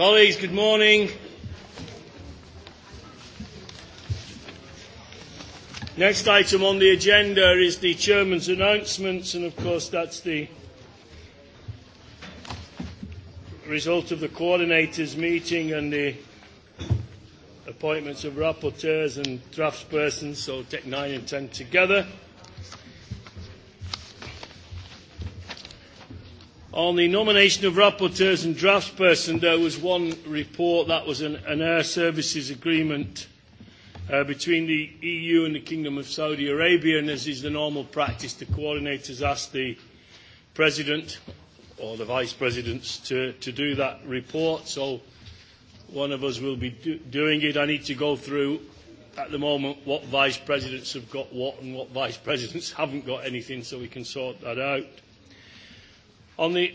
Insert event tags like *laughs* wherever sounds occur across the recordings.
Colleagues, good morning. Next item on the agenda is the chairman's announcements, and of course, that's the result of the coordinators' meeting and the appointments of rapporteurs and draftspersons, so take nine and ten together. On the nomination of rapporteurs and draftsperson, there was one report that was an, an air services agreement uh, between the EU and the Kingdom of Saudi Arabia, and as is the normal practice, the coordinators asked the President or the Vice Presidents to, to do that report. So one of us will be do, doing it. I need to go through at the moment what Vice Presidents have got what and what Vice Presidents *laughs* haven't got anything so we can sort that out. On the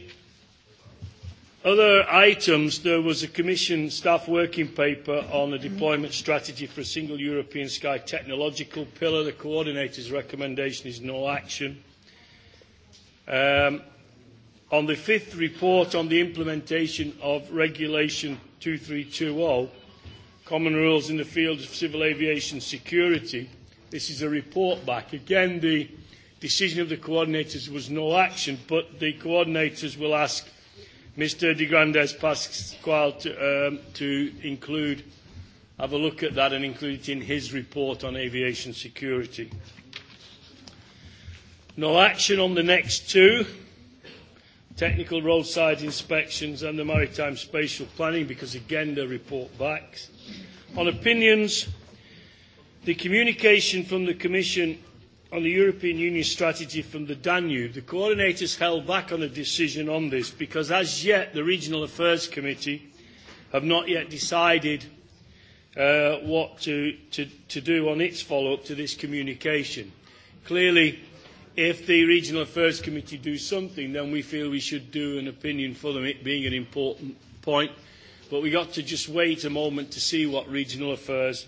other items, there was a Commission staff working paper on a deployment strategy for a single European sky technological pillar. The coordinator's recommendation is no action. Um, on the fifth report on the implementation of Regulation 2320, Common Rules in the Field of Civil Aviation Security, this is a report back. Again, the decision of the coordinators was no action, but the coordinators will ask Mr. De Grandes Pascual to, um, to include, have a look at that and include it in his report on aviation security. No action on the next two technical roadside inspections and the maritime spatial planning because again the report backs. On opinions, the communication from the Commission on the European Union strategy from the Danube, the coordinators held back on a decision on this because as yet the Regional Affairs Committee have not yet decided uh, what to, to, to do on its follow-up to this communication. Clearly, if the Regional Affairs Committee do something, then we feel we should do an opinion for them, it being an important point. But we've got to just wait a moment to see what Regional Affairs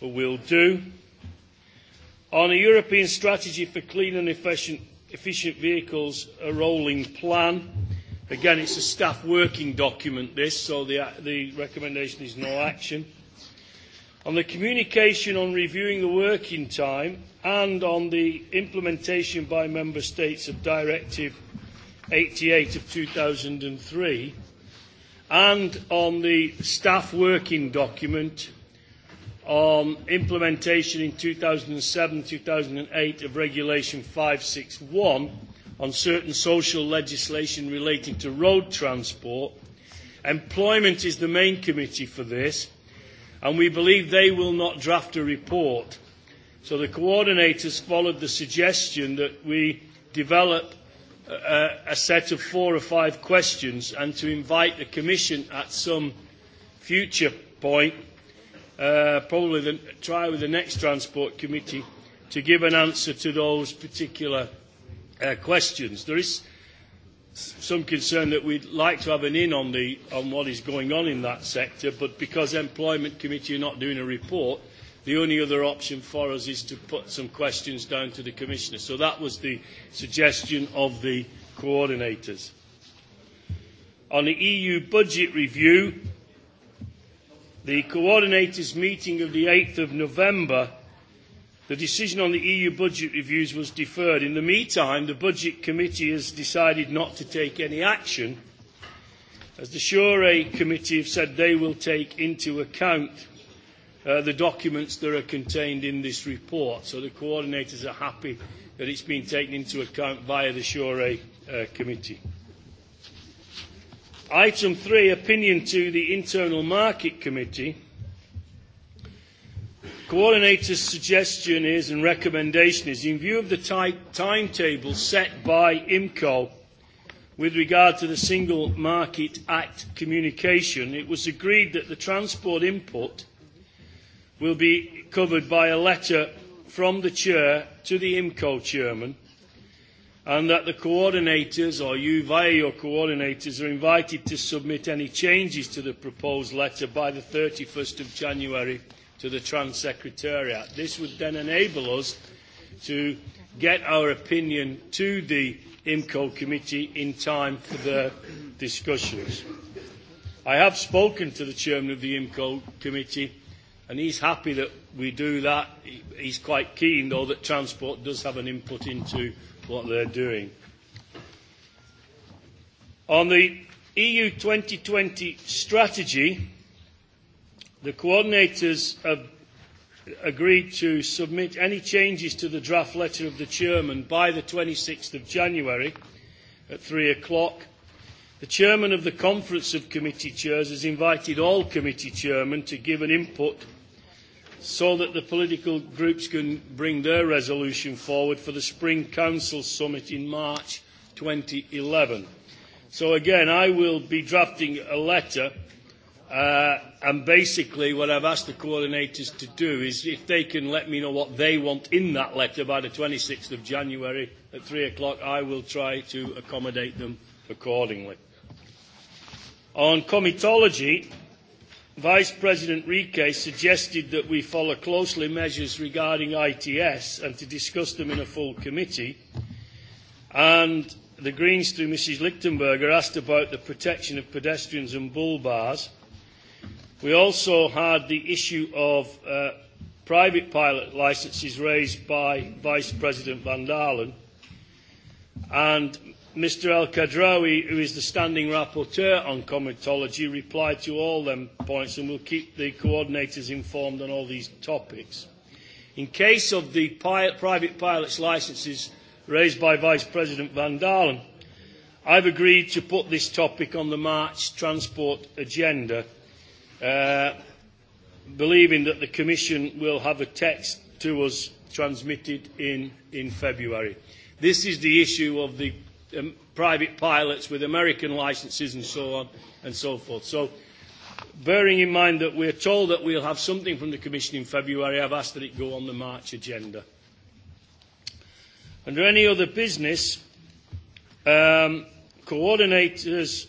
will do. Uh, on a European strategy for clean and efficient, efficient vehicles, a rolling plan. Again, it's a staff working document, this, so the, the recommendation is no action. On the communication on reviewing the working time and on the implementation by Member States of Directive 88 of 2003, and on the staff working document on implementation in 2007-2008 of Regulation 561 on certain social legislation relating to road transport. Employment is the main committee for this, and we believe they will not draft a report. So the coordinators followed the suggestion that we develop a, uh, a set of four or five questions and to invite the Commission at some future point uh, probably the, try with the next Transport Committee to give an answer to those particular uh, questions. There is some concern that we'd like to have an in on, the, on what is going on in that sector, but because Employment Committee are not doing a report, the only other option for us is to put some questions down to the Commissioner. So that was the suggestion of the coordinators. On the EU budget review, the coordinators' meeting of the 8th of November, the decision on the EU budget reviews was deferred. In the meantime, the Budget Committee has decided not to take any action, as the Sure Committee have said they will take into account uh, the documents that are contained in this report. So the coordinators are happy that it's been taken into account via the Sure uh, Committee. Item three, opinion to the Internal Market Committee. Coordinator's suggestion is and recommendation is in view of the tight timetable set by IMCO with regard to the Single Market Act communication, it was agreed that the transport input will be covered by a letter from the Chair to the IMCO Chairman – and that the coordinators or you via your coordinators are invited to submit any changes to the proposed letter by the 31st of January to the Trans Secretariat. This would then enable us to get our opinion to the IMCO committee in time for their discussions. I have spoken to the chairman of the IMCO committee and he's happy that we do that. He's quite keen though that transport does have an input into what they're doing. On the EU 2020 strategy, the coordinators have agreed to submit any changes to the draft letter of the chairman by the 26th of January at 3 o'clock. The chairman of the Conference of Committee Chairs has invited all committee chairmen to give an input so that the political groups can bring their resolution forward for the Spring Council Summit in March 2011. So again, I will be drafting a letter Uh, and basically, what I've asked the coordinators to do is if they can let me know what they want in that letter by the 26th of January at 3 o'clock, I will try to accommodate them accordingly. On comitology, Vice President Rike suggested that we follow closely measures regarding ITS and to discuss them in a full committee. And the Greens, through Mrs. Lichtenberger, asked about the protection of pedestrians and bull bars. We also had the issue of uh, private pilot licences raised by Vice President Van Dalen. And Mr El Kadrawi, who is the standing rapporteur on comitology, replied to all them points and will keep the coordinators informed on all these topics. In case of the pilot, private pilot's licenses raised by Vice President Van Dalen, I've agreed to put this topic on the March transport agenda, uh, believing that the Commission will have a text to us transmitted in, in February. This is the issue of the um, private pilots with American licenses and so on and so forth. So bearing in mind that we're told that we'll have something from the Commission in February, I've asked that it go on the March agenda. Under any other business, um, coordinators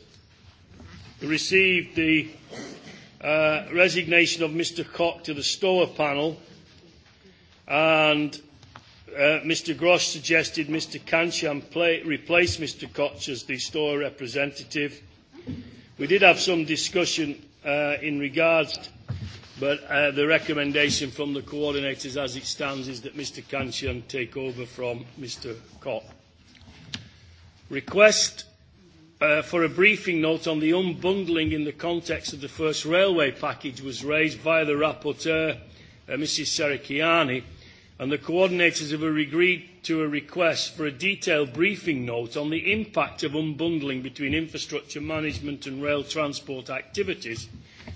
received the uh, resignation of Mr Cock to the Stoa panel and Uh, Mr Gross suggested Mr Kancham play, replace Mr Koch as the store representative. We did have some discussion uh, in regards, to, but uh, the recommendation from the coordinators as it stands is that Mr Kancham take over from Mr Koch. Request uh, for a briefing note on the unbundling in the context of the first railway package was raised by the rapporteur, uh, Mrs Serikiani, and the coordinators have agreed to a request for a detailed briefing note on the impact of unbundling between infrastructure management and rail transport activities,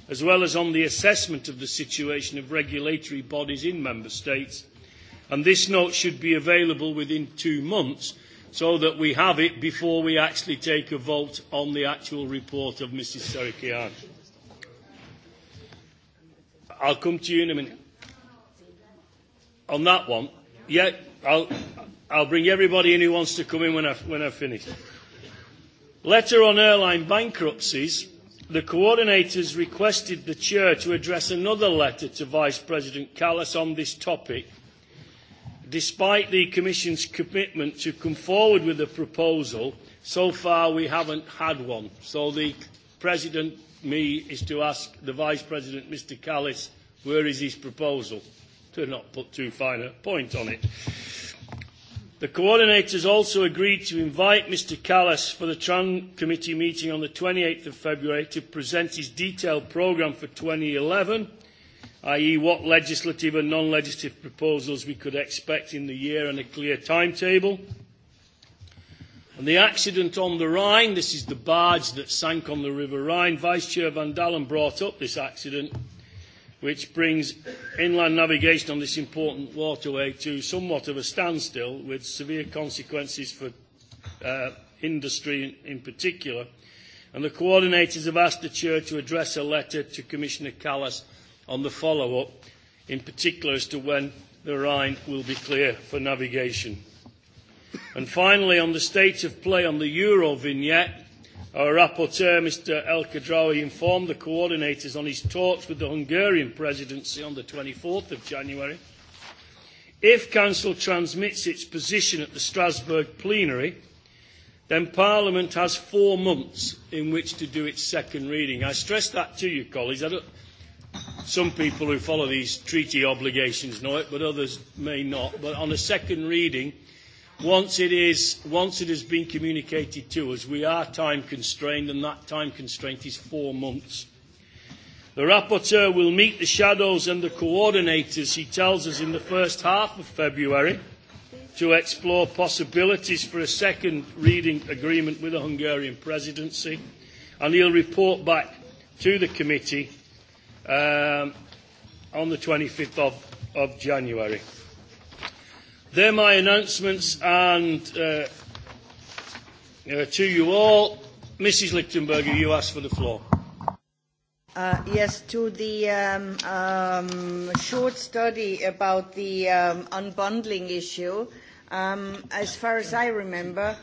as well as on the assessment of the situation of regulatory bodies in Member States. And this note should be available within two months so that we have it before we actually take a vote on the actual report of Mrs. Serikian. I'll come to you in a minute on that one. Yeah, I'll, I'll bring everybody in who wants to come in when, I, when I've finished. Letter on airline bankruptcies. The coordinators requested the chair to address another letter to Vice President Callas on this topic, despite the Commission's commitment to come forward with a proposal. So far, we haven't had one. So the President, me, is to ask the Vice President, Mr Callis, where is his proposal? to not put too fine a point on it. The coordinators also agreed to invite Mr Callas for the TRAN committee meeting on the 28th of February to present his detailed programme for 2011, i.e. what legislative and non-legislative proposals we could expect in the year and a clear timetable. And the accident on the Rhine, this is the barge that sank on the River Rhine. Vice Chair Van Dalen brought up this accident which brings inland navigation on this important waterway to somewhat of a standstill with severe consequences for uh, industry in particular. And the coordinators have asked the chair to address a letter to Commissioner Callas on the follow-up, in particular as to when the Rhine will be clear for navigation. And finally, on the state of play on the Euro vignette, Our rapporteur, Mr El Kadrawi, informed the coordinators on his talks with the Hungarian presidency on the 24th of January. If Council transmits its position at the Strasbourg plenary, then Parliament has four months in which to do its second reading. I stress that to you, colleagues. I don't, some people who follow these treaty obligations know it, but others may not. But on a second reading, Once it, is, once it has been communicated to us, we are time constrained, and that time constraint is four months. The rapporteur will meet the shadows and the coordinators, he tells us, in the first half of February to explore possibilities for a second reading agreement with the Hungarian presidency, and he'll report back to the committee um, on the 25th of, of January. They're my announcements, and uh, uh, to you all, Mrs. Lichtenberger, you asked for the floor. Uh, yes, to the um, um, short study about the um, unbundling issue. Um, as far as I remember,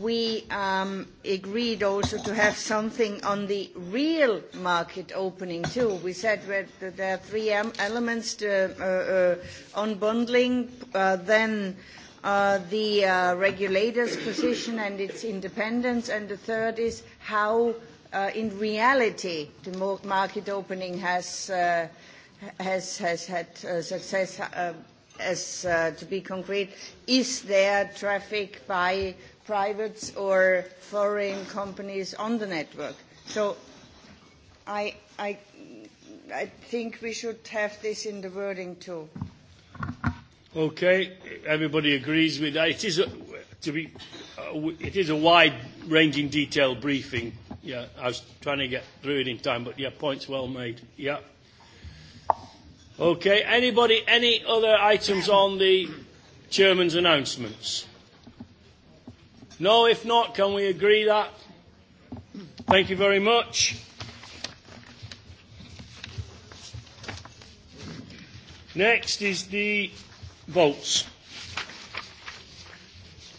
we um, agreed also to have something on the real market opening too. We said that there are three elements to, uh, uh, unbundling, uh, then uh, the uh, regulator's position and its independence, and the third is how, uh, in reality, the market opening has, uh, has, has had uh, success. Uh, as uh, to be concrete, is there traffic by uh, private or foreign companies on the network. So I, I, I think we should have this in the wording too. Okay, everybody agrees with that. It is a, to be, uh, it is a wide-ranging, detailed briefing. Yeah, I was trying to get through it in time, but yeah, points well made. Yeah. Okay, anybody, any other items on the chairman's announcements? No, if not, can we agree that? Thank you very much. Next is the votes.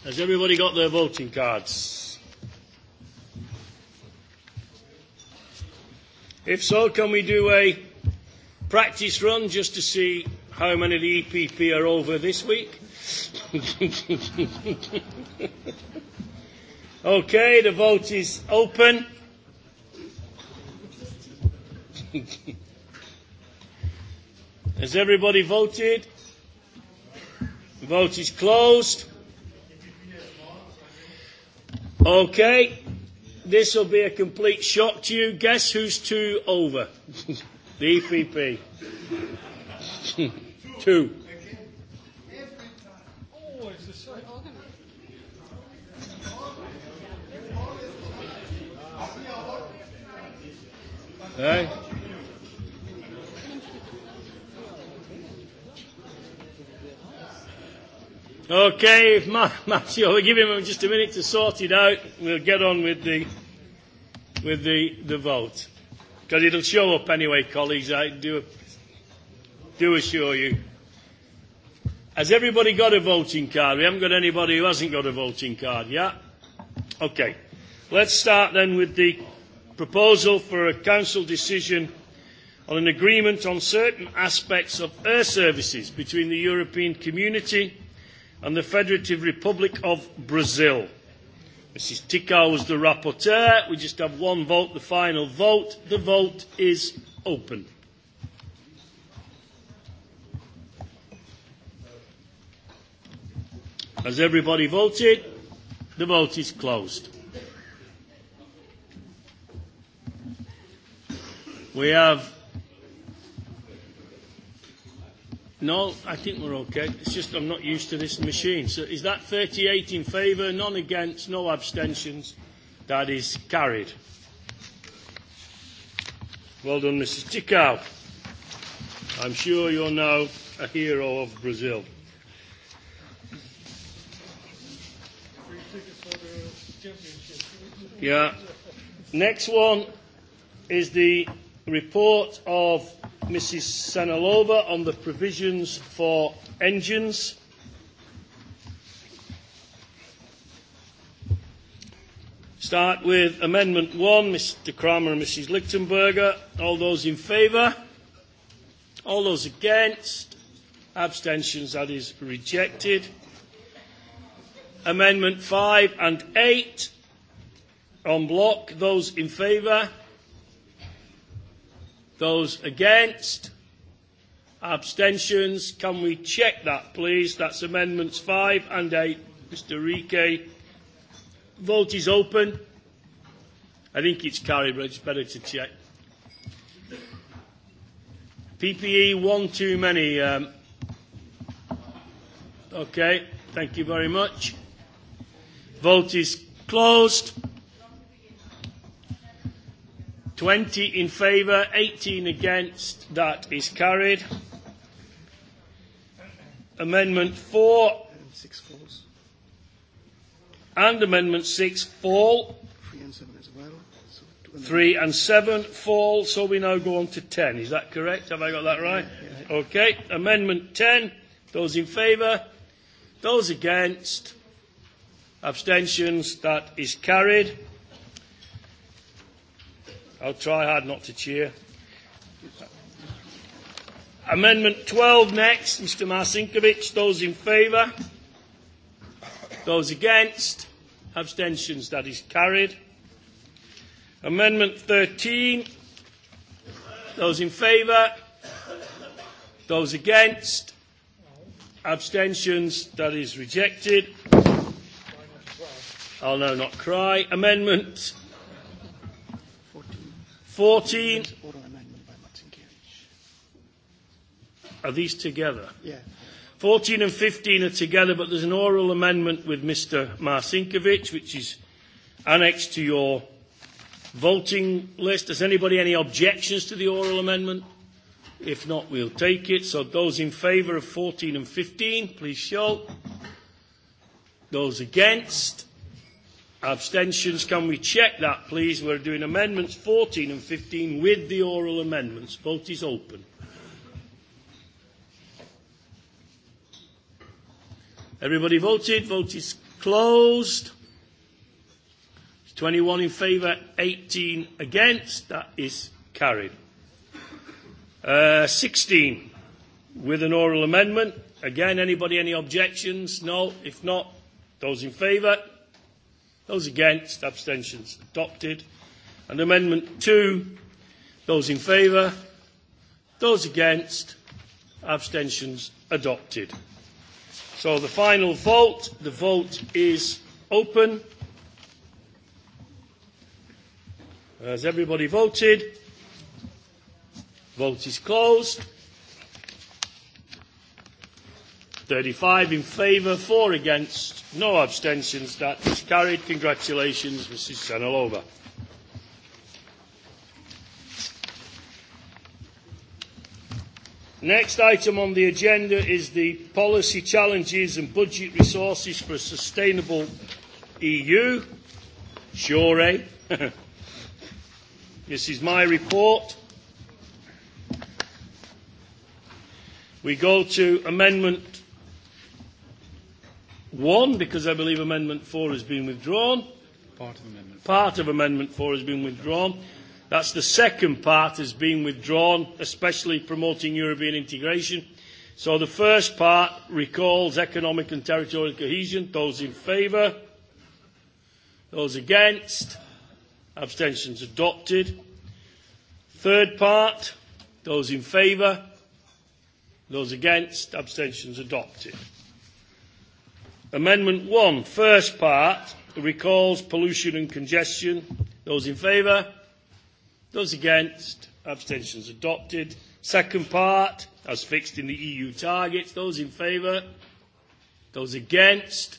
Has everybody got their voting cards? If so, can we do a practice run just to see how many of the EPP are over this week? *laughs* Okay, the vote is open. *laughs* Has everybody voted? The vote is closed. Okay, this will be a complete shock to you. Guess who's two over? *laughs* the EPP. *laughs* two. Hey. Okay, if Matthew, we'll give him just a minute to sort it out. We'll get on with the with the, the vote because it'll show up anyway, colleagues. I do do assure you. Has everybody got a voting card? We haven't got anybody who hasn't got a voting card. Yeah. Okay. Let's start then with the proposal for a council decision on an agreement on certain aspects of air services between the European Community and the Federative Republic of Brazil. Mrs Tikau was the rapporteur. We just have one vote, the final vote. The vote is open. Has everybody voted? The vote is closed. We have. No, I think we're okay. It's just I'm not used to this machine. So is that 38 in favour, none against, no abstentions? That is carried. Well done, Mrs. Tickow. I'm sure you're now a hero of Brazil. Yeah. Next one is the report of Mrs. Sanalova on the provisions for engines. Start with Amendment 1, Mr. Kramer and Mrs. Lichtenberger. All those in favour? All those against? Abstentions, that is rejected. Amendment 5 and 8 on block. Those in favour? Those against? Abstentions? Can we check that, please? That's amendments 5 and 8. Mr. Rike. Vote is open. I think it's carried, but it's better to check. PPE, one too many. Um, okay, thank you very much. Vote is closed 20 in favour, 18 against. That is carried. Amendment 4. And 6 falls. And Amendment 6 fall. 3 and 7 as well. So two and 3 and 7 fall, so we now go on to 10. Is that correct? Have I got that right? Yeah, yeah. Okay. Amendment 10. Those in favour? Those against? Abstentions? That is carried. I'll try hard not to cheer. Amendment 12 next, Mr. Marcinkovic. Those in favour? Those against? Abstentions, that is carried. Amendment 13. Those in favour? Those against? Abstentions, that is rejected. Oh no, not cry. Amendment 14. Oral amendment by Martin Are these together? Yeah. 14 and 15 are together, but there's an oral amendment with Mr. Marcinkovic, which is annexed to your voting list. Has anybody any objections to the oral amendment? If not, we'll take it. So those in favour of 14 and 15, please show. Those against, Abstentions, can we check that, please? We're doing amendments 14 and 15 with the oral amendments. Vote is open. Everybody voted. Vote is closed. 21 in favour, 18 against. That is carried. Uh, 16 with an oral amendment. Again, anybody, any objections? No. If not, those in favour? Those against, abstentions adopted. And Amendment 2, those in favour, those against, abstentions adopted. So the final vote, the vote is open. Has everybody voted? Vote is closed. 35 in favour, 4 against, no abstentions. That is carried. Congratulations, Mrs Senilova. Next item on the agenda is the policy challenges and budget resources for a sustainable EU. Sure, eh? *laughs* this is my report. We go to Amendment 1, because I believe Amendment 4 has been withdrawn. Part of Amendment 4. Part of Amendment 4 has been withdrawn. That's the second part has been withdrawn, especially promoting European integration. So the first part recalls economic and territorial cohesion. Those in favour? Those against? Abstentions adopted. Third part? Those in favour? Those against? Abstentions adopted. Amendment 1, first part, recalls pollution and congestion. Those in favour? Those against? Abstentions adopted. Second part, as fixed in the EU targets. Those in favour? Those against?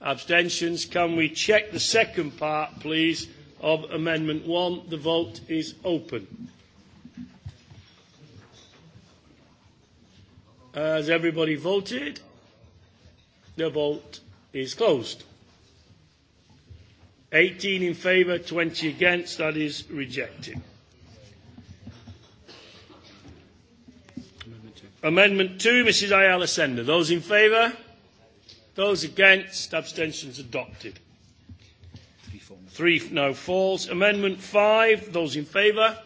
Abstentions. Can we check the second part, please, of Amendment 1? The vote is open. Has everybody voted? The vote is closed. 18 in favour, 20 against. That is rejected. Amendment 2, Mrs Ayala Sender. Those in favour? Those against? Abstentions adopted. Three, four, no. Three no falls. Amendment 5, those in favour?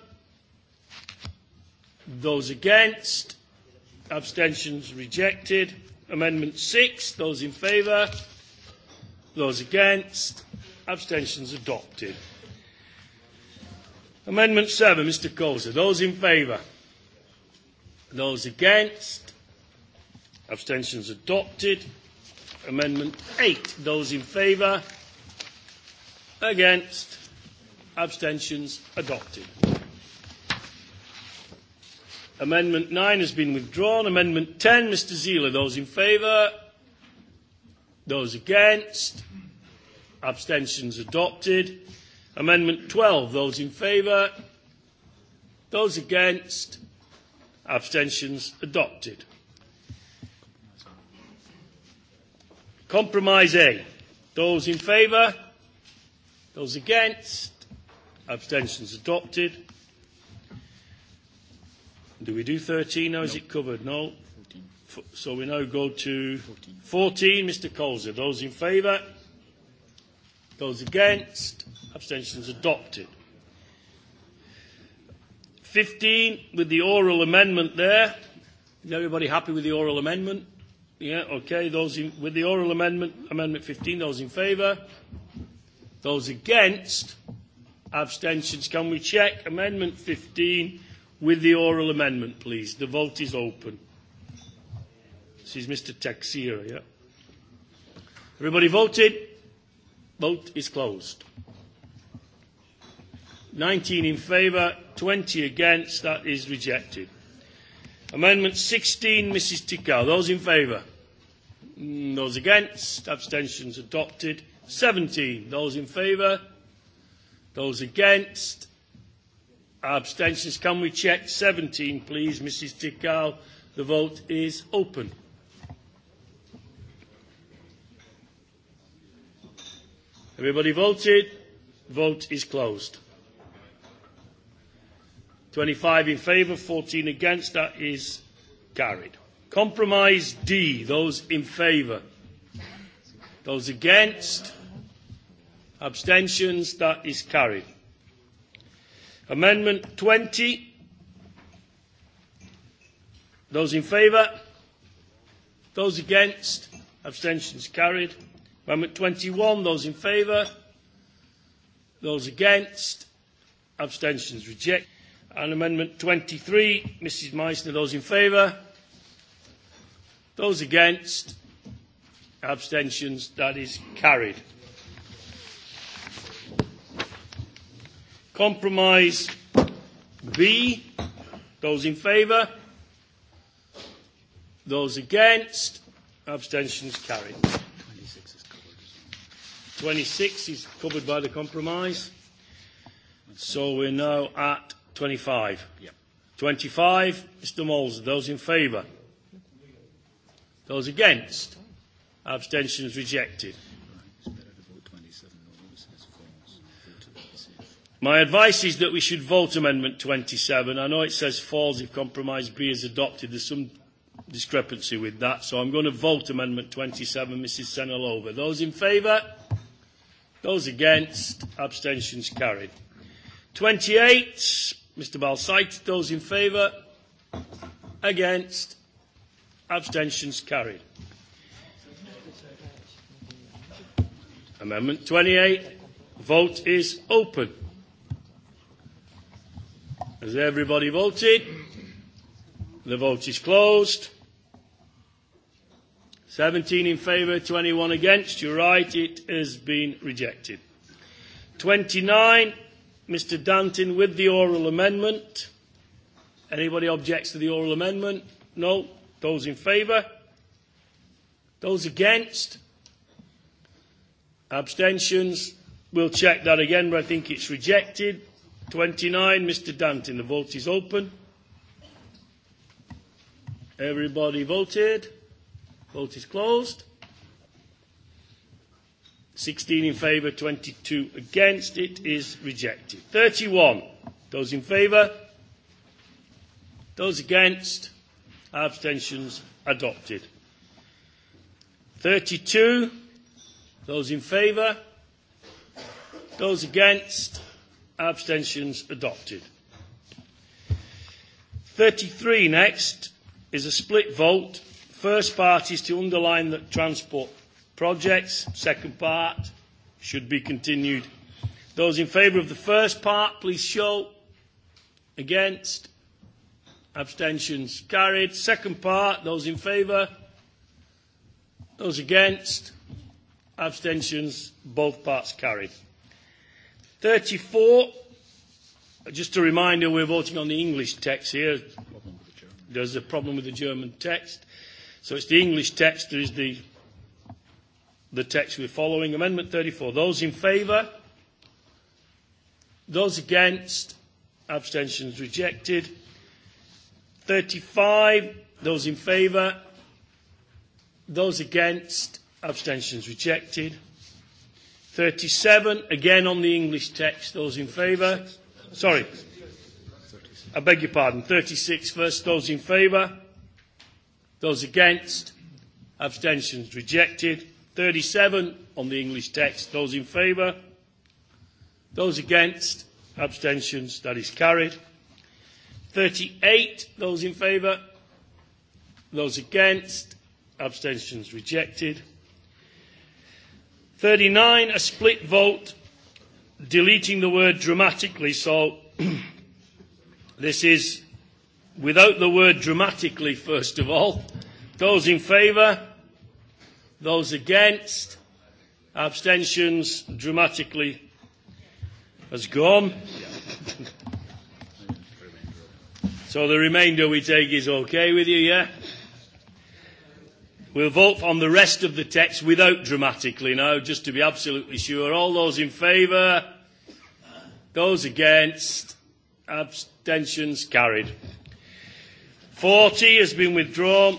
Those against? Abstentions rejected. Amendment 6, those in favour, those against, abstentions adopted. Amendment 7, Mr Coulter, those in favour, those against, abstentions adopted. Amendment 8, those in favour, against, abstentions adopted. Amendment 9 has been withdrawn. Amendment 10, Mr. Zeeler. Those in favour? Those against? Abstentions adopted. Amendment 12, those in favour? Those against? Abstentions adopted. Compromise A. Those in favour? Those against? Abstentions adopted. Do we do 13 or no. is it covered? No. 14. F so we now go to 14. 14 Mr. Colza. Those in favour? Those against? Abstentions adopted. 15 with the oral amendment there. Is everybody happy with the oral amendment? Yeah, okay. Those in, with the oral amendment, Amendment 15, those in favour? Those against? Abstentions. Can we check Amendment 15? with the oral amendment, please. The vote is open. This is Mr. Texier, yeah? Everybody voted? Vote is closed. 19 in favour, 20 against. That is rejected. Amendment 16, Mrs Tickow. Those in favour? Those against? Abstentions adopted. 17. Those in favour? Those against? Abstentions. Can we check 17, please, Mrs. Tikal? The vote is open. Everybody voted? Vote is closed. 25 in favour, 14 against. That is carried. Compromise D. Those in favour. Those against? Abstentions. That is carried. Amendment 20. Those in favour? Those against? Abstentions carried. Amendment 21. Those in favour? Those against? Abstentions rejected. And Amendment 23, Mrs Meissner, those in favour? Those against? Abstentions, that is carried. Compromise B. Those in favour? Those against? Abstentions carried. 26 is covered. 26 is covered by the compromise. So we're now at 25. Yep. 25, Mr Moles, those in favour? Those against? Abstentions rejected. My advice is that we should vote Amendment 27. I know it says falls if Compromise B is adopted. There's some discrepancy with that, so I'm going to vote Amendment 27, Mrs Senalova. Those in favour? Those against? Abstentions carried. 28, Mr Balsite. Those in favour? Against? Abstentions carried. Amendment 28. Vote is open. Has everybody voted? The vote is closed. 17 in favour, 21 against. You're right, it has been rejected. 29, Mr Danton with the oral amendment. Anybody objects to the oral amendment? No. Those in favour? Those against? Abstentions? We'll check that again, but I think it's rejected. 29, Mr. Danton. The vote is open. Everybody voted. Vote is closed. 16 in favour, 22 against. It is rejected. 31. Those in favour? Those against? Abstentions adopted. 32. Those in favour? Those against? Abstentions adopted. 33 next is a split vote. First part is to underline that transport projects, second part, should be continued. Those in favour of the first part, please show. Against? Abstentions carried. Second part, those in favour? Those against? Abstentions, both parts carried. 34, just a reminder, we're voting on the English text here. There's a problem with the German text. So it's the English text that is the, the text we're following. Amendment 34. Those in favour? Those against? Abstentions rejected. 35. Those in favour? Those against? Abstentions rejected. 37, again on the English text. Those in favour? Sorry. I beg your pardon. 36 first. Those in favour? Those against? Abstentions rejected. 37 on the English text. Those in favour? Those against? Abstentions. That is carried. 38. Those in favour? Those against? Abstentions rejected. 39, a split vote, deleting the word dramatically. So *clears throat* this is without the word dramatically, first of all. Those in favour? Those against? Abstentions dramatically has gone. *laughs* so the remainder we take is okay with you, yeah? We'll vote on the rest of the text without dramatically now, just to be absolutely sure. All those in favour? Those against? Abstentions carried. 40 has been withdrawn.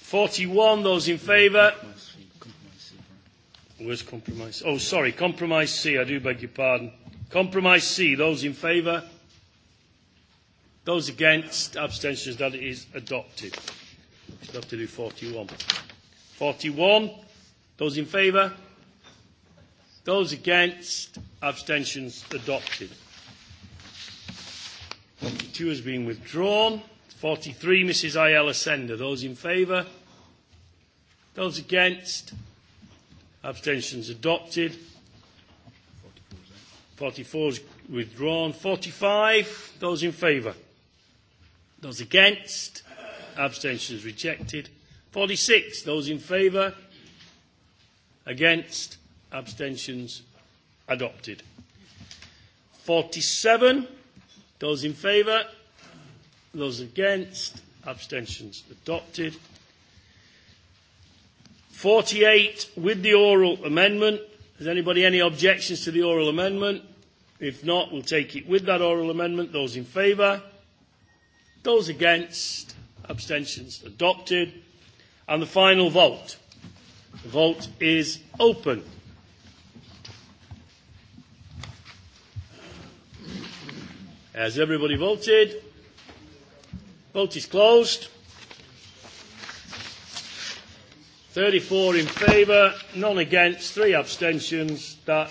41, those in favour? Where's compromise? Oh, sorry, compromise C, I do beg your pardon. Compromise C, those in favour? Those against? Abstentions, that is adopted. We'll have to do 41. 41. Those in favour? Those against? Abstentions adopted. 42 has been withdrawn. 43, Mrs. Ayala Sender. Those in favour? Those against? Abstentions adopted. 44 is withdrawn. 45, those in favour? Those against? abstentions rejected. 46, those in favour, against, abstentions adopted. 47, those in favour, those against, abstentions adopted. 48 with the oral amendment. Has anybody any objections to the oral amendment? If not, we'll take it with that oral amendment. Those in favour? Those against? abstentions adopted. And the final vote. The vote is open. Has everybody voted? Vote is closed. 34 in favour, none against, three abstentions. That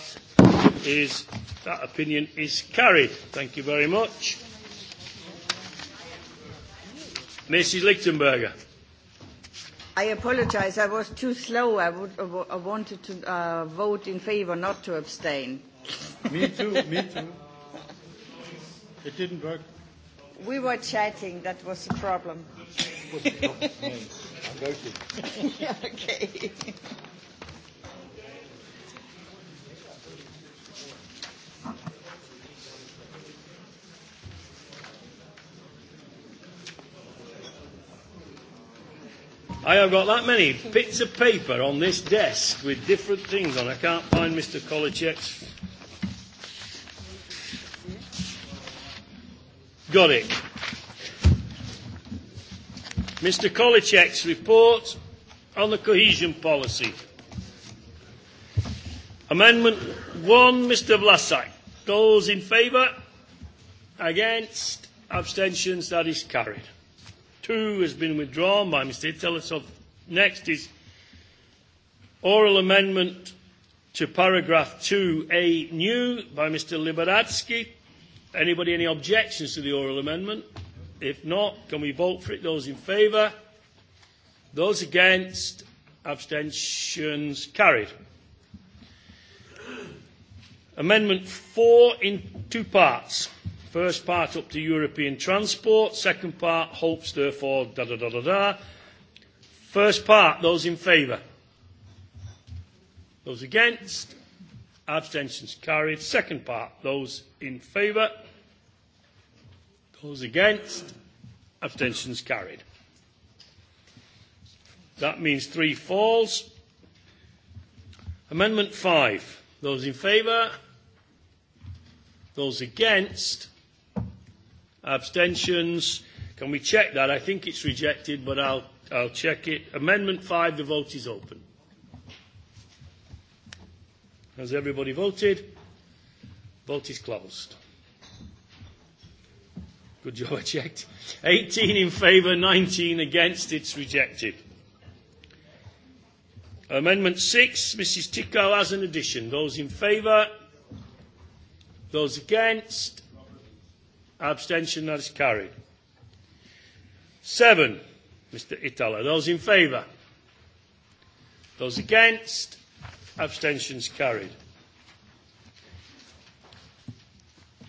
is that opinion is carried. Thank you very much. Mrs. Lichtenberger. I apologize. I was too slow. I, would, I wanted to uh, vote in favor, not to abstain. me too. Me too. It didn't work. We were chatting. That was the problem. yeah, *laughs* *laughs* okay. I have got that many bits of paper on this desk with different things on. I can't find Mr. Kolacek's. Got it. Mr. Kolacek's report on the cohesion policy. Amendment 1, Mr. Vlasak. Those in favour? Against? Abstentions? That is carried. 2 has been withdrawn by Mr. Itella. So next is oral amendment to paragraph 2A new by Mr. Liberadsky. Anybody any objections to the oral amendment? If not, can we vote for it? Those in favour? Those against? Abstentions carried. Amendment 4 in two parts. First part up to European transport. Second part hopes therefore da da da da da. First part, those in favour. Those against. Abstentions carried. Second part, those in favour. Those against. Abstentions carried. That means three falls. Amendment five. Those in favour? Those against? Abstentions? Can we check that? I think it's rejected, but I'll, I'll check it. Amendment 5, the vote is open. Has everybody voted? Vote is closed. Good job, I checked. 18 in favour, 19 against. It's rejected. Amendment 6, Mrs Tickow as an addition. Those in favour? Those against? Abstention. That is carried. Seven. Mr. Itala. Those in favour? Those against? Abstentions carried.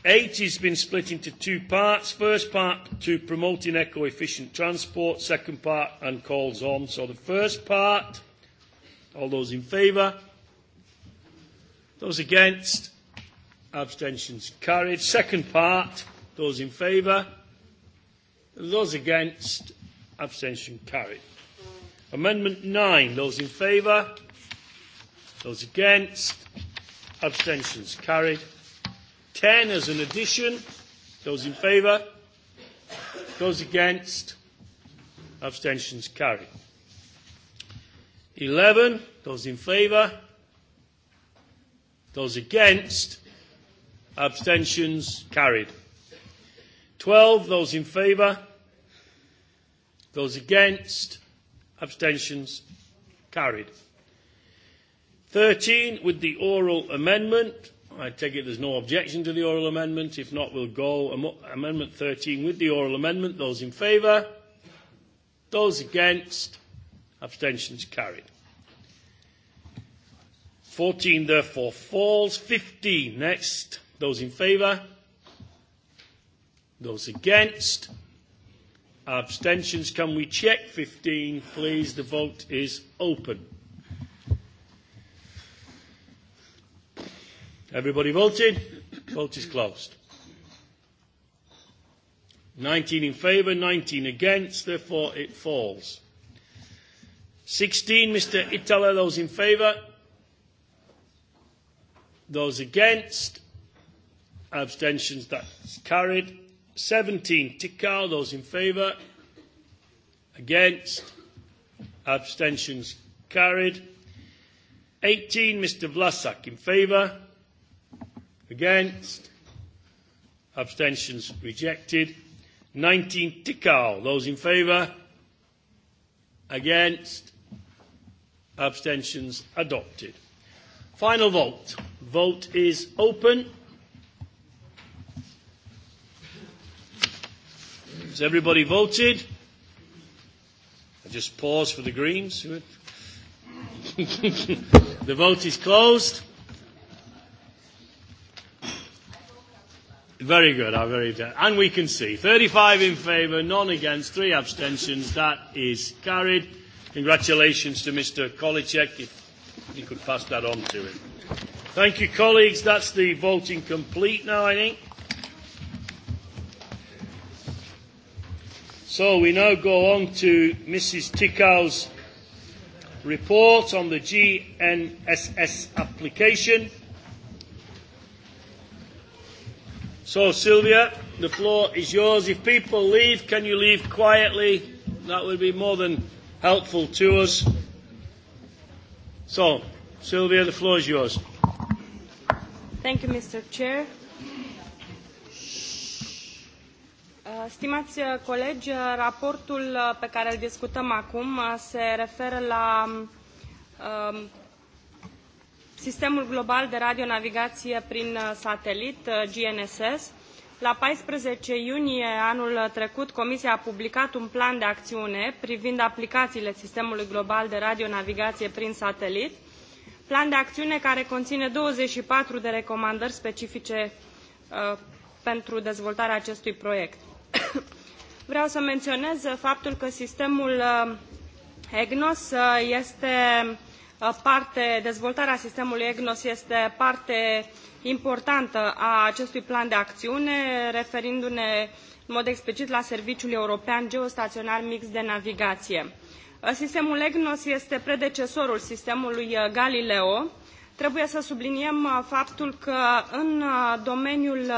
Eight has been split into two parts. First part to promoting eco efficient transport, second part and calls on. So the first part, all those in favour? Those against? Abstentions carried. Second part, Those in favour? Those against? Abstention carried. Amendment 9. Those in favour? Those against? Abstentions carried. 10 as an addition. Those in favour? Those against? Abstentions carried. 11. Those in favour? Those against? Abstentions carried. 12. Those in favour? Those against? Abstentions? Carried. 13, with the oral amendment. I take it there's no objection to the oral amendment. If not, we'll go. Am amendment 13 with the oral amendment. Those in favour? Those against? Abstentions carried. 14, therefore, falls. 15, next. Those in favour? Those against? Abstentions. Can we check 15, please? The vote is open. Everybody voted? Vote is closed. 19 in favour, 19 against, therefore it falls. 16, Mr Itala, those in favour? Those against? Abstentions, that's carried. 17, Tikal, those in favour. Against. Abstentions carried. 18, Mr Vlasak, in favour. Against. Abstentions rejected. 19, Tikal, those in favour. Against. Abstentions adopted. Final vote. Vote is open. Has everybody voted? I just pause for the Greens. *laughs* the vote is closed. Very good. I'm very and we can see 35 in favour, none against, three abstentions. That is carried. Congratulations to Mr. Kolicek. If you could pass that on to him. Thank you, colleagues. That's the voting complete now. I think. So we now go on to Mrs. Tickow's report on the GNSS application. So Sylvia, the floor is yours. If people leave, can you leave quietly? That would be more than helpful to us. So, Sylvia, the floor is yours. Thank you, Mr. Chair. Stimați uh, colegi, uh, raportul uh, pe care îl discutăm acum se referă la um, sistemul global de radionavigație prin satelit, GNSS. La 14 iunie anul trecut, Comisia a publicat un plan de acțiune privind aplicațiile sistemului global de radionavigație prin satelit, plan de acțiune care conține 24 de recomandări specifice uh, pentru dezvoltarea acestui proiect. *coughs* Vreau să menționez faptul că sistemul uh, EGNOS uh, este uh, parte, dezvoltarea sistemului EGNOS este parte importantă a acestui plan de acțiune, referindu-ne în mod explicit la Serviciul European Geostaționar Mix de Navigație. Sistemul EGNOS este predecesorul sistemului Galileo. Trebuie să subliniem faptul că în domeniul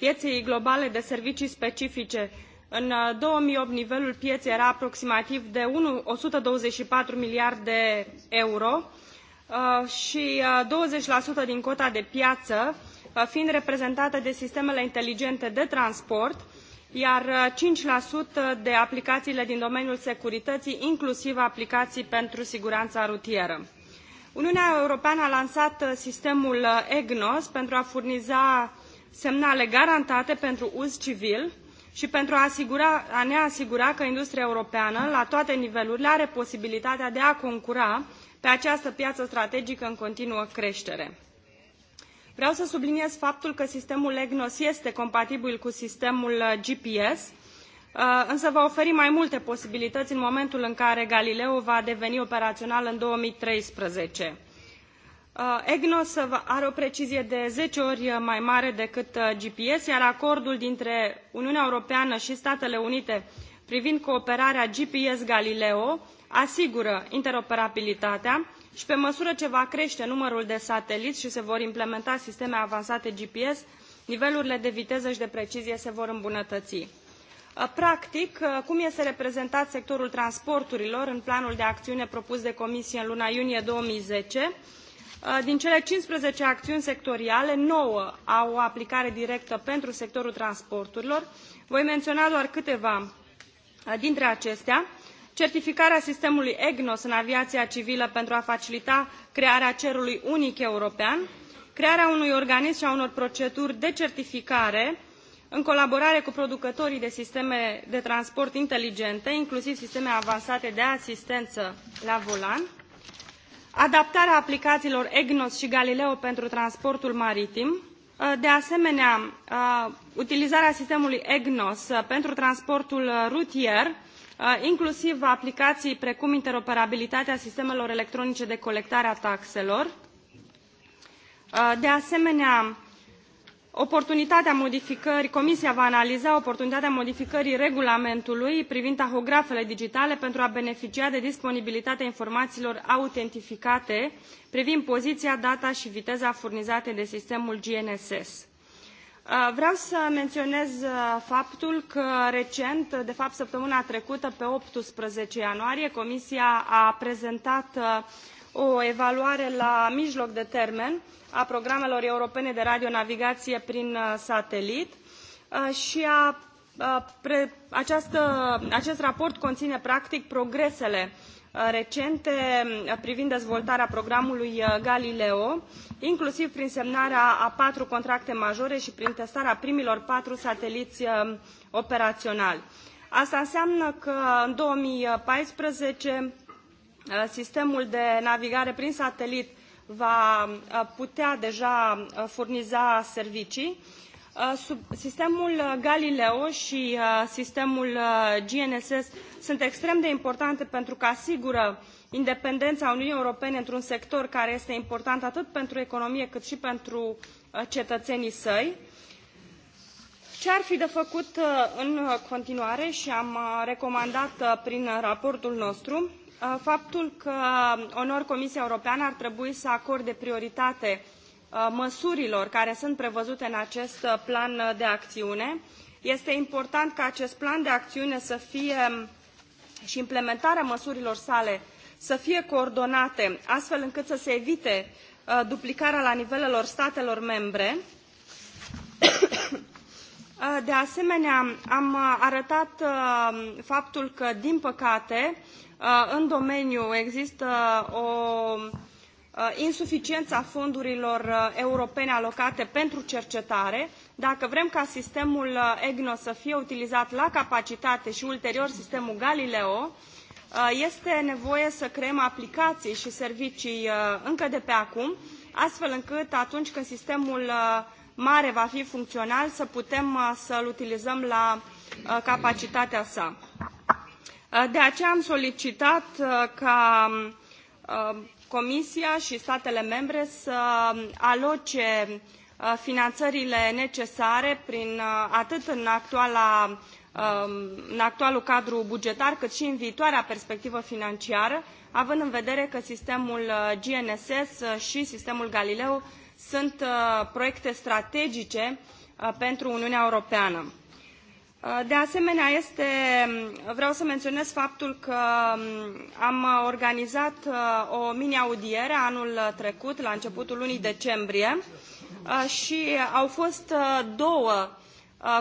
pieței globale de servicii specifice. În 2008 uh, nivelul pieței era aproximativ de 1, 124 miliarde de euro uh, și 20% uh, din cota de piață fiind reprezentată de sistemele inteligente de transport, iar 5% de aplicațiile din domeniul securității, inclusiv aplicații pentru siguranța rutieră. Uniunea Europeană a lansat sistemul EGNOS pentru a furniza semnale garantate pentru uz civil și pentru a, asigura, a ne asigura că industria europeană, la toate nivelurile, are posibilitatea de a concura pe această piață strategică în continuă creștere. Vreau să subliniez faptul că sistemul EGNOS este compatibil cu sistemul uh, GPS, uh, însă va oferi mai multe posibilități în momentul în care Galileo va deveni operațional în 2013. Uh, EGNOS are o precizie de 10 ori uh, mai mare decât uh, GPS, iar acordul dintre Uniunea Europeană și Statele Unite privind cooperarea GPS Galileo asigură interoperabilitatea și pe măsură ce va crește numărul de sateliți și se vor implementa sisteme avansate GPS, nivelurile de viteză și de precizie se vor îmbunătăți. Practic, cum este reprezentat sectorul transporturilor în planul de acțiune propus de Comisie în luna iunie 2010, Uh, din cele 15 acțiuni sectoriale, 9 au o aplicare directă pentru sectorul transporturilor. Voi menționa doar câteva uh, dintre acestea. Certificarea sistemului EGNOS în aviația civilă pentru a facilita crearea cerului unic european, crearea unui organism și a unor proceduri de certificare în colaborare cu producătorii de sisteme de transport inteligente, inclusiv sisteme avansate de asistență la volan, adaptarea aplicațiilor EGNOS și Galileo pentru transportul maritim, uh, de asemenea, uh, utilizarea sistemului EGNOS uh, pentru transportul rutier, inclusiv aplicații precum interoperabilitatea sistemelor electronice de colectare a taxelor, de asemenea, Oportunitatea modificării, Comisia va analiza oportunitatea modificării regulamentului privind tahografele digitale pentru a beneficia de disponibilitatea informațiilor autentificate privind poziția, data și viteza furnizate de sistemul GNSS. Uh, vreau să menționez uh, faptul că recent, uh, de fapt săptămâna trecută, pe 18 ianuarie, Comisia a prezentat o evaluare la mijloc de termen a programelor europene de radionavigație prin uh, satelit uh, și a, a uh, pre, această, acest raport conține practic progresele recente privind dezvoltarea programului Galileo, inclusiv prin semnarea a patru contracte majore și prin testarea primilor patru sateliți um, operaționali. Asta înseamnă că în 2014 sistemul de navigare prin satelit va uh, putea deja uh, furniza servicii. Uh, sub sistemul Galileo și sistemul GNSS sunt extrem de importante pentru că asigură independența Uniunii Europene într-un sector care este important atât pentru economie cât și pentru cetățenii săi. Ce ar fi de făcut în continuare și am recomandat prin raportul nostru Uh, faptul că onor Comisia Europeană ar trebui să acorde prioritate uh, măsurilor care sunt prevăzute în acest uh, plan de acțiune. Este important ca acest plan de acțiune să fie um, și implementarea măsurilor sale să fie coordonate astfel încât să se evite duplicarea la nivelelor statelor membre *coughs* Uh, de asemenea, am uh, arătat uh, faptul că, din păcate, în domeniu există o insuficiență a fondurilor europene alocate pentru cercetare. Dacă vrem ca sistemul EGNO să fie utilizat la capacitate și ulterior sistemul Galileo, este nevoie să creăm aplicații și servicii încă de pe acum, astfel încât atunci când sistemul mare va fi funcțional, să putem uh, să-l utilizăm la uh, capacitatea sa. Uh, de aceea am solicitat ca Comisia și statele membre să um, aloce finanțările necesare prin, atât în, actuala, um, în actualul cadru bugetar, cât și în viitoarea perspectivă financiară, având în vedere că sistemul GNSS și sistemul Galileo sunt uh, proiecte strategice uh, pentru Uniunea Europeană. Uh, de asemenea, este, mm, vreau să menționez faptul că mm, am organizat o mini-audiere anul trecut, la începutul lunii decembrie, și au fost două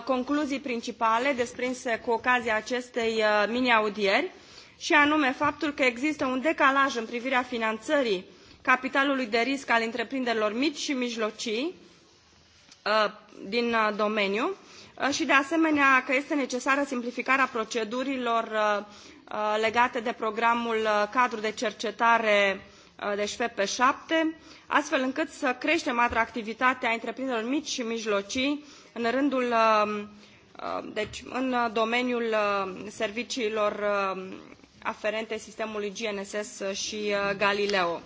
concluzii principale desprinse cu ocazia acestei mini-audieri, și anume faptul că există un decalaj în privirea finanțării capitalului de risc al întreprinderilor mici și mijlocii uh, din uh, domeniu uh, și de asemenea că este necesară simplificarea procedurilor legate de programul cadru de cercetare deci FP7, astfel încât să creștem atractivitatea întreprinderilor mici și mijlocii în rândul deci în domeniul serviciilor aferente sistemului GNSS și Galileo.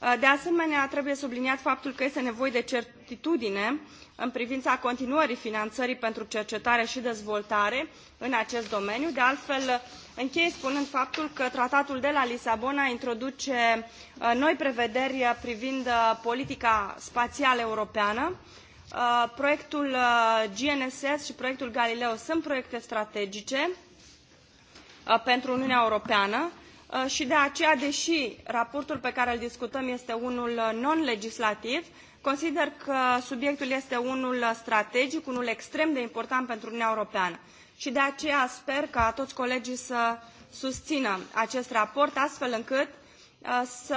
Uh, de asemenea, trebuie subliniat faptul că este nevoie de certitudine în privința continuării finanțării pentru cercetare și dezvoltare în acest domeniu. De altfel, închei spunând faptul că tratatul de la Lisabona introduce uh, noi prevederi privind uh, politica spațială europeană. Proiectul GNSS și proiectul Galileo sunt proiecte strategice pentru Uniunea Europeană Uh, și de aceea, deși raportul pe care îl discutăm este unul uh, non-legislativ, consider că subiectul este unul uh, strategic, unul extrem de important pentru Uniunea Europeană. Și de aceea sper ca toți colegii să susțină acest raport, astfel încât să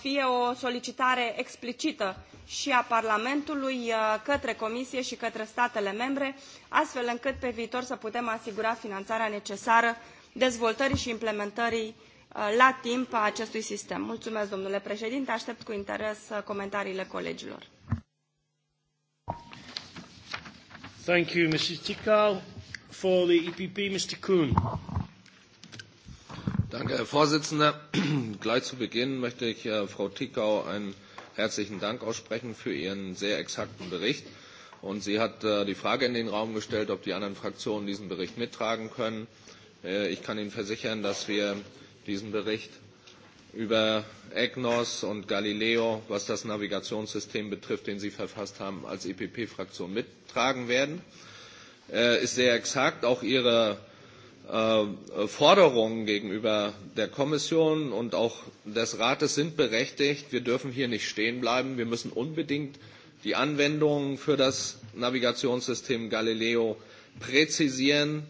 fie o solicitare explicită și a Parlamentului către Comisie și către statele membre, astfel încât pe viitor să putem asigura finanțarea necesară dezvoltării și implementării Uh, la timp a acestui sistem. Mulțumesc, domnule președinte, aștept cu interes uh, comentariile colegilor. Thank you, Mrs. Tikal. For the EPP, Mr. Kuhn. Danke, Herr Vorsitzender. *clears throat* Gleich zu Beginn möchte ich äh, Frau Tikau einen herzlichen Dank aussprechen für Ihren sehr exakten Bericht. Und sie hat äh, die Frage in den Raum gestellt, ob die anderen Fraktionen diesen Bericht mittragen können. Äh, ich kann Ihnen versichern, dass wir diesem Bericht über EGNOS und Galileo, was das Navigationssystem betrifft, den Sie verfasst haben, als EPP-Fraktion mittragen werden. Äh, ist sehr exakt. Auch Ihre äh, Forderungen gegenüber der Kommission und auch des Rates sind berechtigt. Wir dürfen hier nicht stehen bleiben. Wir müssen unbedingt die Anwendungen für das Navigationssystem Galileo präzisieren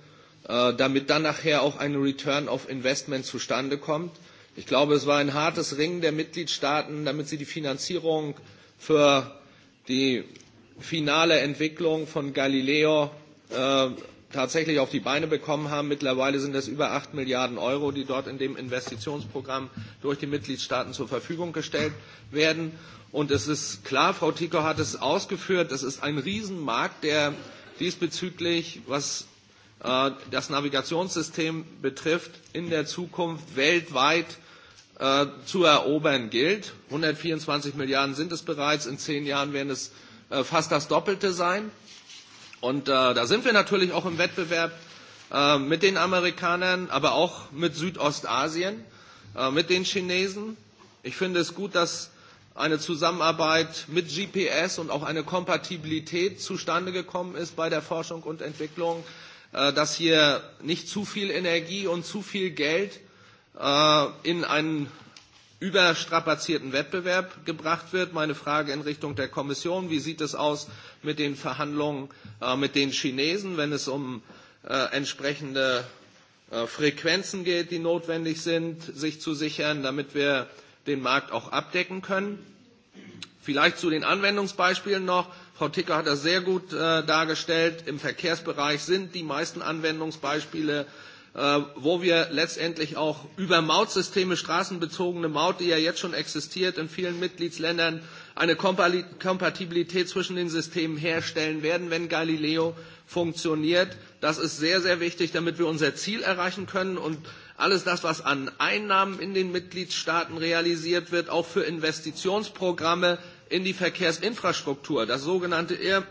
äh, damit dann nachher auch ein Return of Investment zustande kommt. Ich glaube, es war ein hartes Ringen der Mitgliedstaaten, damit sie die Finanzierung für die finale Entwicklung von Galileo äh, tatsächlich auf die Beine bekommen haben. Mittlerweile sind es über 8 Milliarden Euro, die dort in dem Investitionsprogramm durch die Mitgliedstaaten zur Verfügung gestellt werden. Und es ist klar, Frau Tico hat es ausgeführt, das ist ein Riesenmarkt, der diesbezüglich, was Äh, das Navigationssystem betrifft, in der Zukunft weltweit äh, zu erobern gilt. 124 Milliarden sind es bereits, in zehn Jahren werden es äh, fast das Doppelte sein. Und äh, da sind wir natürlich auch im Wettbewerb äh, mit den Amerikanern, aber auch mit Südostasien, äh, mit den Chinesen. Ich finde es gut, dass eine Zusammenarbeit mit GPS und auch eine Kompatibilität zustande gekommen ist bei der Forschung und Entwicklung äh, Äh, dass hier nicht zu viel Energie und zu viel Geld äh, in einen überstrapazierten Wettbewerb gebracht wird. Meine Frage in Richtung der Kommission, wie sieht es aus mit den Verhandlungen äh, mit den Chinesen, wenn es um entsprechende Frequenzen geht, die notwendig sind, sich zu sichern, damit wir den Markt auch abdecken können? Vielleicht zu den Anwendungsbeispielen noch. Frau Ticker hat das sehr gut äh, dargestellt. Im Verkehrsbereich sind die meisten Anwendungsbeispiele, äh, wo wir letztendlich auch über Mautsysteme, straßenbezogene Maut, die ja jetzt schon existiert in vielen Mitgliedsländern, eine Kompatibilität zwischen den Systemen herstellen werden, wenn Galileo funktioniert. Das ist sehr, sehr wichtig, damit wir unser Ziel erreichen können und alles das, was an Einnahmen in den Mitgliedstaaten realisiert wird, auch für Investitionsprogramme in die Verkehrsinfrastruktur, das sogenannte Ear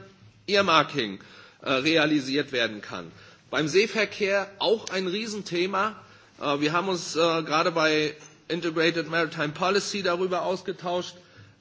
Earmarking, äh, realisiert werden kann. Beim Seeverkehr auch ein Riesenthema. Äh, wir haben uns äh, gerade bei Integrated Maritime Policy darüber ausgetauscht,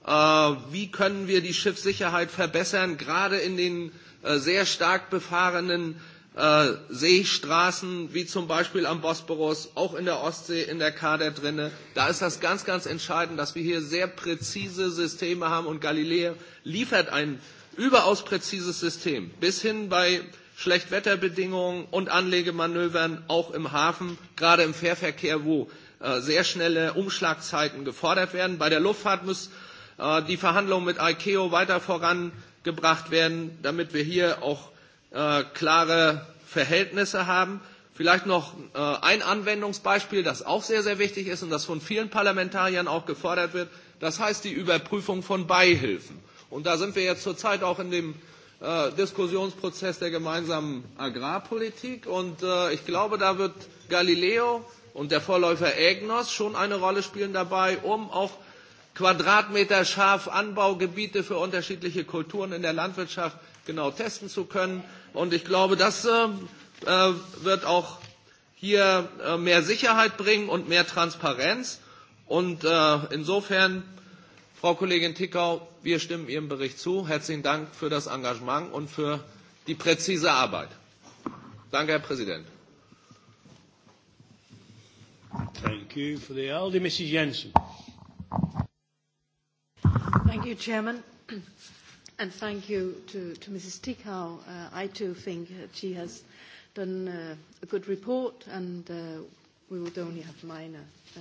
äh, wie können wir die Schiffssicherheit verbessern, gerade in den äh, sehr stark befahrenen äh, äh, Seestraßen wie zum Beispiel am Bosporus, auch in der Ostsee, in der Kader drinne. Da ist das ganz, ganz entscheidend, dass wir hier sehr präzise Systeme haben und Galileo liefert ein überaus präzises System, bis hin bei Schlechtwetterbedingungen und Anlegemanövern auch im Hafen, gerade im Fährverkehr, wo äh, sehr schnelle Umschlagzeiten gefordert werden. Bei der Luftfahrt muss äh, die Verhandlung mit ICAO weiter vorangebracht werden, damit wir hier auch äh, klare Verhältnisse haben. Vielleicht noch äh, ein Anwendungsbeispiel, das auch sehr, sehr wichtig ist und das von vielen Parlamentariern auch gefordert wird. Das heißt die Überprüfung von Beihilfen. Und da sind wir jetzt zurzeit auch in dem äh, Diskussionsprozess der gemeinsamen Agrarpolitik. Und äh, ich glaube, da wird Galileo und der Vorläufer EGNOS schon eine Rolle spielen dabei, um auch Quadratmeter scharf Anbaugebiete für unterschiedliche Kulturen in der Landwirtschaft genau testen zu können Und ich glaube, das äh, äh, wird auch hier äh, mehr Sicherheit bringen und mehr Transparenz. Und äh, insofern, Frau Kollegin Tickau, wir stimmen Ihrem Bericht zu. Herzlichen Dank für das Engagement und für die präzise Arbeit. Danke, Herr Präsident. Thank you for the elder, Mrs. Jensen. Thank you, Chairman. And thank you to, to Mrs. Tikau. Uh, I too think that she has done uh, a good report and uh, we would only have minor uh,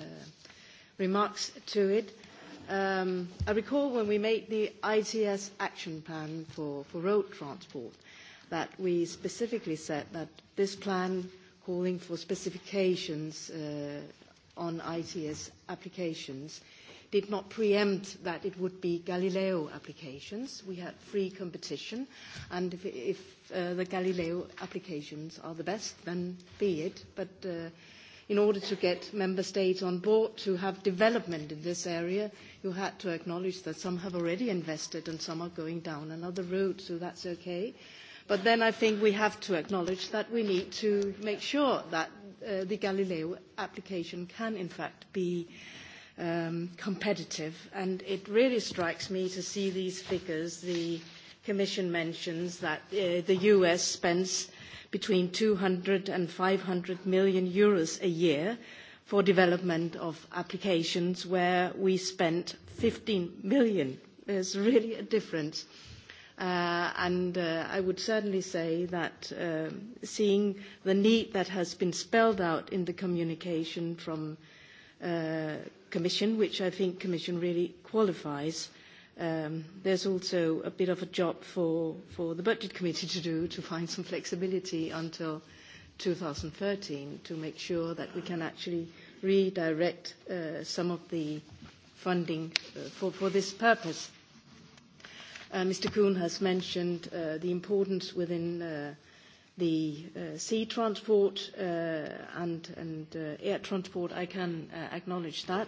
remarks to it. Um, I recall when we made the ITS action plan for, for road transport that we specifically said that this plan calling for specifications uh, on ITS applications uh, did not preempt that it would be Galileo applications. We had free competition, and if, if uh, the Galileo applications are the best, then be it. But uh, in order to get member states on board to have development in this area, you had to acknowledge that some have already invested and some are going down another road, so that's okay. But then I think we have to acknowledge that we need to make sure that uh, the Galileo application can in fact be uh, um, competitive. And it really strikes me to see these figures. The Commission mentions that uh, the US spends between 200 and 500 million euros a year for development of applications where we spent 15 million. There's really a difference. Uh, and uh, I would certainly say that uh, seeing the need that has been spelled out in the communication from uh, Commission, which I think Commission really qualifies. Um, there's also a bit of a job for, for the Budget Committee to do to find some flexibility until 2013 to make sure that we can actually redirect uh, some of the funding uh, for, for this purpose. Uh, Mr. Kuhn has mentioned uh, the importance within uh, the uh, sea transport uh, and, and uh, air transport, I can uh, acknowledge that.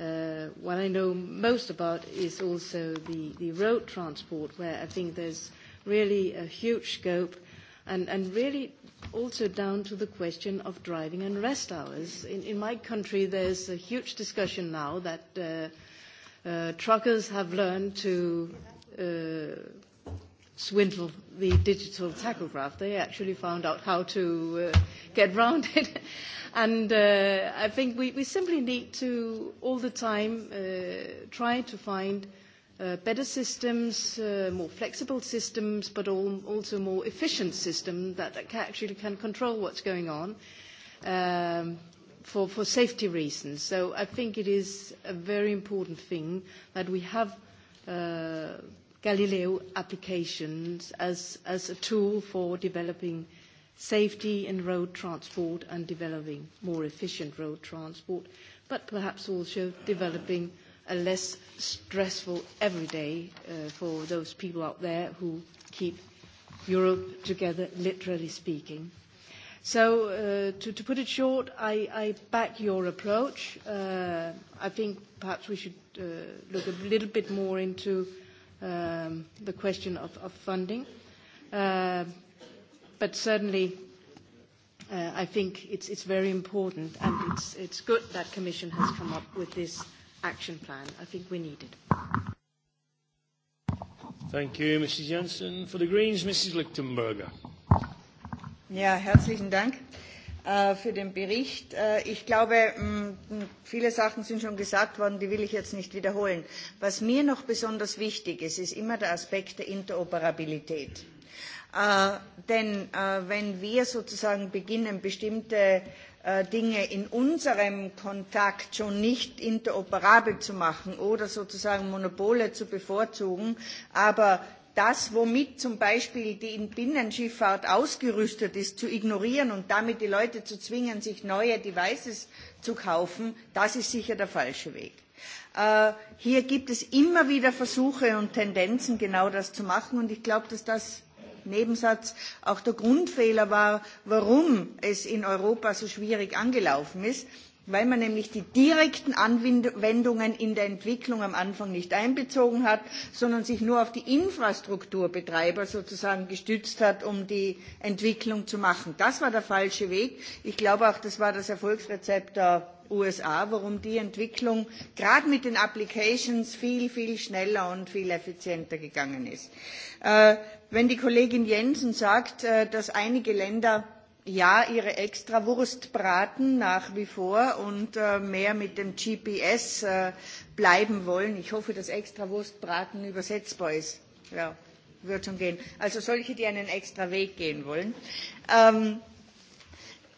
Uh, what I know most about is also the, the road transport, where I think there's really a huge scope and, and really also down to the question of driving and rest hours. In, in my country, there's a huge discussion now that uh, uh, truckers have learned to uh, swindle the digital tachograph. They actually found out how to uh, get round *laughs* it. and uh, I think we, we simply need to, all the time, uh, try to find uh, better systems, uh, more flexible systems, but all, also more efficient systems that, that can actually can control what's going on um, for, for safety reasons. So I think it is a very important thing that we have uh, Galileo applications as, as a tool for developing safety in road transport and developing more efficient road transport, but perhaps also developing a less stressful everyday uh, for those people out there who keep Europe together, literally speaking. So uh, to, to put it short, I, I back your approach. Uh, I think perhaps we should uh, look a little bit more into uh, um, the question of, of funding. Uh, but certainly, uh, I think it's, it's very important, and it's, it's good that Commission has come up with this action plan. I think we need it. Thank you, Mrs. Jensen. For the Greens, Mrs. Lichtenberger. Ja, herzlichen Dank. Äh, Äh, für den Bericht. Äh, ich glaube, mm, viele Sachen sind schon gesagt worden, die will ich jetzt nicht wiederholen. Was mir noch besonders wichtig ist, ist immer der Aspekt der Interoperabilität. Äh, denn äh, wenn wir sozusagen beginnen, bestimmte äh, Dinge in unserem Kontakt schon nicht interoperabel zu machen oder sozusagen Monopole zu bevorzugen, aber das, womit zum Beispiel die Binnenschifffahrt ausgerüstet ist, zu ignorieren und damit die Leute zu zwingen, sich neue Devices zu kaufen, das ist sicher der falsche Weg. Äh, hier gibt es immer wieder Versuche und Tendenzen, genau das zu machen. Und ich glaube, dass das Nebensatz auch der Grundfehler war, warum es in Europa so schwierig angelaufen ist weil man nämlich die direkten Anwendungen in der Entwicklung am Anfang nicht einbezogen hat, sondern sich nur auf die Infrastrukturbetreiber sozusagen gestützt hat, um die Entwicklung zu machen. Das war der falsche Weg. Ich glaube auch, das war das Erfolgsrezept der USA, warum die Entwicklung gerade mit den Applications viel, viel schneller und viel effizienter gegangen ist. Äh, wenn die Kollegin Jensen sagt, äh, dass einige Länder ja ihre Extrawurst braten nach wie vor und äh, mehr mit dem GPS äh, bleiben wollen. Ich hoffe, dass Extrawurstbraten übersetzbar ist. Ja, wird schon gehen. Also solche, die einen extra Weg gehen wollen. Ähm,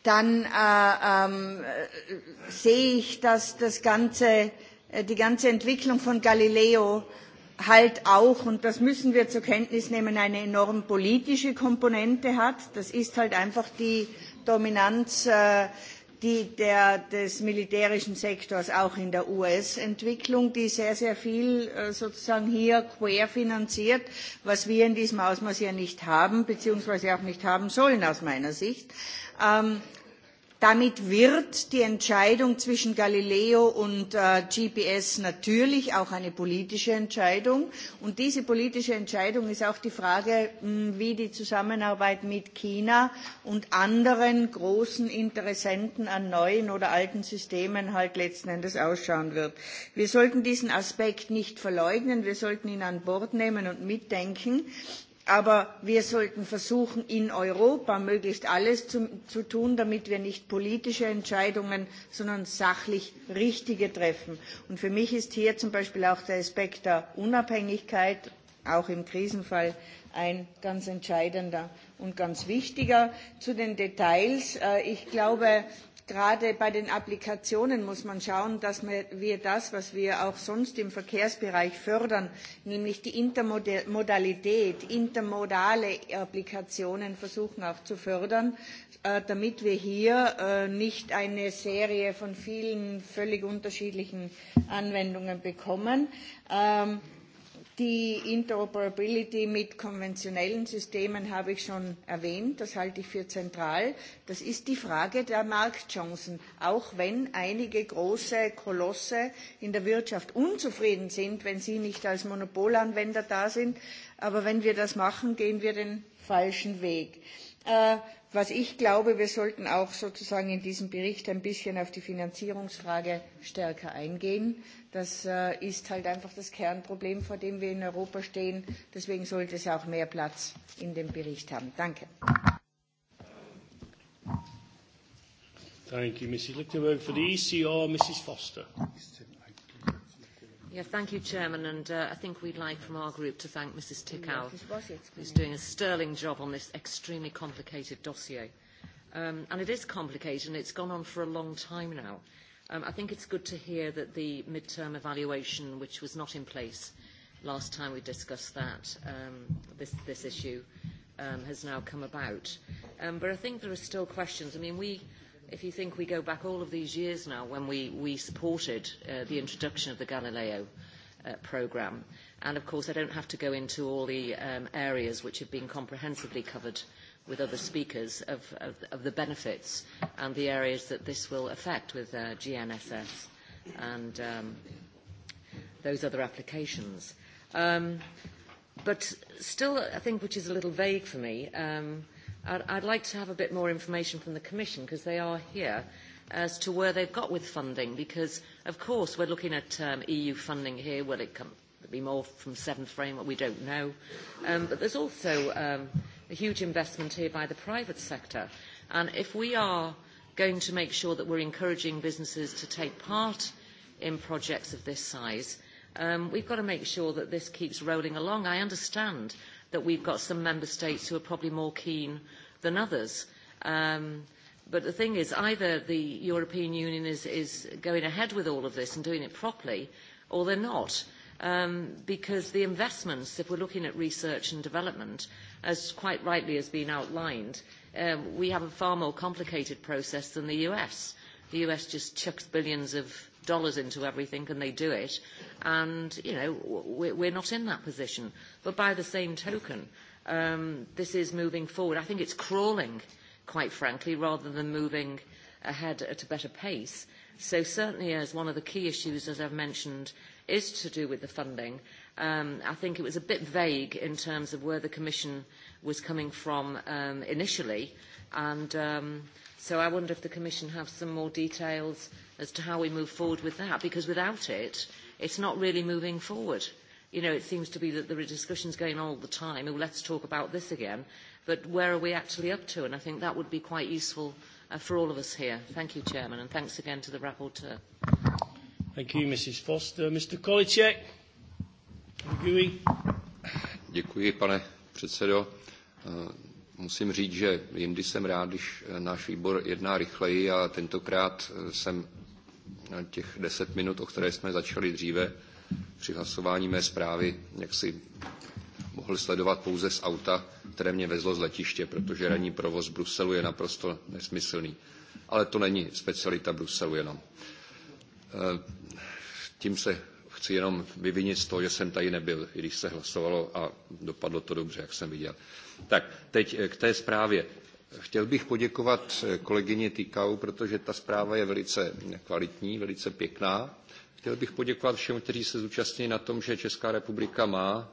dann äh, ähm, äh, sehe ich, dass das ganze, äh, die ganze Entwicklung von Galileo äh, halt auch, und das müssen wir zur Kenntnis nehmen, eine enorm politische Komponente hat. Das ist halt einfach die Dominanz äh, die der, des militärischen Sektors auch in der US-Entwicklung, die sehr, sehr viel äh, sozusagen hier quer finanziert, was wir in diesem Ausmaß ja nicht haben, beziehungsweise auch nicht haben sollen aus meiner Sicht. Ähm, Damit wird die Entscheidung zwischen Galileo und äh, GPS natürlich auch eine politische Entscheidung. Und diese politische Entscheidung ist auch die Frage, mh, hm, wie die Zusammenarbeit mit China und anderen großen Interessenten an neuen oder alten Systemen halt letzten Endes ausschauen wird. Wir sollten diesen Aspekt nicht verleugnen, wir sollten ihn an Bord nehmen und mitdenken aber wir sollten versuchen in europa möglichst alles zu, zu tun damit wir nicht politische entscheidungen sondern sachlich richtige treffen. und für mich ist hier zum beispiel auch der aspekt der unabhängigkeit auch im krisenfall ein ganz entscheidender und ganz wichtiger. zu den details äh, ich glaube Gerade bei den Applikationen muss man schauen, dass wir das, was wir auch sonst im Verkehrsbereich fördern, nämlich die Intermodalität, intermodale Applikationen versuchen auch zu fördern, äh, damit wir hier äh, nicht eine Serie von vielen völlig unterschiedlichen Anwendungen bekommen. Ähm, Die Interoperability mit konventionellen Systemen habe ich schon erwähnt. Das halte ich für zentral. Das ist die Frage der Marktchancen. Auch wenn einige große Kolosse in der Wirtschaft unzufrieden sind, wenn sie nicht als Monopolanwender da sind. Aber wenn wir das machen, gehen wir den falschen Weg. Äh, was ich glaube, wir sollten auch sozusagen in diesem Bericht ein bisschen auf die Finanzierungsfrage stärker eingehen. Das äh, ist halt einfach das Kernproblem, vor dem wir in Europa stehen. Deswegen sollte es auch mehr Platz in dem Bericht haben. Danke. Thank you, Mrs. Lichtenberg. For the ECR, Mrs. Foster. Mr. Yeah, thank you, Chairman, and uh, I think we'd like from our group to thank Mrs Tickow, who's doing a sterling job on this extremely complicated dossier. Um, and it is complicated, and it's gone on for a long time now. Um, I think it's good to hear that the midterm evaluation, which was not in place last time we discussed that, um, this, this issue, um, has now come about. Um, but I think there are still questions. I mean, we if you think we go back all of these years now when we, we supported uh, the introduction of the Galileo uh, programme, and of course I don't have to go into all the um, areas which have been comprehensively covered with other speakers of, of, of the benefits and the areas that this will affect with uh, GNSS and um, those other applications. Um, but still, I think, which is a little vague for me, um, uh, I'd, I'd like to have a bit more information from the Commission, because they are here, as to where they've got with funding, because, of course, we're looking at um, EU funding here. Will it come, be more from seventh framework? We don't know. Um, but there's also um, a huge investment here by the private sector. And if we are going to make sure that we're encouraging businesses to take part in projects of this size, um, we've got to make sure that this keeps rolling along. I understand that we've got some member states who are probably more keen than others. Um, but the thing is, either the European Union is, is going ahead with all of this and doing it properly, or they're not. Um, because the investments, if we're looking at research and development, as quite rightly has been outlined, um, we have a far more complicated process than the US. The US just chucks billions of dollars into everything and they do it. And, you know, we're not in that position. But by the same token, um, this is moving forward. I think it's crawling, quite frankly, rather than moving ahead at a better pace. So certainly as one of the key issues, as I've mentioned, is to do with the funding. Um, I think it was a bit vague in terms of where the Commission was coming from um, initially. And um, So I wonder if the Commission have some more details as to how we move forward with that, because without it, it's not really moving forward. You know, it seems to be that there are discussions going on all the time, oh, let's talk about this again, but where are we actually up to? And I think that would be quite useful uh, for all of us here. Thank you, Chairman, and thanks again to the rapporteur. Thank you, Mrs. Foster. Mr. Kolicek. Děkuji, pane předsedo. Uh, musím říct, že jindy jsem rád, když eh, náš výbor jedná rychleji a tentokrát eh, jsem eh, těch deset minut, o které jsme začali dříve při hlasování mé zprávy, jak si mohl sledovat pouze z auta, které mě vezlo z letiště, protože ranní provoz Bruselu je naprosto nesmyslný. Ale to není specialita Bruselu jenom. Tím se chci jenom vyvinit z toho, že jsem tady nebyl, i když se hlasovalo a dopadlo to dobře, jak jsem viděl. Tak, teď eh, k té zprávě. Chtěl bych poděkovat eh, kolegyni Tykau, protože ta zpráva je velice eh, kvalitní, velice pěkná. Chtěl bych poděkovat všem, kteří se zúčastní na tom, že Česká republika má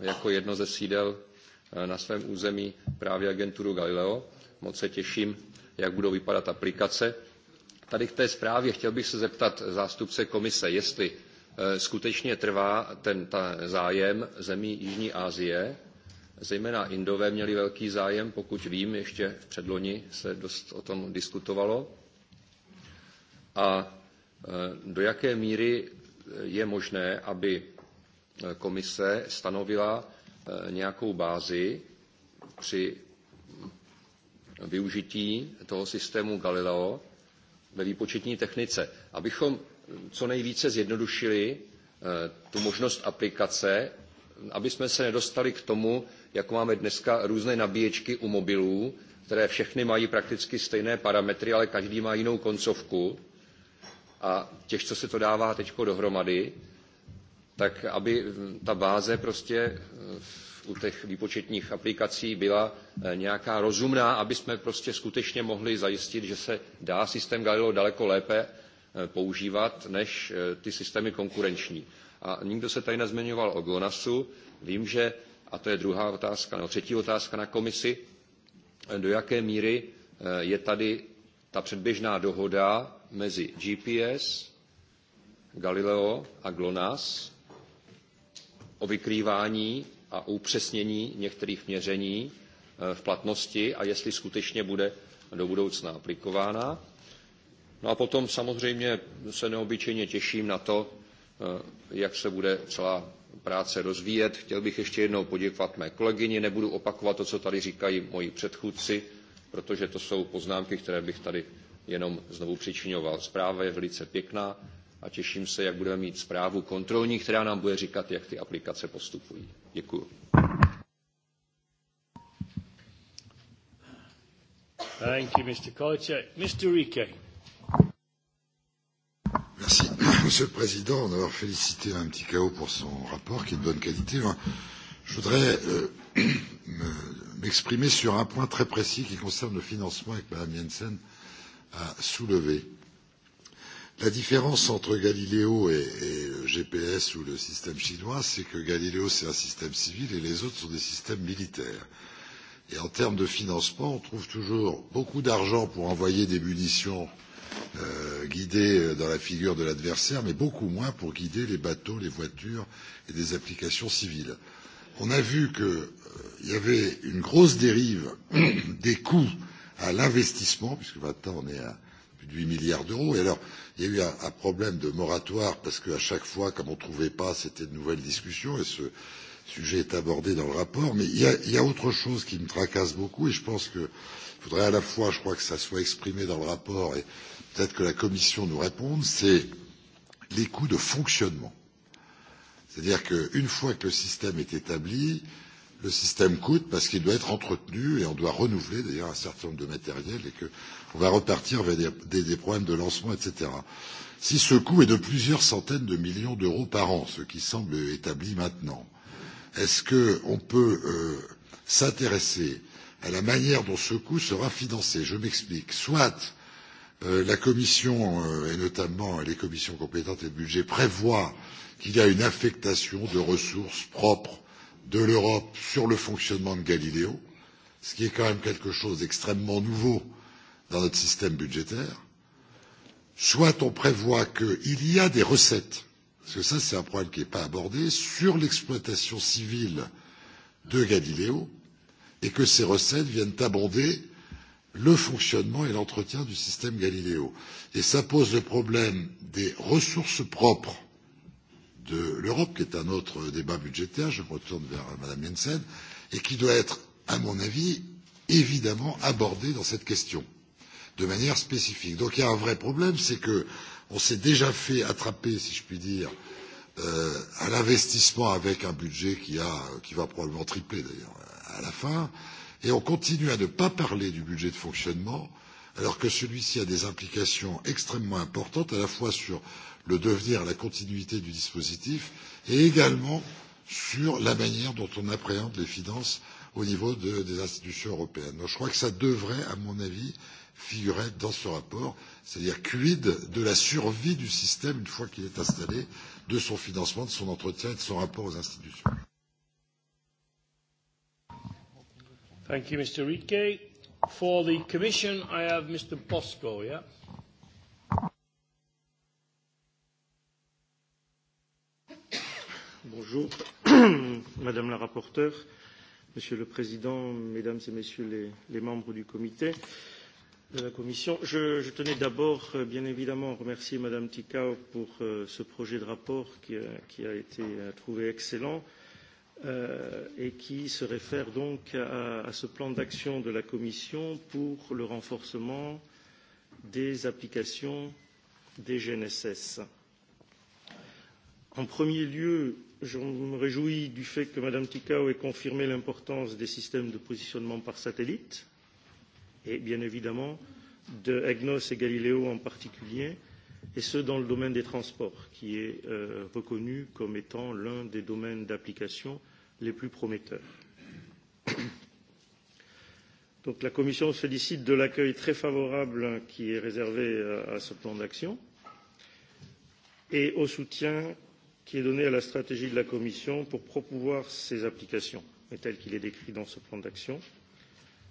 jako jedno ze sídel na svém území právě agenturu Galileo. Moc se těším, jak budou vypadat aplikace. Tady k té zprávě chtěl bych se zeptat zástupce komise, jestli Eh, skutečně trvá ten ta zájem zemí Jižní Asie. Zejména Indové měli velký zájem, pokud vím, ještě v předloni se dost o tom diskutovalo. A eh, do jaké míry eh, je možné, aby komise stanovila nějakou bázi při využití toho systému Galileo ve výpočetní technice, abychom co nejvíce zjednodušili eh, tu možnost aplikace, aby jsme se nedostali k tomu, jak máme dneska různé nabíječky u mobilů, které všechny mají prakticky stejné parametry, ale každý má jinou koncovku a těžce se to dává teď dohromady, tak aby ta báze prostě eh, u těch výpočetních aplikací byla eh, nějaká rozumná, aby jsme prostě skutečně mohli zajistit, že se dá systém Galileo daleko lépe Eh, používat než eh, ty systémy konkurenční. A nikdo se tady nezmiňoval o GLONASSu. Vím, že, a to je druhá otázka, no třetí otázka na komisi, eh, do jaké míry je tady ta předběžná dohoda mezi GPS, Galileo a GLONASS o vykrývání a upřesnění některých měření v platnosti a jestli skutečně bude do budoucna aplikována. No a potom samozřejmě se neobyčejně těším na to, eh, jak se bude celá práce rozvíjet. Chtěl bych ještě jednou poděkovat mé kolegyni, nebudu opakovat to, co tady říkají moji předchůdci, protože to jsou poznámky, které bych tady jenom znovu přičiňoval. Zpráva je velice pěkná a těším se, jak budeme mít zprávu kontrolní, která nám bude říkat, jak ty aplikace postupují. Děkuji. Thank you, Mr. Kolicek. Mr. Rike. Monsieur le Président, d'avoir félicité un petit chaos pour son rapport, qui est de bonne qualité. Je voudrais euh, *clears throat* m'exprimer sur un point très précis qui concerne le financement et que Mme Jensen a soulevé. La différence entre Galileo et, et le GPS ou le système chinois, c'est que Galileo, c'est un système civil et les autres sont des systèmes militaires. Et en termes de financement, on trouve toujours beaucoup d'argent pour envoyer des munitions euh, euh, guider euh, dans la figure de l'adversaire, mais beaucoup moins pour guider les bateaux, les voitures et des applications civiles. On a vu qu'il euh, y avait une grosse dérive *clears throat* des coûts à l'investissement, puisque maintenant on est à plus de 8 milliards d'euros. Et alors, il y a eu un, un problème de moratoire, parce qu'à chaque fois, comme on ne trouvait pas, c'était de nouvelles discussions, et ce sujet est abordé dans le rapport. Mais il y a, y a autre chose qui me tracasse beaucoup, et je pense que euh, voudrais à la fois, je crois que ça soit exprimé dans le rapport et peut-être que la Commission nous réponde, c'est les coûts de fonctionnement. C'est-à-dire qu'une fois que le système est établi, le système coûte parce qu'il doit être entretenu et on doit renouveler d'ailleurs un certain nombre de matériels et qu'on va repartir vers des, des, des problèmes de lancement, etc. Si ce coût est de plusieurs centaines de millions d'euros par an, ce qui semble établi maintenant, est-ce qu'on peut euh, s'intéresser à la manière dont ce coût sera financé. Je m'explique. Soit euh, la Commission, euh, et notamment les commissions compétentes et le budget, prévoient qu'il y a une affectation de ressources propres de l'Europe sur le fonctionnement de Galiléo, ce qui est quand même quelque chose d'extrêmement nouveau dans notre système budgétaire, soit on prévoit qu'il y a des recettes, parce que ça c'est un problème qui n'est pas abordé, sur l'exploitation civile de Galiléo, et que ces recettes viennent abonder le fonctionnement et l'entretien du système Galileo. Et ça pose le problème des ressources propres de l'Europe, qui est un autre débat budgétaire, je me retourne vers Madame Jensen, et qui doit être, à mon avis, évidemment abordé dans cette question, de manière spécifique. Donc il y a un vrai problème, c'est que on s'est déjà fait attraper, si je puis dire, euh, à l'investissement avec un budget qui, a, qui va probablement tripler d'ailleurs à la fin, et on continue à ne pas parler du budget de fonctionnement, alors que celui-ci a des implications extrêmement importantes à la fois sur le devenir, la continuité du dispositif, et également sur la manière dont on appréhende les finances au niveau de, des institutions européennes. Donc je crois que ça devrait, à mon avis, figurer dans ce rapport, c'est-à-dire quid de la survie du système une fois qu'il est installé, de son financement, de son entretien et de son rapport aux institutions. Thank you, Mr. Rietke. For the Commission, I have Mr. Bosco, yeah? Bonjour, *coughs* Madame la rapporteure, Monsieur le Président, Mesdames et Messieurs les, les membres du comité de la Commission. Je, je tenais d'abord, euh, bien évidemment, à remercier Madame Ticao pour euh, ce projet de rapport qui, euh, qui a été euh, trouvé excellent. Euh, euh, et qui se réfère donc à, à ce plan d'action de la Commission pour le renforcement des applications des GNSS. En premier lieu, je me réjouis du fait que Mme Ticao ait confirmé l'importance des systèmes de positionnement par satellite et bien évidemment de EGNOS et Galileo en particulier, et ce dans le domaine des transports, qui est euh, reconnu comme étant l'un des domaines d'application les plus prometteurs. *coughs* Donc la Commission se félicite de l'accueil très favorable qui est réservé euh, à ce plan d'action et au soutien qui est donné à la stratégie de la Commission pour promouvoir ses applications, et tel qu'il est décrit dans ce plan d'action,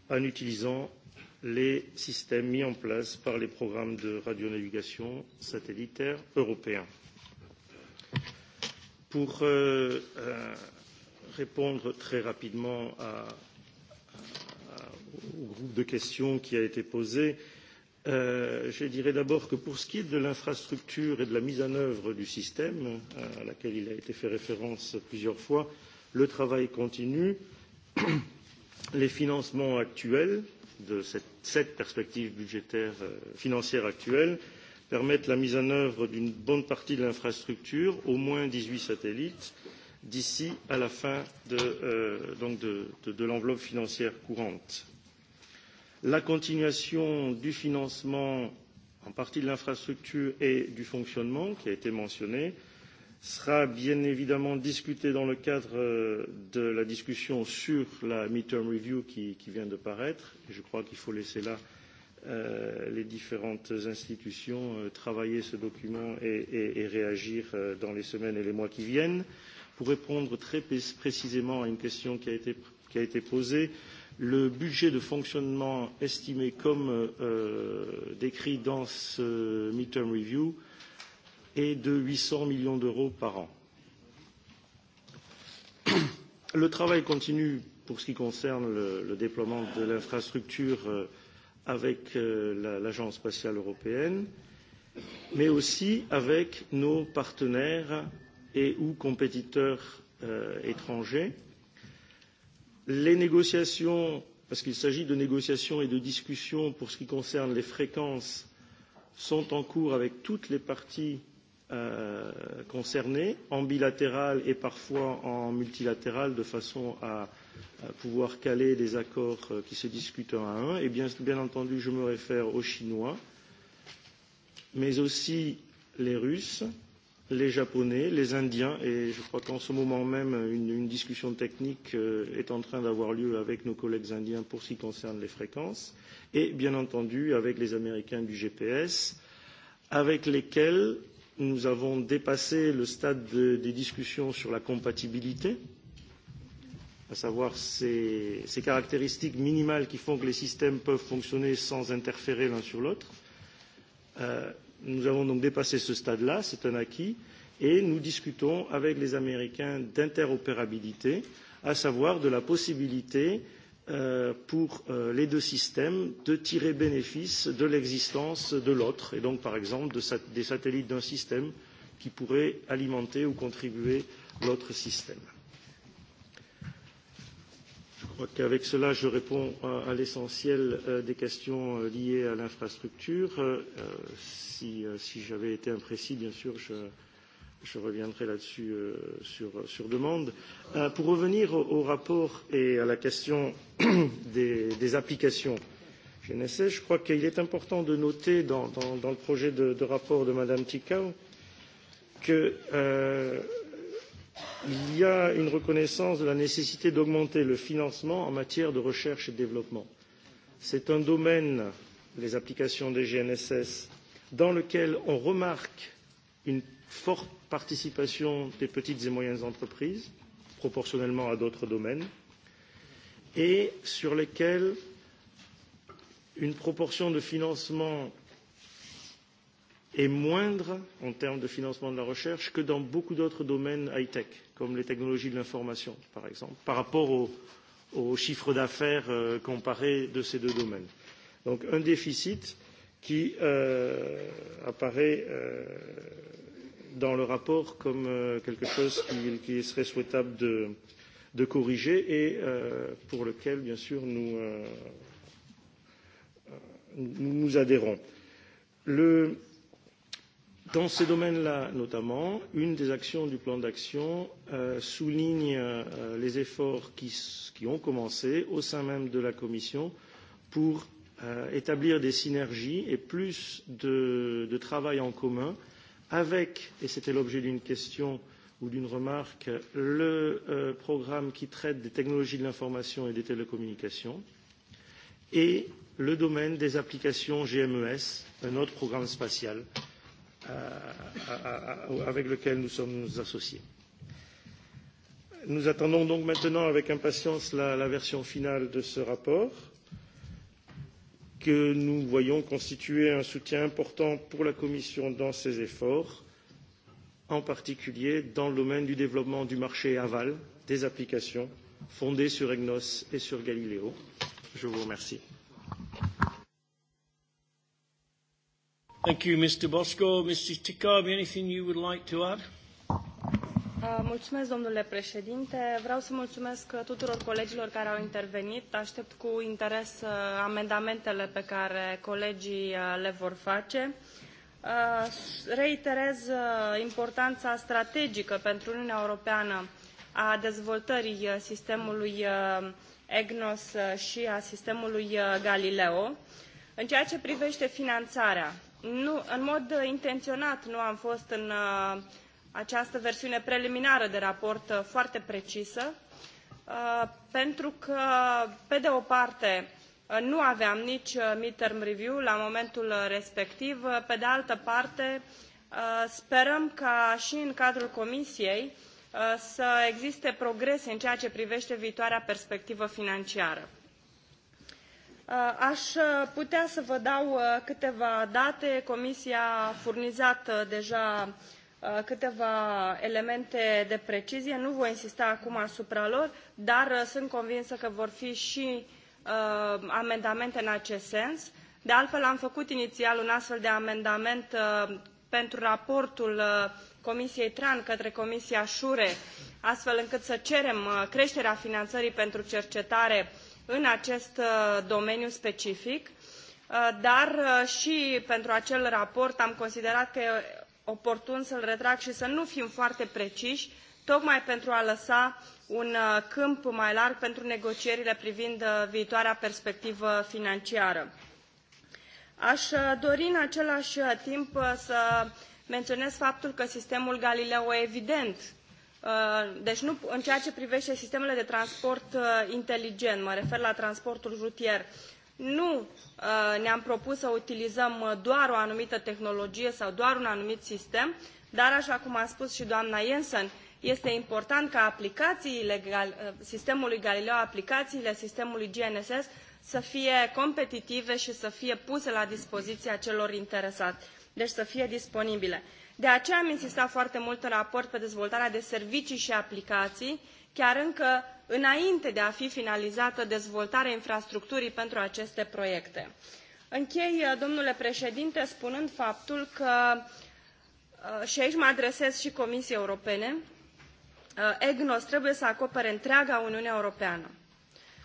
en utilisant les systèmes mis en place par les programmes de radionavigation satellitaire européens. Pour euh, euh, répondre très rapidement à, à, au groupe de questions qui a été posé. Euh, je dirais d'abord que pour ce qui est de l'infrastructure et de la mise en œuvre du système, à laquelle il a été fait référence plusieurs fois, le travail continue. *coughs* Les financements actuels de cette, cette perspective budgétaire euh, financière actuelle permettent la mise en œuvre d'une bonne partie de l'infrastructure, au moins 18 satellites, euh, d'ici à la fin de, euh, donc de, de, de l'enveloppe financière courante. La continuation du financement, en partie de l'infrastructure et du fonctionnement, qui a été mentionné, sera bien évidemment discutée dans le cadre euh, de la discussion sur la midterm review qui, qui vient de paraître. Je crois qu'il faut laisser là euh, les différentes institutions euh, travailler ce document et, et, et réagir euh, dans les semaines et les mois qui viennent. Euh, Pour répondre très précisément à une question qui a été, qui a été posée, le budget de fonctionnement estimé comme euh, décrit dans ce midterm review est de 800 millions d'euros par an. Le travail continue pour ce qui concerne le, le déploiement de l'infrastructure euh, avec euh, l'Agence la, spatiale européenne, mais aussi avec nos partenaires et ou compétiteurs euh, étrangers. Les négociations, parce qu'il s'agit de négociations et de discussions pour ce qui concerne les fréquences, sont en cours avec toutes les parties euh, concernées, en bilatéral et parfois en multilatéral, de façon à, à pouvoir caler des accords euh, qui se discutent un à un. Et bien, bien entendu, je me réfère aux Chinois, mais aussi les Russes, les Japonais, les Indiens, et je crois qu'en ce moment même, une, une discussion technique euh, est en train d'avoir lieu avec nos collègues indiens pour ce qui concerne les fréquences, et bien entendu avec les Américains du GPS, avec lesquels nous avons dépassé le stade de, des discussions sur la compatibilité, à savoir ces, ces caractéristiques minimales qui font que les systèmes peuvent fonctionner sans interférer l'un sur l'autre. Euh, Nous avons donc dépassé ce stade-là, c'est un acquis, et nous discutons avec les Américains d'interopérabilité, à savoir de la possibilité euh, pour euh, les deux systèmes de tirer bénéfice de l'existence de l'autre, et donc par exemple de sat des satellites d'un système qui pourraient alimenter ou contribuer l'autre système crois qu'avec cela, je réponds à, à l'essentiel euh, des questions euh, liées à l'infrastructure. Euh, si euh, si j'avais été imprécis, bien sûr, je, je reviendrai là-dessus euh, sur, sur demande. Euh, pour revenir au, au rapport et à la question *coughs* des, des applications GNSS, je crois qu'il est important de noter dans, dans, dans le projet de, de rapport de Mme Ticao que euh, il y a une reconnaissance de la nécessité d'augmenter le financement en matière de recherche et de développement. C'est un domaine, les applications des GNSS, dans lequel on remarque une forte participation des petites et moyennes entreprises, proportionnellement à d'autres domaines, et sur lesquels une proportion de financement est moindre en termes de financement de la recherche que dans beaucoup d'autres domaines high-tech, comme les technologies de l'information, par exemple, par rapport au, au chiffre d'affaires euh, comparé de ces deux domaines. Donc un déficit qui euh, apparaît euh, dans le rapport comme euh, quelque chose qui, qui serait souhaitable de, de corriger et euh, pour lequel, bien sûr, nous, euh, euh nous, nous adhérons. Le, euh, Dans ces domaines-là, notamment, une des actions du plan d'action euh, souligne euh, les efforts qui, qui ont commencé au sein même de la Commission pour euh, établir des synergies et plus de, de travail en commun avec, et c'était l'objet d'une question ou d'une remarque, le euh, programme qui traite des technologies de l'information et des télécommunications et le domaine des applications GMES, un autre programme spatial euh, avec lequel nous sommes associés. Nous attendons donc maintenant avec impatience la, la version finale de ce rapport que nous voyons constituer un soutien important pour la Commission dans ses efforts, en particulier dans le domaine du développement du marché aval des applications fondées sur EGNOS et sur Galileo. Je vous remercie. Thank you, Mr. Bosco. Mrs. Ticabi, anything you would like to add? Uh, mulțumesc, domnule președinte. Vreau să mulțumesc tuturor colegilor care au intervenit. Aștept cu interes uh, amendamentele pe care colegii uh, le vor face. Reiterez importanța strategică pentru Uniunea Europeană a dezvoltării sistemului EGNOS și a sistemului Galileo. În ceea ce privește finanțarea, Nu, în mod intenționat nu am fost în uh, această versiune preliminară de raport uh, foarte precisă, uh, pentru că, pe de o parte, uh, nu aveam nici uh, midterm review la momentul uh, respectiv, pe de altă parte, sperăm ca și în cadrul Comisiei să existe progrese în ceea ce privește viitoarea perspectivă financiară Uh, aș uh, putea să vă dau uh, câteva date. Comisia a furnizat deja câteva elemente de precizie. Nu voi insista acum asupra lor, dar sunt convinsă că vor fi și amendamente în acest sens. De altfel, am făcut inițial un astfel de amendament pentru raportul Comisiei TRAN către Comisia SURE, astfel încât să cerem creșterea finanțării pentru cercetare uh, în acest uh, domeniu specific, uh, dar uh, și pentru acel raport am considerat că e oportun să-l retrag și să nu fim foarte preciși, tocmai pentru a lăsa un câmp mai larg pentru negocierile privind viitoarea perspectivă financiară. Aș dori în același timp să menționez faptul că sistemul Galileo, e evident, Uh, deci nu, în ceea ce privește sistemele de transport uh, inteligent, mă refer la transportul rutier, nu uh, ne-am propus să utilizăm doar o anumită tehnologie sau doar un anumit sistem, dar, așa cum a spus și doamna Jensen, este important ca aplicațiile sistemului Galileo, aplicațiile sistemului GNSS să fie competitive și să fie puse la dispoziția celor interesați, deci să fie disponibile. De aceea am insistat foarte mult în raport pe dezvoltarea de servicii și aplicații, chiar încă înainte de a fi finalizată dezvoltarea infrastructurii pentru aceste proiecte. Închei, uh, domnule președinte, spunând faptul că, uh, și aici mă adresez și Comisiei Europene, uh, EGNOS trebuie să acopere întreaga Uniune Europeană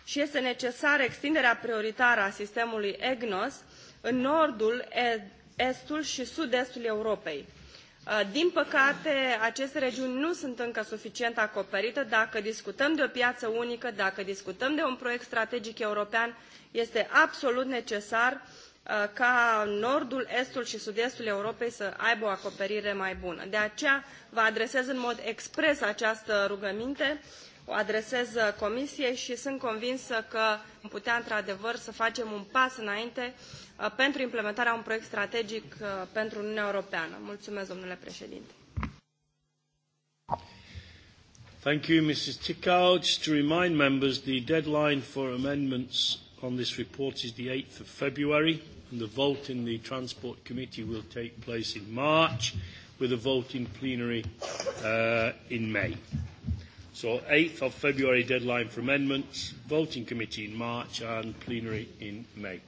și este necesară extinderea prioritară a sistemului EGNOS în nordul, e, estul și sud-estul Europei Uh, din păcate, aceste regiuni nu sunt încă suficient acoperite. Dacă discutăm de o piață unică, dacă discutăm de un proiect strategic european, este absolut necesar uh, ca nordul, estul și sud-estul Europei să aibă o acoperire mai bună. De aceea vă adresez în mod expres această rugăminte, o adresez uh, Comisiei și sunt convinsă că putea într-adevăr să facem un pas înainte uh, Uh, pentru implementarea un proiect strategic uh, pentru Uniunea Europeană. Mulțumesc, domnule președinte. Thank you, Mrs. Tickow. Just to remind members, the deadline for amendments on this report is the 8th of February, and the vote in the Transport Committee will take place in March, with a vote in plenary uh, in May. So 8th of February deadline for amendments, voting committee in March, and plenary in May.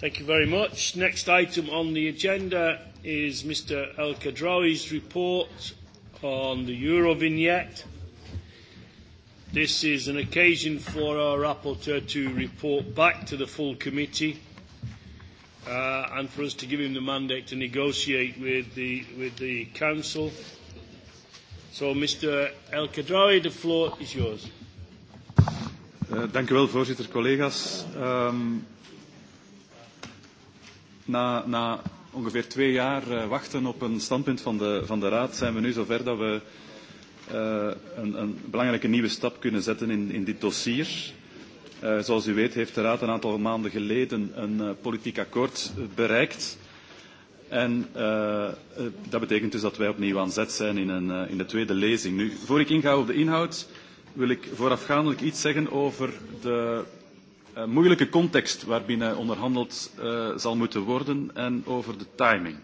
Thank you very much. Next item on the agenda is Mr. El Khadraoui's report on the Eurovignette. This is an occasion for our rapporteur to report back to the full committee uh, and for us to give him the mandate to negotiate with the, with the Council. So, Mr. El Khadraoui, the floor is yours. Uh, dank u wel, voorzitter, collega's. Um, na, na ongeveer twee jaar uh, wachten op een standpunt van de, van de Raad zijn we nu zover dat we uh, een, een belangrijke nieuwe stap kunnen zetten in, in dit dossier. Uh, zoals u weet heeft de Raad een aantal maanden geleden een uh, politiek akkoord bereikt. En uh, uh, dat betekent dus dat wij opnieuw aan zet zijn in, een, uh, in de tweede lezing. Nu, voor ik inga op de inhoud, wil ik voorafgaandelijk iets zeggen over de uh, moeilijke context waarbinnen onderhandeld uh, zal moeten worden en over de timing.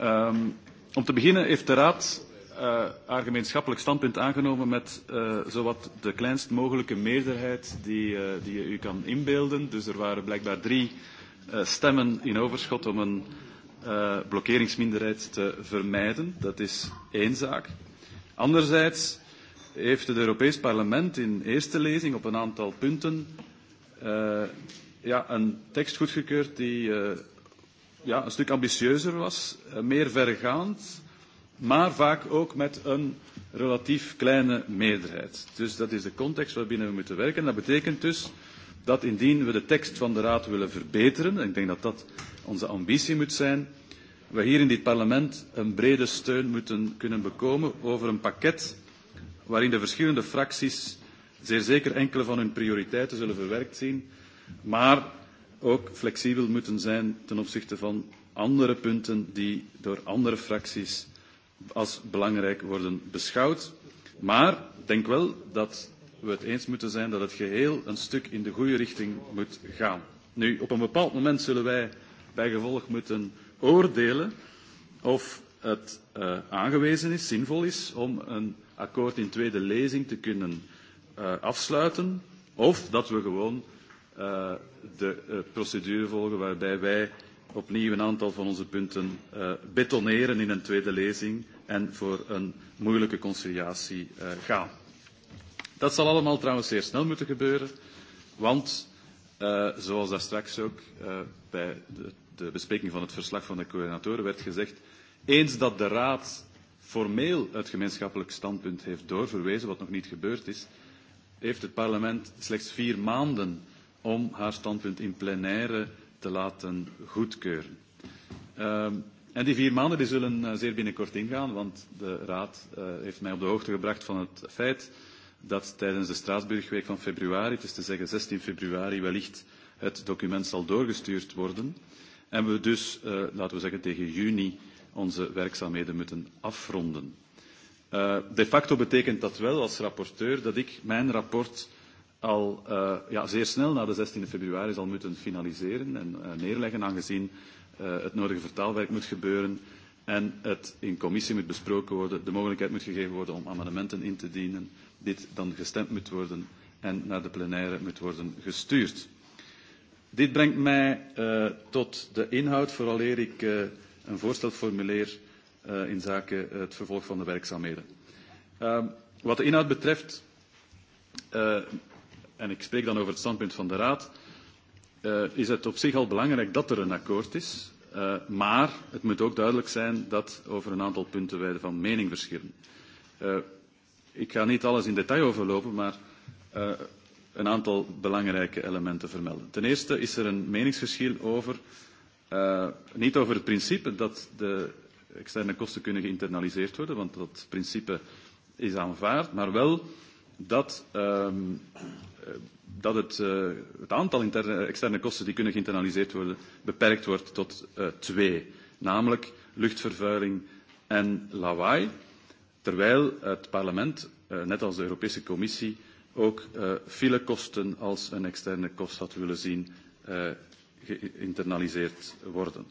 Um, om te beginnen heeft de Raad uh, haar gemeenschappelijk standpunt aangenomen met uh, zowat de kleinst mogelijke meerderheid die, uh, die je u kan inbeelden. Dus er waren blijkbaar drie uh, stemmen in overschot om een uh, blokkeringsminderheid te vermijden. Dat is één zaak. Anderzijds heeft het Europees Parlement in eerste lezing op een aantal punten uh, ja, een tekst goedgekeurd die uh, ja, een stuk ambitieuzer was, uh, meer vergaand, maar vaak ook met een relatief kleine meerderheid. Dus dat is de context waarbinnen we moeten werken. En dat betekent dus dat indien we de tekst van de Raad willen verbeteren, en ik denk dat dat onze ambitie moet zijn, we hier in dit parlement een brede steun moeten kunnen bekomen over een pakket waarin de verschillende fracties Zeer zeker enkele van hun prioriteiten zullen verwerkt zien, maar ook flexibel moeten zijn ten opzichte van andere punten die door andere fracties als belangrijk worden beschouwd. Maar ik denk wel dat we het eens moeten zijn dat het geheel een stuk in de goede richting moet gaan. Nu, op een bepaald moment zullen wij bijgevolg moeten oordelen of het uh, aangewezen is, zinvol is, om een akkoord in tweede lezing te kunnen uh, afsluiten of dat we gewoon uh, de uh, procedure volgen waarbij wij opnieuw een aantal van onze punten uh, betoneren in een tweede lezing en voor een moeilijke conciliatie uh, gaan. Dat zal allemaal trouwens zeer snel moeten gebeuren, want uh, zoals daar straks ook uh, bij de, de bespreking van het verslag van de coördinatoren werd gezegd, eens dat de Raad formeel het gemeenschappelijk standpunt heeft doorverwezen, wat nog niet gebeurd is, uh, heeft het parlement slechts vier maanden om haar standpunt in plenaire te laten goedkeuren. Um, en die vier maanden die zullen uh, zeer binnenkort ingaan, want de Raad uh, heeft mij op de hoogte gebracht van het feit dat tijdens de Straatsburgweek van februari, het is te zeggen 16 februari, wellicht het document zal doorgestuurd worden. En we dus, uh, laten we zeggen, tegen juni onze werkzaamheden moeten afronden. Uh, de facto betekent dat wel als rapporteur dat ik mijn rapport al uh, ja, zeer snel na de 16e februari zal moeten finaliseren en uh, neerleggen, aangezien uh, het nodige vertaalwerk moet gebeuren en het in commissie moet besproken worden, de mogelijkheid moet gegeven worden om amendementen in te dienen, dit dan gestemd moet worden en naar de plenaire moet worden gestuurd. Dit brengt mij uh, tot de inhoud, vooraleer ik uh, een voorstel formuleer uh, in zaken eh, het vervolg van de werkzaamheden. Uh, wat de inhoud betreft, uh, en ik spreek dan over het standpunt van de Raad, uh, is het op zich al belangrijk dat er een akkoord is. Uh, maar het moet ook duidelijk zijn dat over een aantal punten wij van mening verschillen. Uh, ik ga niet alles in detail overlopen, maar uh, een aantal belangrijke elementen vermelden. Ten eerste is er een meningsverschil over, uh, niet over het principe dat de externe kosten kunnen geïnternaliseerd worden, want dat principe is aanvaard, maar wel dat, um, dat het, uh, het aantal interne, externe kosten die kunnen geïnternaliseerd worden beperkt wordt tot uh, twee, namelijk luchtvervuiling en lawaai, terwijl het parlement, uh, net als de Europese Commissie, ook uh, filekosten als een externe kost had willen zien uh, geïnternaliseerd worden.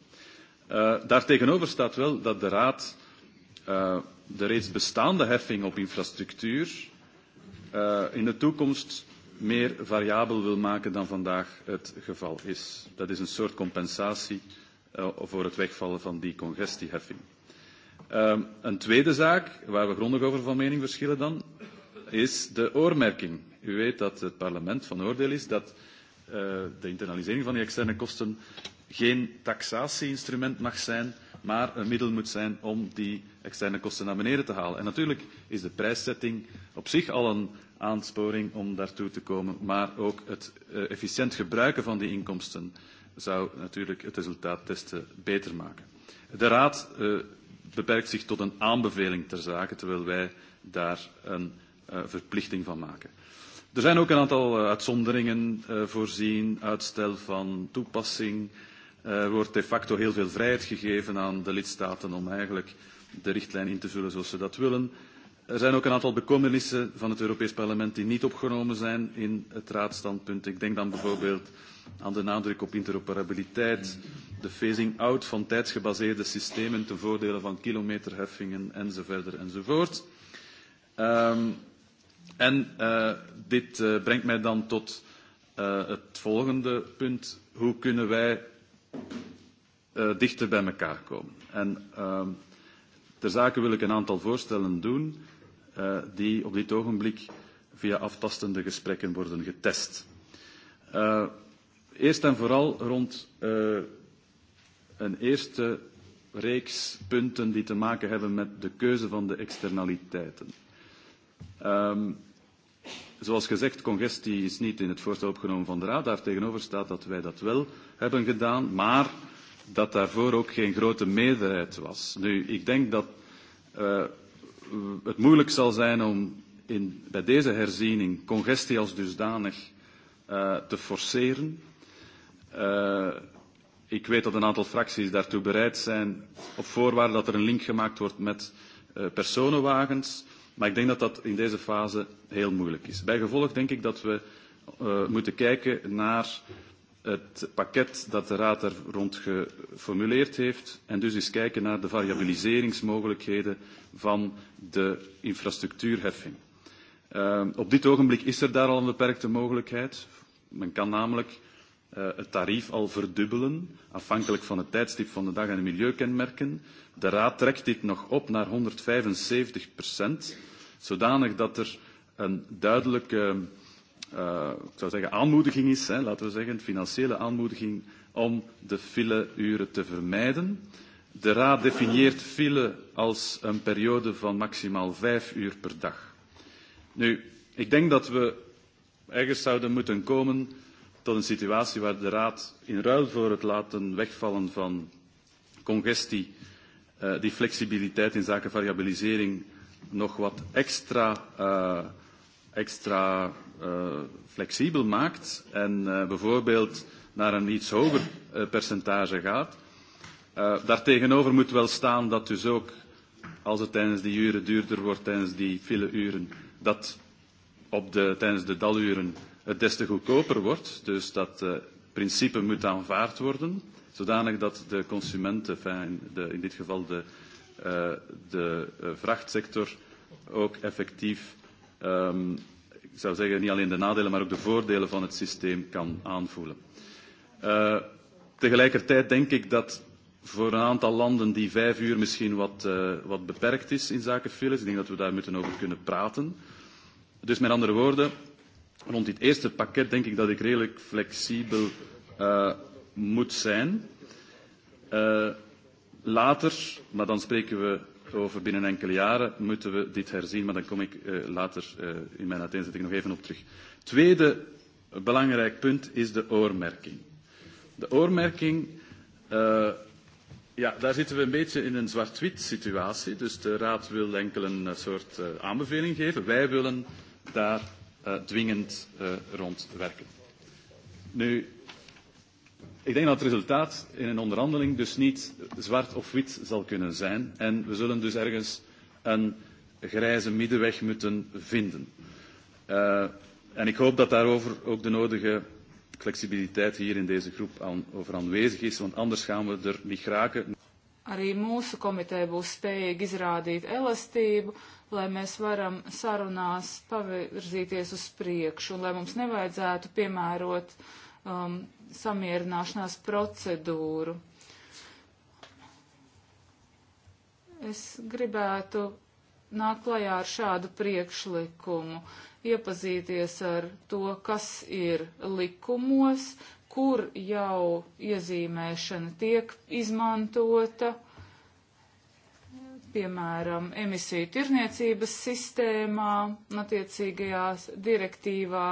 Uh, daartegenover staat wel dat de Raad uh, de reeds bestaande heffing op infrastructuur uh, in de toekomst meer variabel wil maken dan vandaag het geval is. Dat is een soort compensatie uh, voor het wegvallen van die congestieheffing. Uh, een tweede zaak, waar we grondig over van mening verschillen dan, is de oormerking. U weet dat het parlement van oordeel is dat uh, de internalisering van die externe kosten geen taxatie-instrument mag zijn, maar een middel moet zijn om die externe kosten naar beneden te halen. En natuurlijk is de prijszetting op zich al een aansporing om daartoe te komen, maar ook het uh, efficiënt gebruiken van die inkomsten zou natuurlijk het resultaat testen beter maken. De Raad uh, beperkt zich tot een aanbeveling ter zake, terwijl wij daar een uh, verplichting van maken. Er zijn ook een aantal uh, uitzonderingen uh, voorzien, uitstel van toepassing, uh, uh, wordt de facto heel veel vrijheid gegeven aan de lidstaten om eigenlijk de richtlijn in te vullen zoals ze dat willen. Er zijn ook een aantal bekommernissen van het Europees Parlement die niet opgenomen zijn in het raadstandpunt. Ik denk dan bijvoorbeeld aan de nadruk op interoperabiliteit, de phasing out van tijdsgebaseerde systemen ten voordele van kilometerheffingen enzovoort enzovoort. Um, en uh, dit uh, brengt mij dan tot uh, het volgende punt. Hoe kunnen wij uh, dichter bij elkaar komen. En uh, ter zake wil ik een aantal voorstellen doen uh, die op dit ogenblik via aftastende gesprekken worden getest. Uh, eerst en vooral rond uh, een eerste reeks punten die te maken hebben met de keuze van de externaliteiten. Um, Zoals gezegd, congestie is niet in het voorstel opgenomen van de Raad. Daartegenover staat dat wij dat wel hebben gedaan, maar dat daarvoor ook geen grote meerderheid was. Nu, ik denk dat uh, het moeilijk zal zijn om in, bij deze herziening congestie als dusdanig uh, te forceren. Uh, ik weet dat een aantal fracties daartoe bereid zijn op voorwaarde dat er een link gemaakt wordt met uh, personenwagens. Maar ik denk dat dat in deze fase heel moeilijk is. Bijgevolg denk ik dat we uh, moeten kijken naar het pakket dat de Raad daar er rond geformuleerd heeft en dus eens kijken naar de variabiliseringsmogelijkheden van de infrastructuurheffing. Uh, op dit ogenblik is er daar al een beperkte mogelijkheid. Men kan namelijk uh, het tarief al verdubbelen, afhankelijk van het tijdstip van de dag en de milieukenmerken. De Raad trekt dit nog op naar 175 procent zodanig dat er een duidelijke uh, ik zou zeggen, aanmoediging is, hè, laten we zeggen, financiële aanmoediging om de fileuren te vermijden. De Raad definieert file als een periode van maximaal vijf uur per dag. Nu, ik denk dat we ergens zouden moeten komen tot een situatie waar de Raad in ruil voor het laten wegvallen van congestie, uh, die flexibiliteit in zaken variabilisering nog wat extra, uh, extra uh, flexibel maakt en uh, bijvoorbeeld naar een iets hoger uh, percentage gaat. Uh, daartegenover moet wel staan dat dus ook als het tijdens die uren duurder wordt, tijdens die file uren, dat op de, tijdens de daluren het des te goedkoper wordt. Dus dat uh, principe moet aanvaard worden, zodanig dat de consument, enfin, in, de, in dit geval de, uh, uh, de uh, vrachtsector ook effectief, um, ik zou zeggen, niet alleen de nadelen, maar ook de voordelen van het systeem kan aanvoelen. Uh, tegelijkertijd denk ik dat voor een aantal landen die vijf uur misschien wat, uh, wat beperkt is in zaken files, ik denk dat we daar moeten over kunnen praten. Dus met andere woorden, rond dit eerste pakket denk ik dat ik redelijk flexibel uh, moet zijn. Uh, later, maar dan spreken we over binnen enkele jaren, moeten we dit herzien, maar daar kom ik uh, later uh, in mijn uiteenzetting nog even op terug. Tweede belangrijk punt is de oormerking. De oormerking, uh, ja, daar zitten we een beetje in een zwart-wit situatie. Dus de Raad wil enkel een soort uh, aanbeveling geven. Wij willen daar uh, dwingend uh, rond werken. Nu, Ik denk dat het resultaat in een onderhandeling dus niet zwart of wit zal kunnen zijn. En we zullen dus ergens een grijze middenweg moeten vinden. Uh, en ik hoop dat daarover ook de nodige flexibiliteit hier in deze groep aan, over aanwezig is, want anders gaan we er niet raken. Arī mūsu komiteja būs spējīga izrādīt elastību, lai mēs varam sarunās pavirzīties uz priekšu un lai mums nevajadzētu piemērot uh, um, samierināšanās procedūru. Es gribētu nākt klajā ar šādu priekšlikumu, iepazīties ar to, kas ir likumos, kur jau iezīmēšana tiek izmantota, piemēram, emisiju tirniecības sistēmā, attiecīgajās direktīvā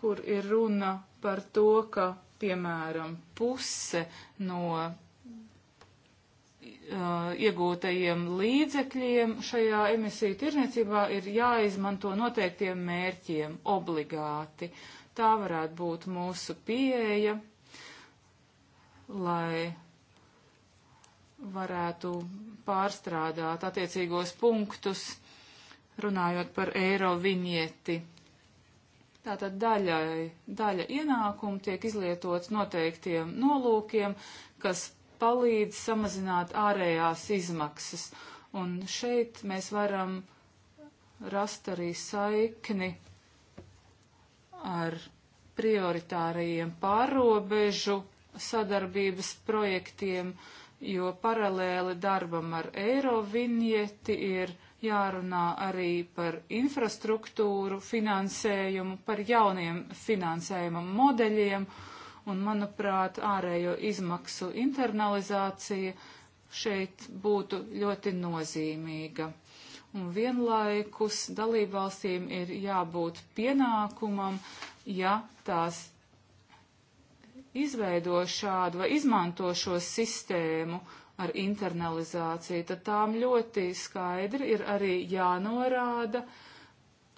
kur ir runa par to, ka, piemēram, puse no uh, iegūtajiem līdzekļiem šajā emisiju tirniecībā ir jāizmanto noteiktiem mērķiem obligāti. Tā varētu būt mūsu pieeja, lai varētu pārstrādāt attiecīgos punktus, runājot par eiro vinieti. Tātad daļai, daļa ienākumu tiek izlietots noteiktiem nolūkiem, kas palīdz samazināt ārējās izmaksas. Un šeit mēs varam rast arī saikni ar prioritārajiem pārobežu sadarbības projektiem, jo paralēli darbam ar Eirovinieti ir jārunā arī par infrastruktūru finansējumu, par jauniem finansējuma modeļiem, un, manuprāt, ārējo izmaksu internalizācija šeit būtu ļoti nozīmīga. Un vienlaikus dalībvalstīm ir jābūt pienākumam, ja tās izveido šādu vai izmanto šo sistēmu, ar internalizāciju, tad tām ļoti skaidri ir arī jānorāda,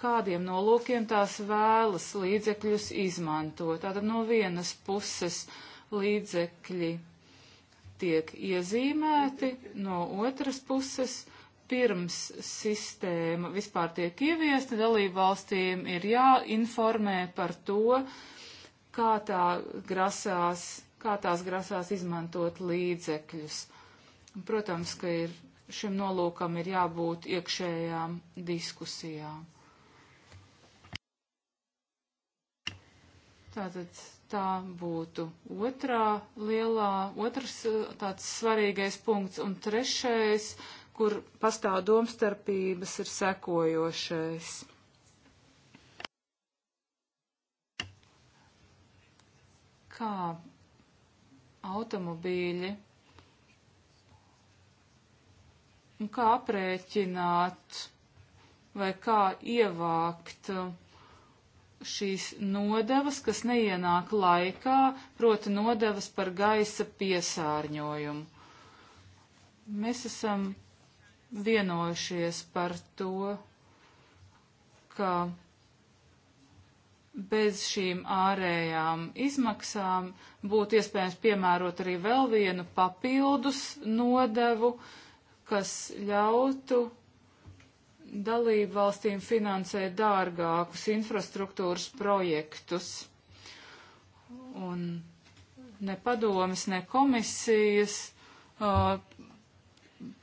kādiem nolūkiem tās vēlas līdzekļus izmantot. Tātad no vienas puses līdzekļi tiek iezīmēti, no otras puses pirms sistēma vispār tiek ieviesta, dalību valstīm ir jāinformē par to, kā tā grasās, kā tās grasās izmantot līdzekļus. Un, protams, ka ir, šim nolūkam ir jābūt iekšējām diskusijām. Tātad tā būtu otrā lielā, otrs eh, tāds svarīgais punkts. Un trešais, kur pastāv domstarpības, ir sekojošais. Kā automobīļi un kā aprēķināt vai kā ievākt šīs nodevas, kas neienāk laikā, proti nodevas par gaisa piesārņojumu. Mēs esam vienojušies par to, ka bez šīm ārējām izmaksām būtu iespējams piemērot arī vēl vienu papildus nodevu, uh, kas ļautu dalību valstīm finansēt dārgākus infrastruktūras projektus. Un ne padomis, ne komisijas uh,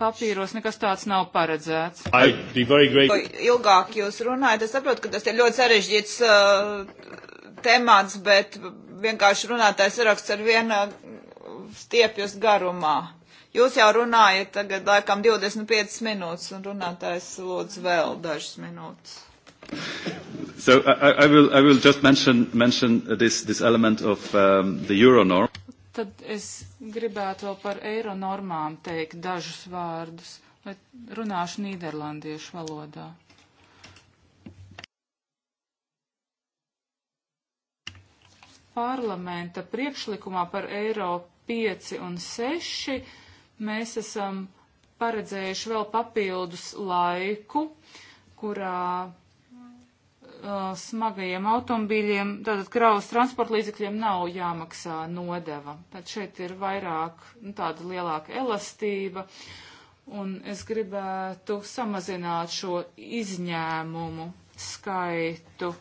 papīros nekas tāds nav paredzēts. Ilgāk jūs runājat, es saprotu, ka tas ir ļoti sarežģīts uh, temats, bet vienkārši runātājs raksts ar vienu uh, stiepjas garumā. Jūs jau runājat tagad laikam 25 minūtes, un runātājs lūdzu vēl dažas minūtes. So I, I, will, I will just mention, mention this, this element of um, the euro norm. Tad es gribētu vēl par eiro normām teikt dažus vārdus, bet runāšu nīderlandiešu valodā. Parlamenta priekšlikumā par eiro 5 un 6 mēs esam paredzējuši vēl papildus laiku, kurā uh, smagajiem automobīļiem, tātad kravas transporta līdzekļiem nav jāmaksā nodeva. Tad šeit ir vairāk nu, tāda lielāka elastība, un es gribētu samazināt šo izņēmumu skaitu.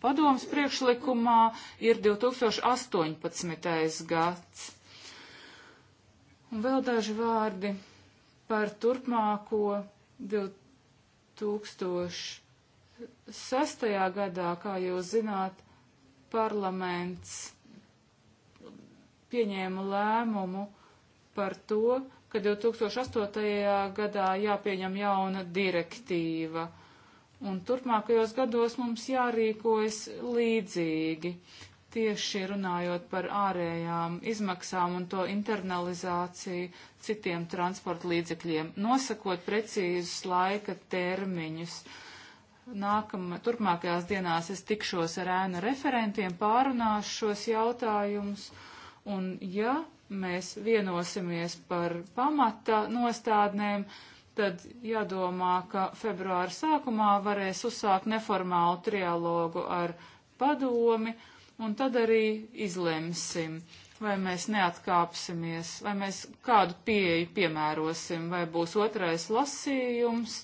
Padomas priekšlikumā ir 2018. gads. Un vēl daži vārdi par turpmāko 2006. gadā, kā jūs zināt, parlaments pieņēma lēmumu par to, ka 2008. gadā jāpieņem jauna direktīva Un turpmākajos gados mums jārīkojas līdzīgi, tieši runājot par ārējām izmaksām un to internalizāciju citiem transporta līdzekļiem, nosakot precīzus laika termiņus. Nākamā, turpmākajās dienās es tikšos ar ēnu referentiem, pārunāšu šos jautājumus, un ja mēs vienosimies par pamata nostādnēm, uh, tad jādomā, ka februāra sākumā varēs uzsākt neformālu trialogu ar padomi, un tad arī izlemsim, vai mēs neatkāpsimies, vai mēs kādu pieeju piemērosim, vai būs otrais lasījums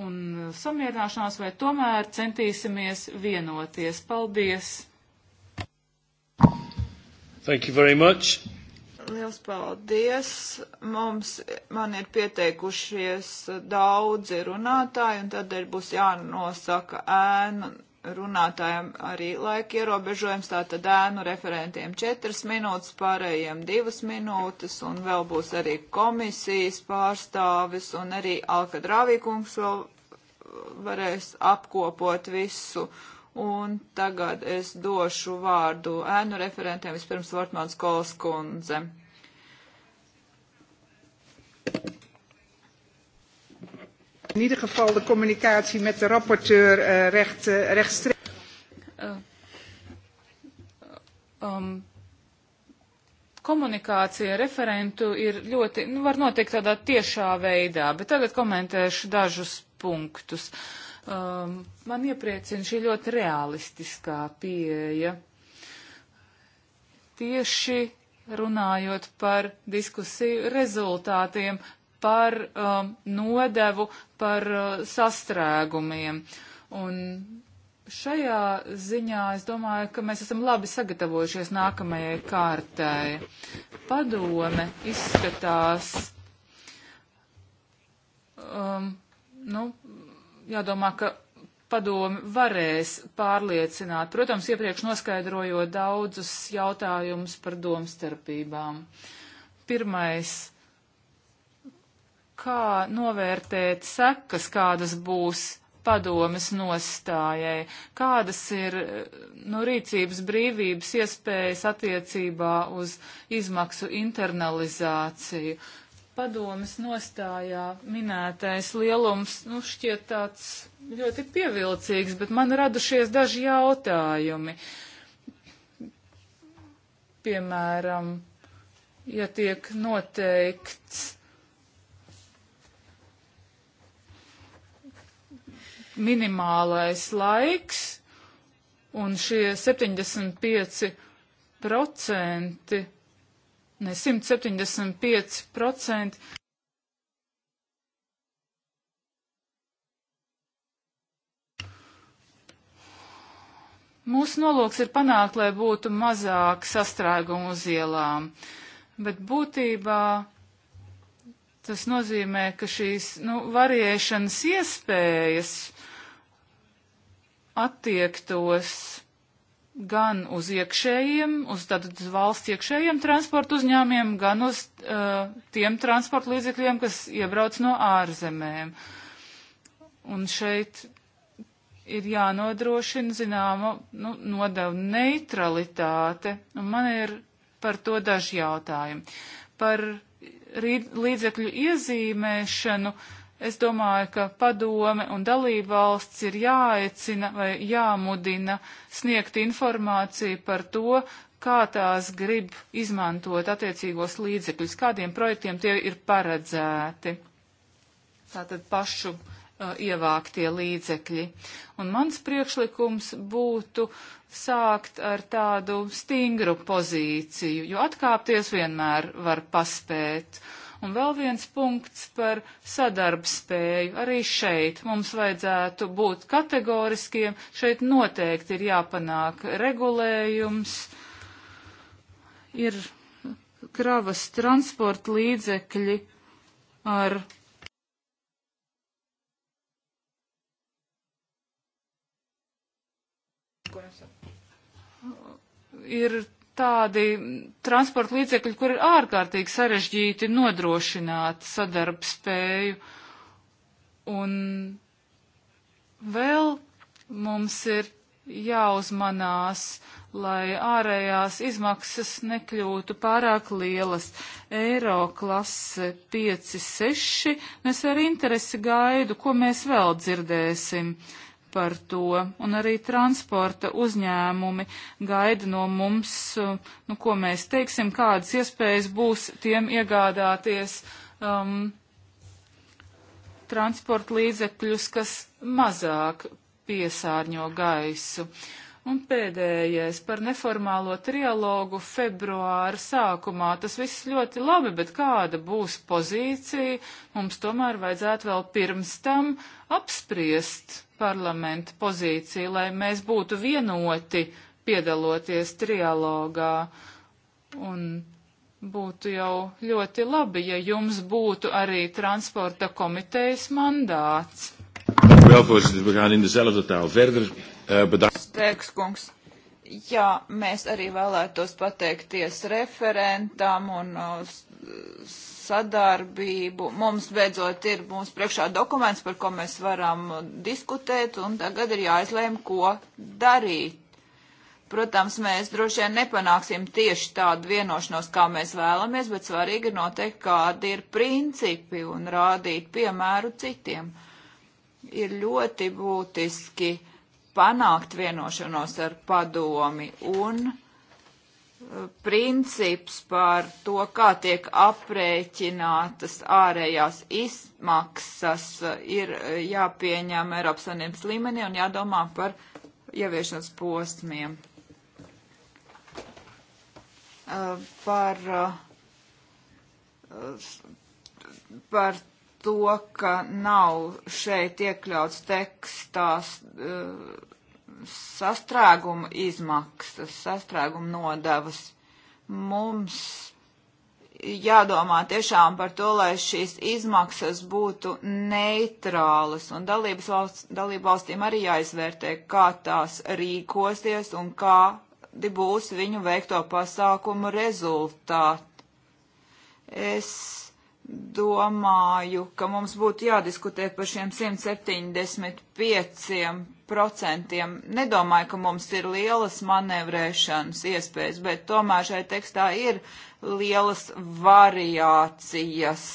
un samierināšanās, vai tomēr centīsimies vienoties. Paldies! Thank you very much. Liels paldies! Mums, man ir pieteikušies daudzi runātāji, un tādēļ būs jānosaka ēnu runātājiem arī laika ierobežojums, tātad ēnu referentiem četras minūtes, pārējiem divas minūtes, un vēl būs arī komisijas pārstāvis, un arī Alka Drāvīkungs vēl varēs apkopot visu Un tagad es došu vārdu ēnu referentiem, vispirms Vortmāns Kolskundze. In ieder geval de communicatie met de rapporteur uh, recht, uh, rechtstreeks. Uh, um, komunikācija referentu ir ļoti, nu, var notikt tādā tiešā veidā, bet tagad komentēšu dažus punktus. Uh, Um, man iepriecina šī ļoti realistiskā pieeja. Tieši runājot par diskusiju rezultātiem, par um, nodevu, par uh, sastrēgumiem. Un šajā ziņā es domāju, ka mēs esam labi sagatavojušies nākamajai kārtai. Padome izskatās, um, nu, jādomā, ka padomi varēs pārliecināt, protams, iepriekš noskaidrojot daudzus jautājumus par domstarpībām. Pirmais, kā novērtēt sekas, kādas būs padomas nostājai, kādas ir nu, rīcības brīvības iespējas attiecībā uz izmaksu internalizāciju, padomas nostājā minētais lielums, nu, šķiet tāds ļoti pievilcīgs, bet man radušies daži jautājumi. Piemēram, ja tiek noteikts minimālais laiks un šie 75 procenti ne 175%. Mūsu nolūks ir panākt, lai būtu mazāk sastrēgumu uz ielām, bet būtībā tas nozīmē, ka šīs nu, variēšanas iespējas attiektos gan uz iekšējiem, uz tātad valsts iekšējiem transporta uzņēmiem, gan uz uh, tiem transporta līdzekļiem, kas iebrauc no ārzemēm. Un šeit ir jānodrošina zināma nu, nodeva neutralitāte, un man ir par to daži jautājumi. Par rīd, līdzekļu iezīmēšanu Es domāju, ka padome un dalībvalsts ir jāaicina vai jāmudina sniegt informāciju par to, kā tās grib izmantot attiecīgos līdzekļus, kādiem projektiem tie ir paredzēti. Tātad pašu uh, ievāktie līdzekļi. Un mans priekšlikums būtu sākt ar tādu stingru pozīciju, jo atkāpties vienmēr var paspēt. Uh, Un vēl viens punkts par sadarbspēju. Arī šeit mums vajadzētu būt kategoriskiem. Šeit noteikti ir jāpanāk regulējums. Ir kravas transporta līdzekļi ar ir tādi transporta līdzekļi, kur ir ārkārtīgi sarežģīti nodrošināt sadarbspēju. Un vēl mums ir jāuzmanās, lai ārējās izmaksas nekļūtu pārāk lielas. Eiro klase 5, 6. Es ar interesi gaidu, ko mēs vēl dzirdēsim par to, un arī transporta uzņēmumi gaida no mums, uh, nu, ko mēs teiksim, kādas iespējas būs tiem iegādāties um, transporta līdzekļus, kas mazāk piesārņo gaisu. Uh, Un pēdējais par neformālo trialogu februāra sākumā. Tas viss ļoti labi, bet kāda būs pozīcija, mums tomēr vajadzētu vēl pirms tam apspriest parlamenta pozīciju, lai mēs būtu vienoti piedaloties trialogā. Un būtu jau ļoti labi, ja jums būtu arī transporta komitejas mandāts. Wel, voorzitter, we gaan in dezelfde taal verder. Eh, Stēkskungs. Jā, mēs arī vēlētos pateikties referentam un sadarbību. Mums beidzot ir mums priekšā dokuments, par ko mēs varam diskutēt, un tagad ir jāizlēm, ko darīt. Protams, mēs droši vien nepanāksim tieši tādu vienošanos, kā mēs vēlamies, bet svarīgi ir noteikt, kādi ir principi un rādīt piemēru citiem. Ir ļoti būtiski uh, panākt vienošanos ar padomi un e, princips par to, kā tiek aprēķinātas ārējās izmaksas, e, ir e, jāpieņem Eiropas Savienības līmenī un jādomā par ieviešanas posmiem. Par, par to, ka nav šeit iekļauts tekstās uh, sastrēguma izmaksas, sastrēguma nodevas. Mums jādomā tiešām par to, lai šīs izmaksas būtu neitrālas, un valsts, dalību valstīm arī jāizvērtē, kā tās rīkosies un kādi būs viņu veikto pasākumu rezultāti. Es domāju, ka mums būtu jādiskutē par šiem 175%. Nedomāju, ka mums ir lielas manevrēšanas iespējas, bet tomēr šai tekstā ir lielas variācijas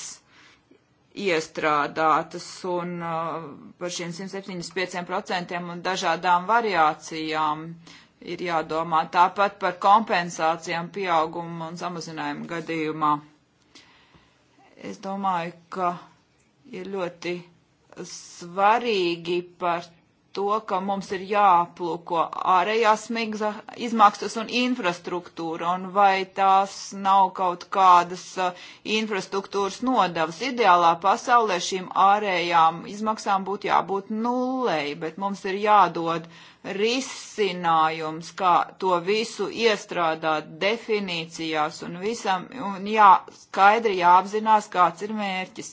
iestrādātas un uh, par šiem 175% un dažādām variācijām ir jādomā. Tāpat par kompensācijām pieaugumu un samazinājumu gadījumā. Es domāju, ka ir ļoti svarīgi par to, ka mums ir jāaplūko ārējās migza izmaksas un infrastruktūra, un vai tās nav kaut kādas infrastruktūras nodavas. Ideālā pasaulē šīm ārējām izmaksām būtu jābūt nullei, bet mums ir jādod uh, risinājums, kā to visu iestrādāt definīcijās un visam, un jā, skaidri jāapzinās, kāds ir mērķis.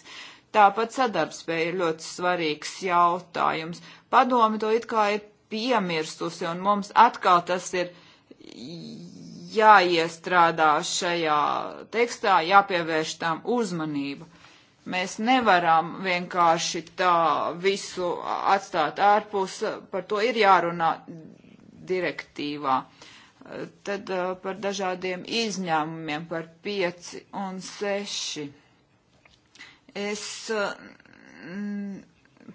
Tāpat sadarbspēja ir ļoti svarīgs jautājums. Padomi to it kā ir piemirstusi, un mums atkal tas ir jāiestrādā šajā tekstā, jāpievērš tam uzmanība. Mēs nevaram vienkārši tā visu atstāt ārpus, par to ir jārunā direktīvā. Tad uh, par dažādiem izņēmumiem, par pieci un seši. Es uh,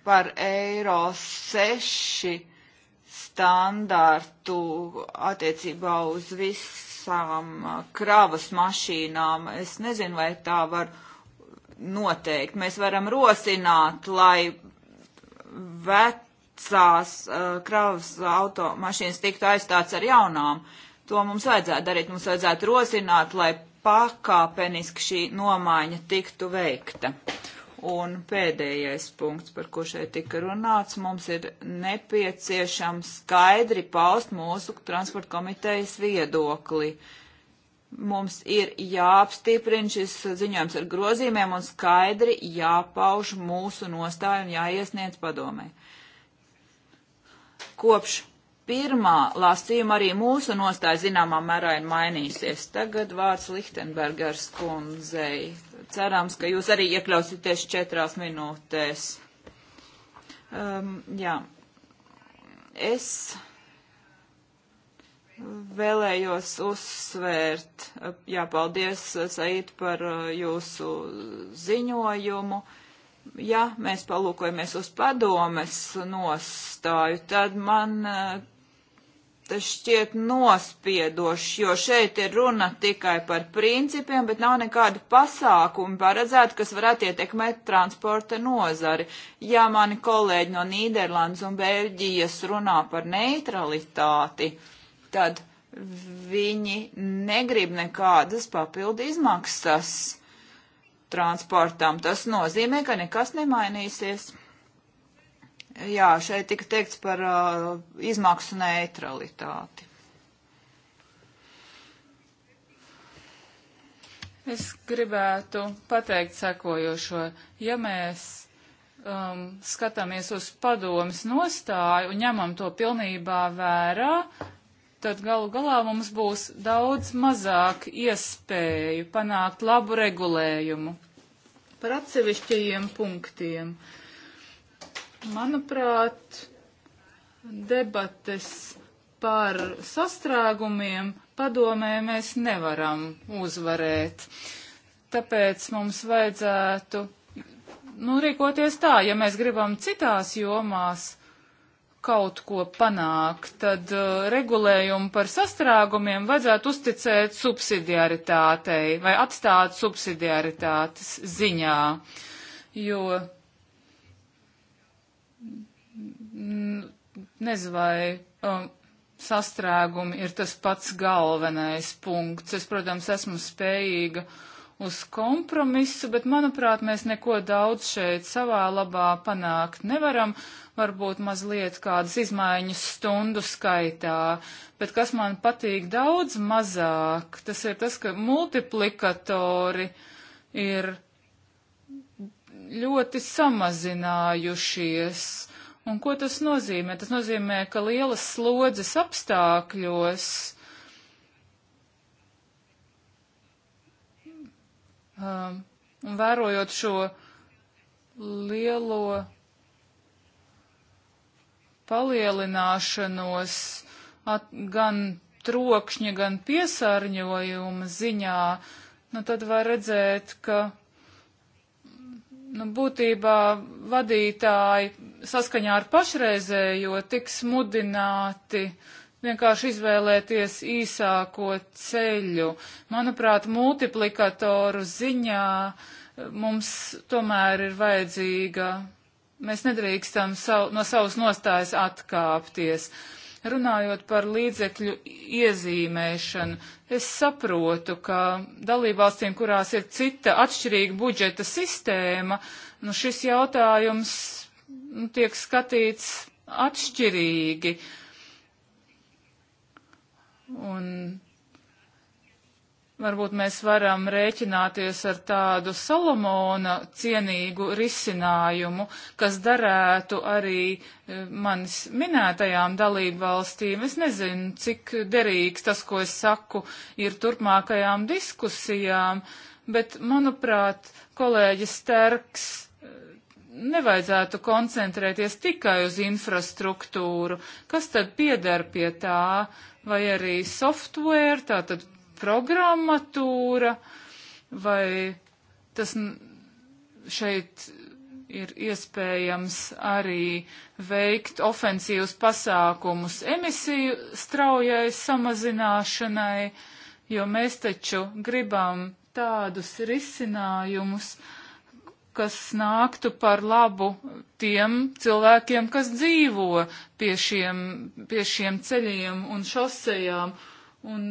par eiro seši standārtu attiecībā uz visām uh, kravas mašīnām. Es nezinu, vai tā var noteikt. Mēs varam rosināt, lai vecās uh, kravas automašīnas tiktu aizstāts ar jaunām. To mums vajadzētu darīt. Mums vajadzētu rosināt, lai pakāpeniski šī nomaiņa tiktu veikta. Un pēdējais punkts, par ko šeit tika runāts, mums ir nepieciešams skaidri paust mūsu transporta komitejas viedokli. Uh, mums ir jāapstiprina šis ziņojums ar grozīmēm un skaidri jāpauž mūsu nostāju un jāiesniedz padomē. Kopš pirmā lasījuma arī mūsu nostāja zināmā mērā ir mainīsies. Tagad vārds Lichtenbergers kundzei. Cerams, ka jūs arī iekļausieties četrās minūtēs. Um, jā. Es Vēlējos uzsvērt, jāpaldies, Said, par uh, jūsu ziņojumu. Ja mēs palūkojamies uz padomes nostāju, tad man uh, tas šķiet nospiedošs, jo šeit ir runa tikai par principiem, bet nav nekādu pasākumu paredzētu, kas varētu ietekmēt transporta nozari. Ja mani kolēģi no Nīderlandes un Beļģijas runā par neutralitāti, uh, tad viņi negrib nekādas papildu izmaksas transportam. Tas nozīmē, ka nekas nemainīsies. Jā, šeit tika teikts par uh, izmaksu neutralitāti. Es gribētu pateikt sekojošo. Ja mēs um, skatāmies uz padomas nostāju un ņemam to pilnībā vērā, tad galu galā mums būs daudz mazāk iespēju panākt labu regulējumu par atsevišķajiem punktiem. Manuprāt, debates par sastrēgumiem padomē mēs nevaram uzvarēt. Tāpēc mums vajadzētu nu, rīkoties tā, ja mēs gribam citās jomās kaut ko panākt, tad uh, regulējumu par sastrāgumiem vajadzētu uzticēt subsidiaritātei vai atstāt subsidiaritātes ziņā, jo mm, nezinu, vai um, sastrēgumi ir tas pats galvenais punkts. Es, protams, esmu spējīga uh, uz kompromisu, bet manuprāt, mēs neko daudz šeit savā labā panākt nevaram. Varbūt mazliet kādas izmaiņas stundu skaitā, bet kas man patīk daudz mazāk, tas ir tas, ka multiplikatori ir ļoti samazinājušies. Un ko tas nozīmē? Tas nozīmē, ka lielas slodzes apstākļos Um, un vērojot šo lielo palielināšanos at, gan trokšņa, gan piesārņojuma ziņā, nu tad var redzēt, ka nu, būtībā vadītāji saskaņā ar pašreizējo tiks mudināti uh, vienkārši izvēlēties īsāko ceļu. Manuprāt, multiplikatoru ziņā eh, mums tomēr ir vajadzīga, mēs nedrīkstam savu, no savas nostājas atkāpties. Runājot par līdzekļu iezīmēšanu, es saprotu, ka dalībvalstīm, kurās ir cita atšķirīga budžeta sistēma, nu šis jautājums nu, tiek skatīts atšķirīgi. Uh, Un varbūt mēs varam rēķināties ar tādu Salomona cienīgu risinājumu, kas darētu arī eh, manis minētajām dalību valstīm. Es nezinu, cik derīgs tas, ko es saku, ir turpmākajām diskusijām, bet, manuprāt, kolēģis Sterks eh, nevajadzētu koncentrēties tikai uz infrastruktūru. Kas tad piedar pie tā? Uh, vai arī software, tātad programmatūra, vai tas šeit ir iespējams arī veikt ofensīvus pasākumus emisiju straujai samazināšanai, jo mēs taču gribam tādus risinājumus, uh, kas nāktu par labu tiem cilvēkiem, kas dzīvo pie šiem, pie šiem ceļiem un šosejām. Un,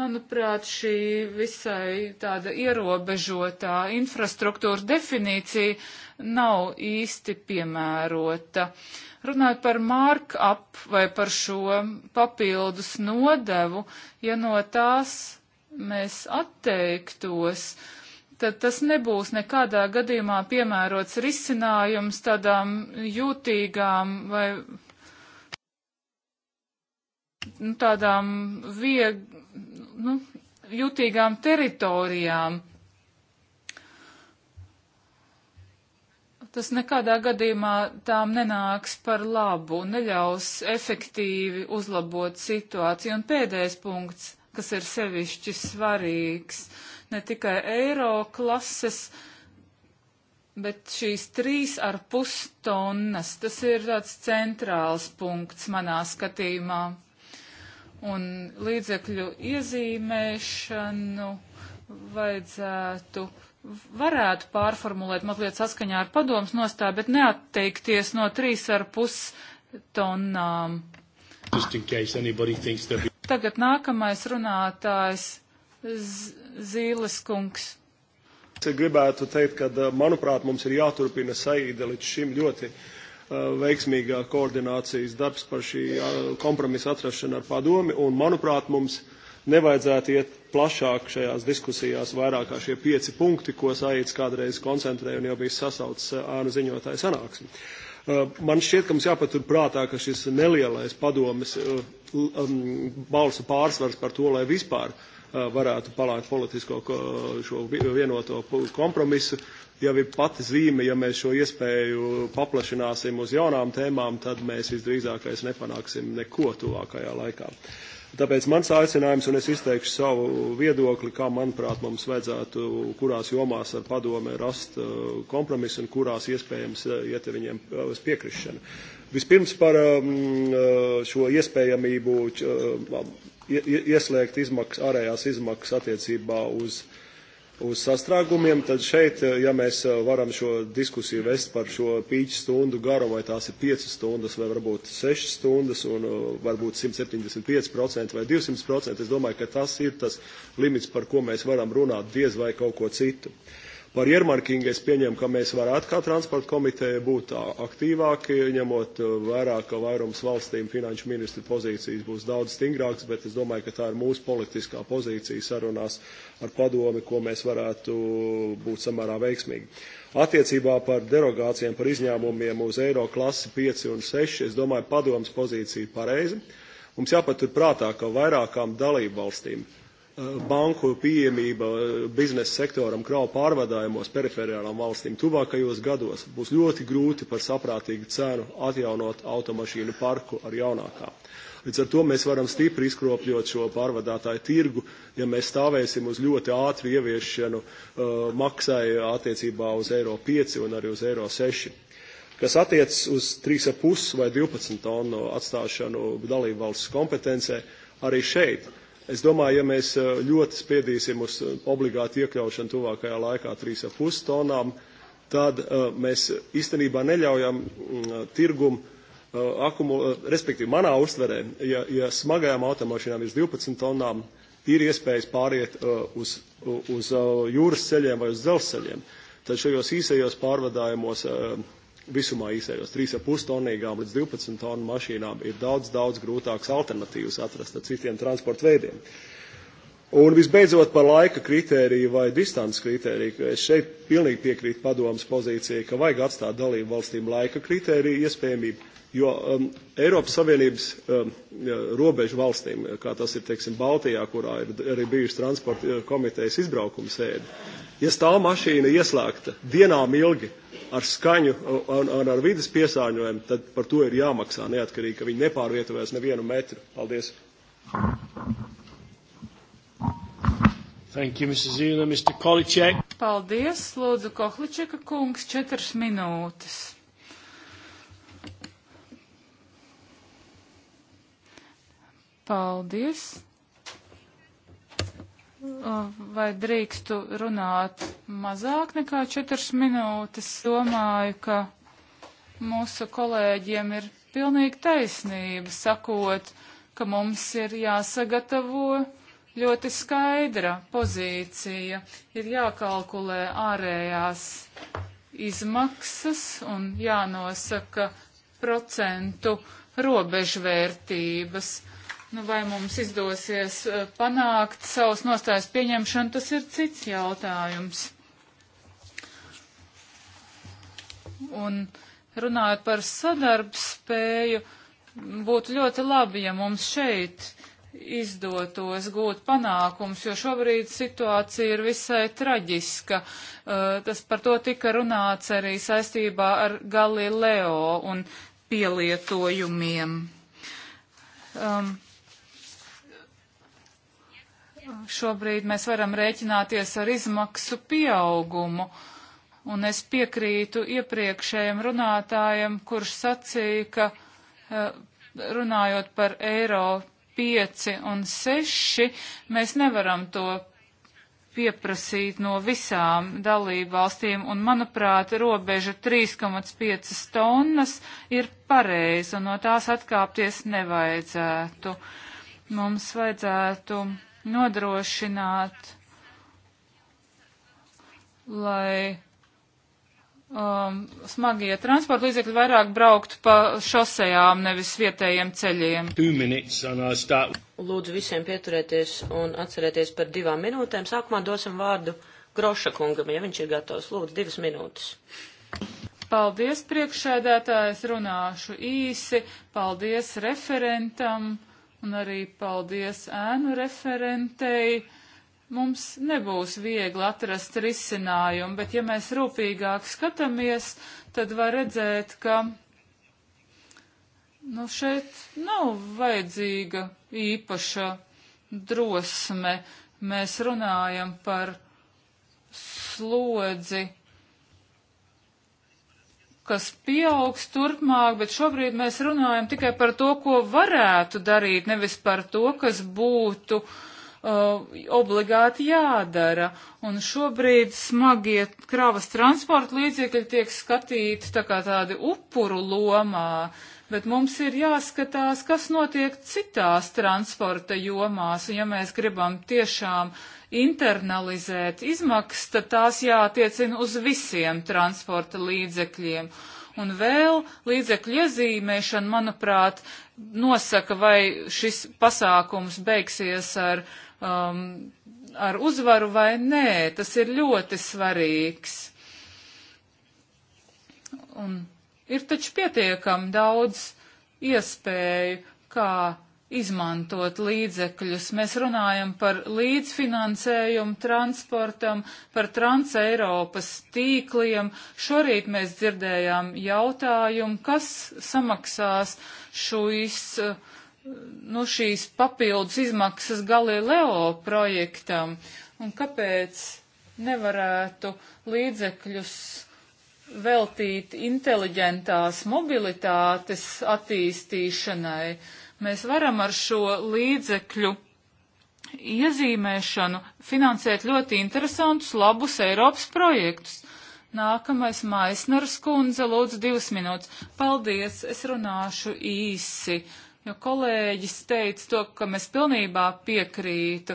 manuprāt, šī visai tāda ierobežotā infrastruktūra definīcija nav īsti piemērota. Runājot par markup vai par šo papildus nodevu, ja no tās mēs atteiktos, uh, tad tas nebūs nekādā gadījumā piemērots risinājums tādām jūtīgām vai nu, tādām vieg, nu, jūtīgām teritorijām. Tas nekādā gadījumā tām nenāks par labu, neļaus efektīvi uzlabot situāciju. Un pēdējais punkts, kas ir sevišķi svarīgs. Uh, ne tikai eiro klases, bet šīs trīs ar pus tonnas. Tas ir tāds centrāls punkts manā skatījumā. Un līdzekļu iezīmēšanu vajadzētu varētu pārformulēt mazliet saskaņā ar padomus nostāju, bet neatteikties no 3,5 tonnām. That... Tagad nākamais runātājs Z Zīles kungs. Es gribētu teikt, ka, manuprāt, mums ir jāturpina saīda līdz šim ļoti veiksmīgā koordinācijas darbs par šī kompromisa atrašanu ar padomi, un, manuprāt, mums nevajadzētu iet plašāk šajās diskusijās, vairāk kā šie pieci punkti, ko Saīts kādreiz koncentrēja un jau bija sasaucis ānu ziņotāju sanāksmi. Man šķiet, ka mums jāpatur prātā, ka šis nelielais padomis um, balsu pārsvars par to, lai vispār uh, Eh, varētu palākt politisko šo vienoto kompromisu. Jau ir pati zīme, ja mēs šo iespēju paplašināsim uz jaunām tēmām, tad mēs visdrīzākais nepanāksim neko tuvākajā laikā. Tāpēc mans aicinājums, un es izteikšu savu viedokli, kā manuprāt mums vajadzētu, kurās jomās ar padome rast eh, kompromisu un kurās iespējams eh, iet viņiem uz piekrišanu. Vispirms par mm, šo iespējamību ieslēgt izmaksas, ārējās izmaksas attiecībā uz, uz sastrēgumiem, tad šeit, eh, ja mēs eh, varam šo diskusiju vest par šo pīķu stundu garu, vai tās ir 5 stundas, vai varbūt 6 stundas, un eh, varbūt 175% vai 200%, es domāju, ka tas ir tas limits, par ko mēs varam runāt, diez vai kaut ko citu. Uh, Par iermarkingu es pieņemu, ka mēs varētu kā transporta komiteja būt aktīvāki, ņemot vērā, ka vairums valstīm finanšu ministru pozīcijas būs daudz stingrāks, bet es domāju, ka tā ir mūsu politiskā pozīcija sarunās ar padomi, ko mēs varētu būt samērā veiksmīgi. Attiecībā par derogācijām, par izņēmumiem uz eiro klasi 5 un 6, es domāju, padomas pozīcija pareizi. Mums jāpatur prātā, ka vairākām dalību valstīm banku pieejamība eh, biznesa sektoram kravu pārvadājumos perifērijām valstīm tuvākajos gados būs ļoti grūti par saprātīgu cenu atjaunot automašīnu parku ar jaunākām. Līdz ar to mēs varam stipri izkropļot šo pārvadātāju tirgu, ja mēs stāvēsim uz ļoti ātru ieviešanu uh, maksai attiecībā uz eiro 5 un arī uz eiro 6 kas attiecas uz 3,5 vai 12 tonu atstāšanu dalību valsts kompetencē, arī šeit uh, Es domāju, ja mēs eh, ļoti spiedīsim uz eh, obligātu iekļaušanu tuvākajā laikā 3,5 tonām, tad eh, mēs īstenībā neļaujam mm, tirgum akumulēt, respektīvi manā uztverē, ja, ja smagajām automašīnām ir 12 tonām, ir iespējas pāriet uz, uz jūras ceļiem vai uz dzelzceļiem. Tad šajos īsajos pārvadājumos visumā īsējos 3,5 tonnīgām līdz 12 tonu mašīnām ir daudz, daudz grūtāks alternatīvas atrast ar citiem transporta veidiem. Uh, Un visbeidzot par laika kritēriju vai distances kritēriju, es šeit pilnīgi piekrītu padomas pozīcijai, ka vajag atstāt dalību valstīm laika kritēriju iespējamību, jo um, Eiropas Savienības um, robežu valstīm, kā tas ir, teiksim, Baltijā, kurā ir arī bijusi transporta uh, komitejas izbraukuma sēde, ja stāv mašīna ieslēgta dienām ilgi ar skaņu uh, un, un ar vidas piesārņojumu, tad par to ir jāmaksā neatkarīgi, ka viņi nepārvietojas nevienu metru. Paldies! Thank you, Mrs. Zīle. Mr. Količek. Paldies, lūdzu, Kohličeka kungs, četras minūtes. Paldies. Vai drīkstu runāt mazāk nekā četras minūtes? Domāju, ka mūsu kolēģiem ir pilnīgi taisnība sakot, ka mums ir jāsagatavo ļoti skaidra pozīcija. Ir jākalkulē ārējās izmaksas un jānosaka procentu robežvērtības. Nu, vai mums izdosies e, panākt savus nostājas pieņemšanu, tas ir cits jautājums. Un runājot par sadarbspēju, būtu ļoti labi, ja mums šeit izdotos gūt panākums, jo šobrīd situācija ir visai traģiska. Uh, tas par to tika runāts arī saistībā ar Galileo un pielietojumiem. Um, šobrīd mēs varam rēķināties ar izmaksu pieaugumu, un es piekrītu iepriekšējiem runātājiem, kurš sacīja, ka uh, runājot par eiro 5 un 6, mēs nevaram to pieprasīt no visām dalībvalstīm, un, manuprāt, robeža 3,5 tonnas ir pareiza, un no tās atkāpties nevajadzētu. Mums vajadzētu nodrošināt, lai um, smagie transporta līdzekļi vairāk braukt pa šosejām, nevis vietējiem ceļiem. Lūdzu visiem pieturēties un atcerēties par divām minūtēm. Sākumā dosim vārdu Groša kungam, ja viņš ir gatavs. Lūdzu, divas minūtes. Paldies priekšēdētājs, runāšu īsi. Paldies referentam un arī paldies ēnu referentei Mums nebūs viegli atrast risinājumu, bet ja mēs rūpīgāk skatāmies, tad var redzēt, ka nu, šeit nav vajadzīga īpaša drosme. Mēs runājam par slodzi, kas pieaugs turpmāk, bet šobrīd mēs runājam tikai par to, ko varētu darīt, nevis par to, kas būtu. Uh, uh, obligāti jādara. Un šobrīd smagie kravas transporta līdzekļi tiek skatīti tā kā tādi upuru lomā, bet mums ir jāskatās, kas notiek citās transporta jomās, un ja mēs gribam tiešām internalizēt izmaksas, tad tās jātiecina uz visiem transporta līdzekļiem. Un vēl līdzekļu iezīmēšana, manuprāt, nosaka, vai šis pasākums beigsies ar uh, um, ar uzvaru vai nē. Tas ir ļoti svarīgs. Un ir taču pietiekami daudz iespēju, kā izmantot līdzekļus. Mēs runājam par līdzfinansējumu transportam, par transeiropas tīkliem. Šorīt mēs dzirdējām jautājumu, kas samaksās šīs uh, nu, šīs papildus izmaksas Galileo projektam un kāpēc nevarētu līdzekļus veltīt inteliģentās mobilitātes attīstīšanai. Mēs varam ar šo līdzekļu iezīmēšanu finansēt ļoti interesantus, labus Eiropas projektus. Nākamais Maisners kundze, lūdzu, divas minūtes. Paldies, es runāšu īsi. Uh, jo kolēģis teica to, ka mēs pilnībā piekrītu.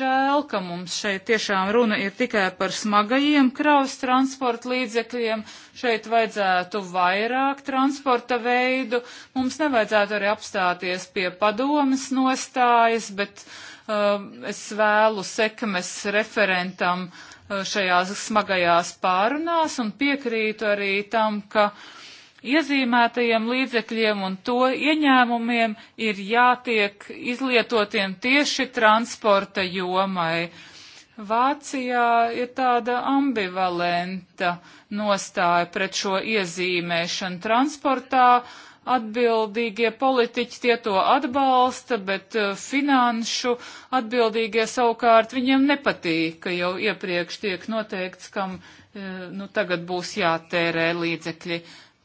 Žēl, ka mums šeit tiešām runa ir tikai par smagajiem kraus transporta līdzekļiem, šeit vajadzētu vairāk transporta veidu, mums nevajadzētu arī apstāties pie padomas nostājas, bet uh, es vēlu sekmes referentam uh, šajās smagajās pārunās un piekrītu arī tam, ka uh, Iezīmētajiem līdzekļiem un to ieņēmumiem ir jātiek izlietotiem tieši transporta jomai. Vācijā ir tāda ambivalenta nostāja pret šo iezīmēšanu transportā. Atbildīgie politiķi tie to atbalsta, bet eh, finanšu atbildīgie savukārt viņiem nepatīk, ka jau iepriekš tiek noteikts, kam eh, nu, tagad būs jātērē līdzekļi.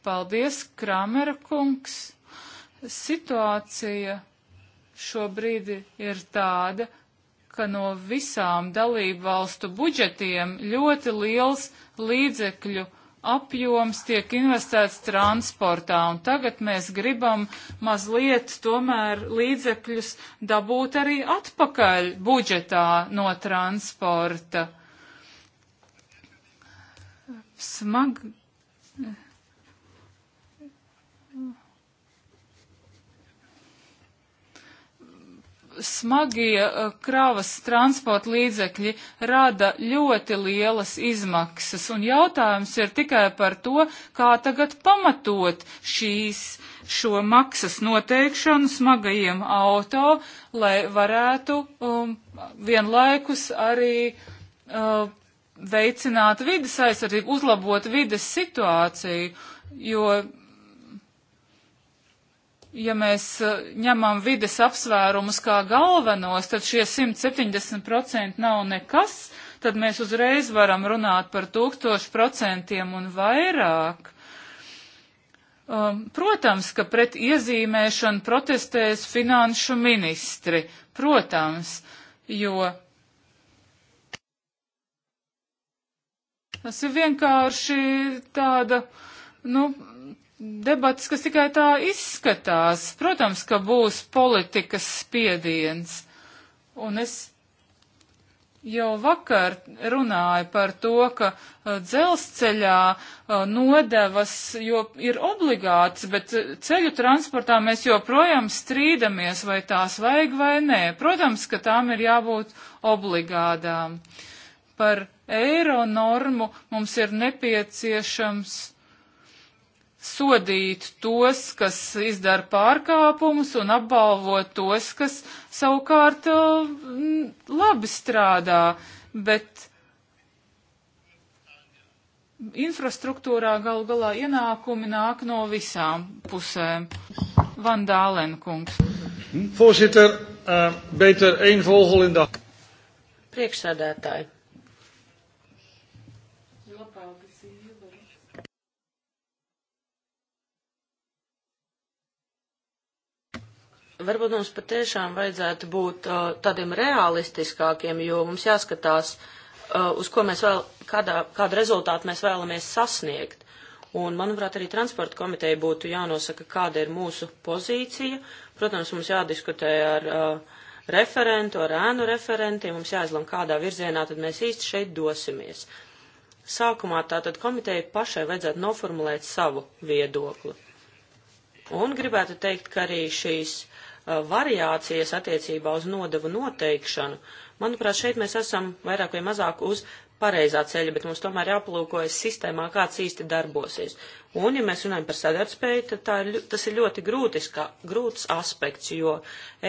Paldies, Kramera kungs. Situācija šobrīd ir tāda, ka no visām dalību valstu budžetiem ļoti liels līdzekļu apjoms tiek investēts transportā, un tagad mēs gribam mazliet tomēr līdzekļus dabūt arī atpakaļ budžetā no transporta. Smag, smagie uh, kravas transporta līdzekļi rada ļoti lielas izmaksas, un jautājums ir tikai par to, kā tagad pamatot šīs, šo maksas noteikšanu smagajiem auto, lai varētu um, vienlaikus arī uh, veicināt vidas aizsardzību, uzlabot vidas situāciju, jo ja mēs eh, ņemam vides apsvērumus kā galvenos, tad šie 170% nav nekas, tad mēs uzreiz varam runāt par tūkstošu procentiem un vairāk. Um, protams, ka pret iezīmēšanu protestēs finanšu ministri, protams, jo tas ir vienkārši tāda, nu, debats, kas tikai tā izskatās. Protams, ka būs politikas spiediens. Un es jau vakar runāju par to, ka uh, dzelzceļā uh, nodevas jo ir obligāts, bet uh, ceļu transportā mēs joprojām strīdamies, vai tās vajag vai nē. Protams, ka tām ir jābūt obligādām. Par eiro normu mums ir nepieciešams sodīt tos, kas izdara pārkāpumus un apbalvot tos, kas savukārt uh, labi strādā, bet infrastruktūrā gal galā ienākumi nāk no visām pusēm. Vandālen kungs. Voorzitter, uh, beter één vogel in dag. Priekšsēdētāji varbūt mums patiešām vajadzētu būt uh, tādiem realistiskākiem, jo mums jāskatās, uh, uz ko mēs vēl, kādā, kādu rezultātu mēs vēlamies sasniegt. Un, manuprāt, arī transporta komiteja būtu jānosaka, kāda ir mūsu pozīcija. Protams, mums jādiskutē ar uh, referentu, ar ēnu referentiem, mums jāizlem, kādā virzienā tad mēs īsti šeit dosimies. Sākumā tātad komiteja pašai vajadzētu noformulēt savu viedokli. Un gribētu teikt, ka arī šīs uh, Uh, variācijas attiecībā uz nodevu noteikšanu, manuprāt, šeit mēs esam vairāk vai mazāk uz pareizā ceļa, bet mums tomēr jāpalūkojas sistēmā, kāds īsti darbosies. Un, ja mēs runājam par sadarbspēju, tad ir, tas ir ļoti grūtis, kā, grūts aspekts, jo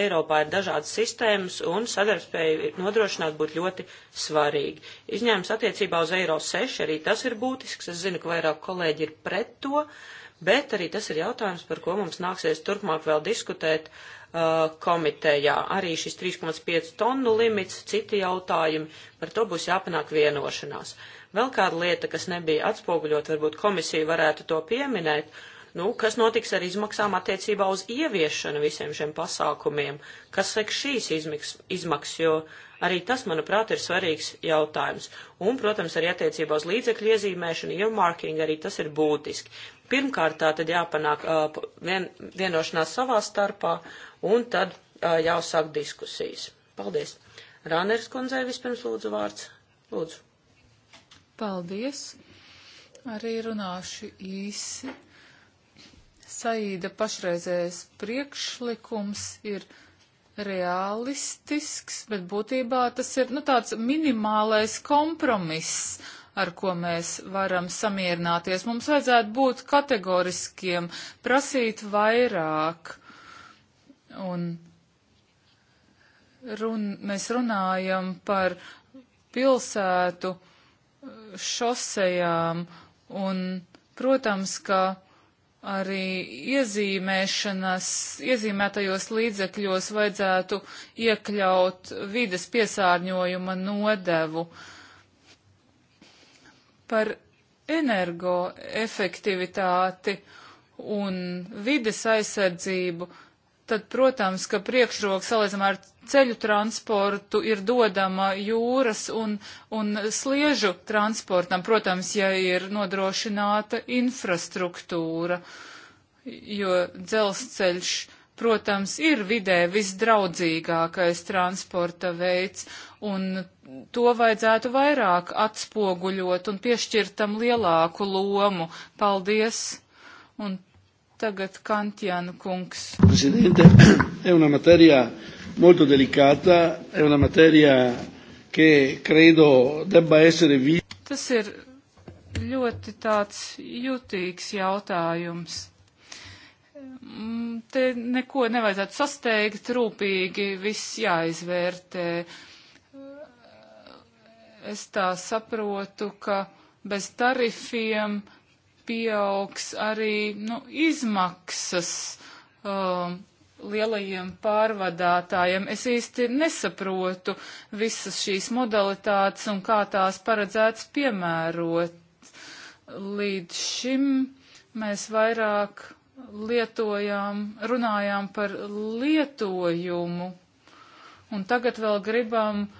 Eiropā ir dažādas sistēmas un sadarbspēju nodrošināt būtu ļoti svarīgi. Izņēmums attiecībā uz Eiro 6 arī tas ir būtisks. Es zinu, ka vairāk kolēģi ir pret to. Uh, bet arī tas ir jautājums, par ko mums nāksies turpmāk vēl diskutēt uh, komitejā. Arī šis 3,5 tonnu limits, citi jautājumi, par to būs jāpanāk vienošanās. Vēl kāda lieta, kas nebija atspoguļot, varbūt komisija varētu to pieminēt, nu, kas notiks ar izmaksām attiecībā uz ieviešanu visiem šiem pasākumiem, kas seks šīs izmiks, izmaksas, jo arī tas, manuprāt, ir svarīgs jautājums. Un, protams, arī attiecībā uz līdzekļu iezīmēšanu, earmarking, arī tas ir būtiski. Pirmkārt, tā tad jāpanāk uh, vien, vienošanās savā starpā un tad uh, jāuzsāk diskusijas. Paldies. Rāneris kundzei vispirms lūdzu vārds. Lūdzu. Paldies. Arī runāšu īsi. Saīda pašreizējais priekšlikums ir realistisks, bet būtībā tas ir nu, tāds minimālais kompromiss ar ko mēs varam samierināties. Mums vajadzētu būt kategoriskiem, prasīt vairāk. Un run, mēs runājam par pilsētu uh, šosejām un, protams, ka arī iezīmēšanas, iezīmētajos līdzekļos vajadzētu iekļaut vides piesārņojuma nodevu. Uh, par energoefektivitāti un vides aizsardzību, tad, protams, ka priekšroka salīdzinām ar ceļu transportu ir dodama jūras un, un sliežu transportam, protams, ja ir nodrošināta infrastruktūra, jo dzelzceļš, protams, ir vidē visdraudzīgākais transporta veids, un to vajadzētu vairāk atspoguļot un piešķirt tam lielāku lomu. Paldies! Un tagad Kantjana kungs. Presidente, *clears throat* è una materia molto delicata, è una materia che credo debba essere vista. Tas ir ļoti tāds jutīgs jautājums. Mm, te neko nevajadzētu sasteigt, rūpīgi viss jāizvērtē es tā saprotu, ka bez tarifiem pieaugs arī nu, izmaksas um, lielajiem pārvadātājiem. Es īsti nesaprotu visas šīs modalitātes un kā tās paredzēts piemērot. Līdz šim mēs vairāk lietojām, runājām par lietojumu, un tagad vēl gribam uh,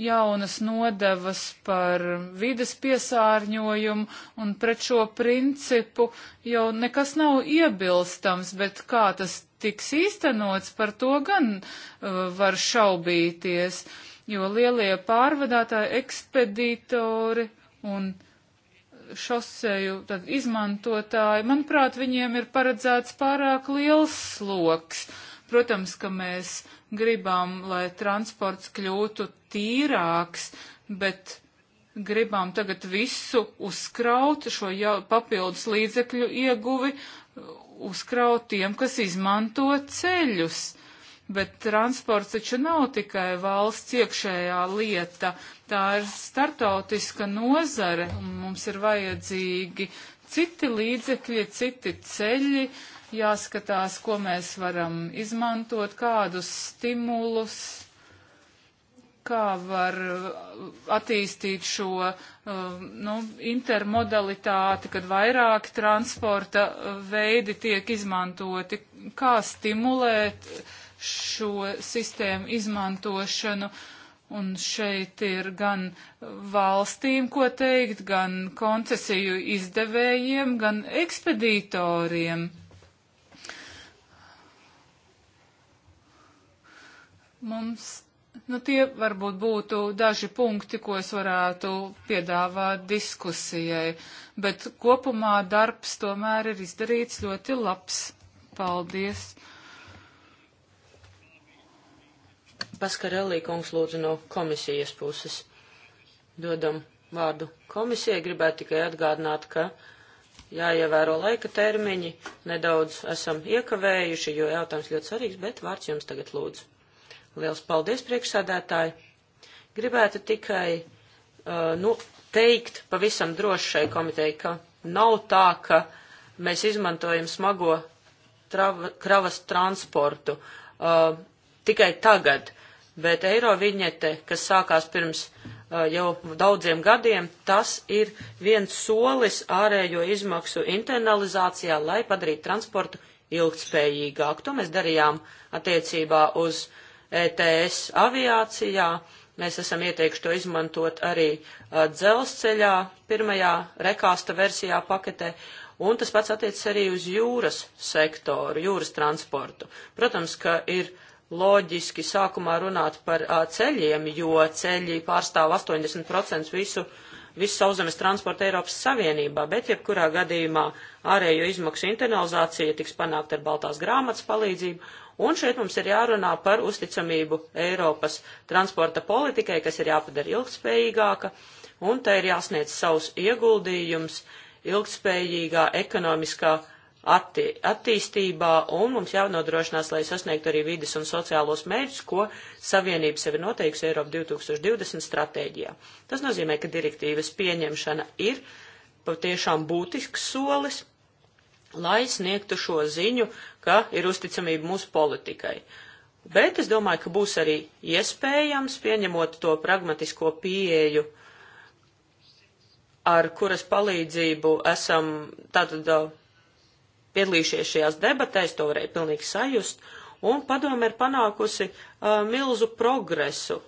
jaunas nodevas par vides piesārņojumu, un pret šo principu jau nekas nav iebilstams, bet kā tas tiks īstenots, par to gan uh, var šaubīties, jo lielie pārvadātāji, ekspedītori un šoseju izmantotāji, manuprāt, viņiem ir paredzēts pārāk liels sloks. Uh, Protams, ka mēs gribam, lai transports kļūtu tīrāks, bet gribam tagad visu uzkraut, šo jau, papildus līdzekļu ieguvi, uzkraut tiem, kas izmanto ceļus. Bet transports taču nav tikai valsts iekšējā lieta, tā ir startautiska nozare, un mums ir vajadzīgi citi līdzekļi, citi ceļi, uh, jāskatās, ko mēs varam izmantot, kādus stimulus, kā var uh, attīstīt šo uh, nu, intermodalitāti, kad vairāki transporta uh, veidi tiek izmantoti, kā stimulēt šo sistēmu izmantošanu. Un šeit ir gan valstīm, ko teikt, gan koncesiju izdevējiem, gan ekspedītoriem. Mums, nu tie varbūt būtu daži punkti, ko es varētu piedāvāt diskusijai, bet kopumā darbs tomēr ir izdarīts ļoti labs. Paldies! Paskarelī kungs lūdzu no komisijas puses. Dodam vārdu komisijai, gribētu tikai atgādināt, ka jāievēro laika termiņi, nedaudz esam iekavējuši, jo jautājums ļoti svarīgs, bet vārds jums tagad lūdzu. Liels paldies, priekšsādātāji! Gribētu tikai uh, nu, teikt pavisam droši šai komitei, ka nav tā, ka mēs izmantojam smago trava, kravas transportu uh, tikai tagad, bet eiro viņete, kas sākās pirms uh, jau daudziem gadiem, tas ir viens solis ārējo izmaksu internalizācijā, lai padarītu transportu ilgtspējīgāku. To mēs darījām attiecībā uz uh, ETS aviācijā. Mēs esam ieteikuši to izmantot arī dzelzceļā, pirmajā rekāsta versijā paketē, un tas pats attiecas arī uz jūras sektoru, jūras transportu. Protams, ka ir loģiski sākumā runāt par a, ceļiem, jo ceļi pārstāv 80% visu visu sauszemes transportu Eiropas Savienībā, bet jebkurā gadījumā ārējo izmaksu internalizācija tiks panākt ar Baltās grāmatas palīdzību, un šeit mums ir jārunā par uzticamību Eiropas transporta politikai, kas ir jāpadara ilgspējīgāka, un tai ir jāsniedz savus ieguldījums ilgspējīgā ekonomiskā atti attīstībā, un mums jānodrošinās, lai sasniegtu arī vides un sociālos mērķus, ko Savienība sev ir noteikusi Eiropa 2020 stratēģijā. Tas nozīmē, ka direktīvas pieņemšana ir patiešām būtisks solis, lai sniegtu šo ziņu, ka ir uzticamība mūsu politikai. Bet es domāju, ka būs arī iespējams, pieņemot to pragmatisko pieeju, ar kuras palīdzību esam tātad piedalījušies šajās debatēs, to varēja pilnīgi sajust, un padome ir panākusi uh, milzu progresu.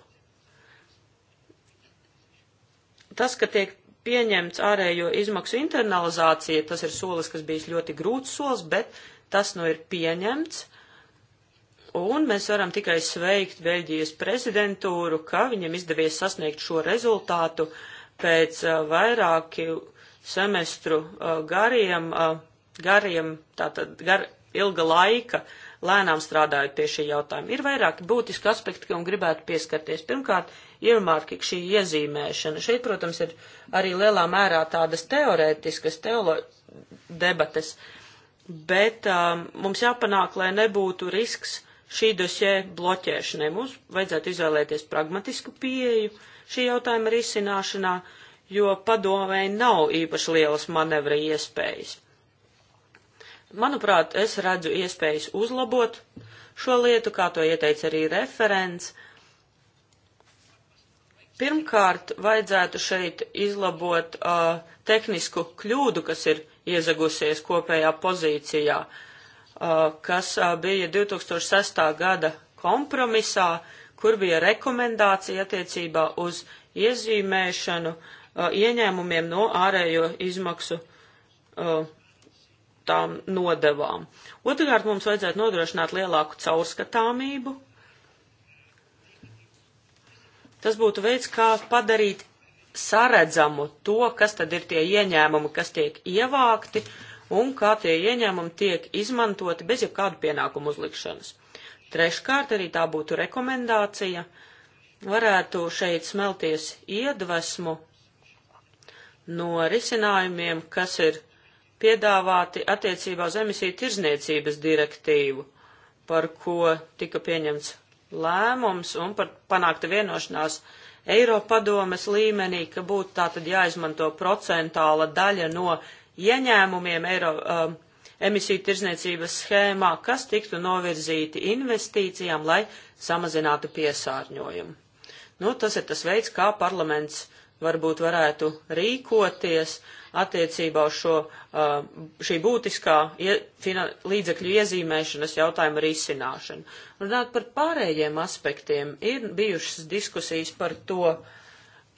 Tas, ka tiek pieņemts ārējo izmaksu internalizācija, tas ir solis, kas bijis ļoti grūts solis, bet tas nu ir pieņemts. Un mēs varam tikai sveikt Beļģijas prezidentūru, ka viņam izdevies sasniegt šo rezultātu pēc uh, vairāki semestru uh, gariem uh, gariem, tātad gar ilga laika lēnām strādājot pie šī jautājuma. Ir vairāki būtiski aspekti, kam gribētu pieskarties. Pirmkārt, earmarking, šī iezīmēšana. Šeit, protams, ir arī lielā mērā tādas teorētiskas teolo debates, bet um, mums jāpanāk, lai nebūtu risks šī dosē bloķēšanai. Mums vajadzētu izvēlēties pragmatisku pieeju šī jautājuma risināšanā, jo padomēji nav īpaši lielas manevra iespējas. Manuprāt, es redzu iespējas uzlabot šo lietu, kā to ieteica arī referents. Pirmkārt, vajadzētu šeit izlabot uh, tehnisku kļūdu, kas ir iezagusies kopējā pozīcijā, uh, kas uh, bija 2006. gada kompromisā, kur bija rekomendācija attiecībā uz iezīmēšanu uh, ieņēmumiem no ārējo izmaksu uh, iegūtām nodevām. Otrakārt, mums vajadzētu nodrošināt lielāku caurskatāmību. Tas būtu veids, kā padarīt saredzamu to, kas tad ir tie ieņēmumi, kas tiek ievākti un kā tie ieņēmumi tiek izmantoti bez jebkādu pienākumu uzlikšanas. Treškārt, arī tā būtu rekomendācija, varētu šeit smelties iedvesmu no risinājumiem, kas ir piedāvāti attiecībā uz emisiju tirzniecības direktīvu, par ko tika pieņemts lēmums un par panākta vienošanās Eiropadomes līmenī, ka būtu tātad jāizmanto procentāla daļa no ieņēmumiem Eiro, um, emisiju tirzniecības schēmā, kas tiktu novirzīti investīcijām, lai samazinātu piesārņojumu. Nu, tas ir tas veids, kā parlaments varbūt varētu rīkoties. Uh, attiecībā uz šo, uh, šī būtiskā līdzekļu iezīmēšanas jautājuma risināšanu. Runāt par pārējiem aspektiem, ir bijušas diskusijas par to,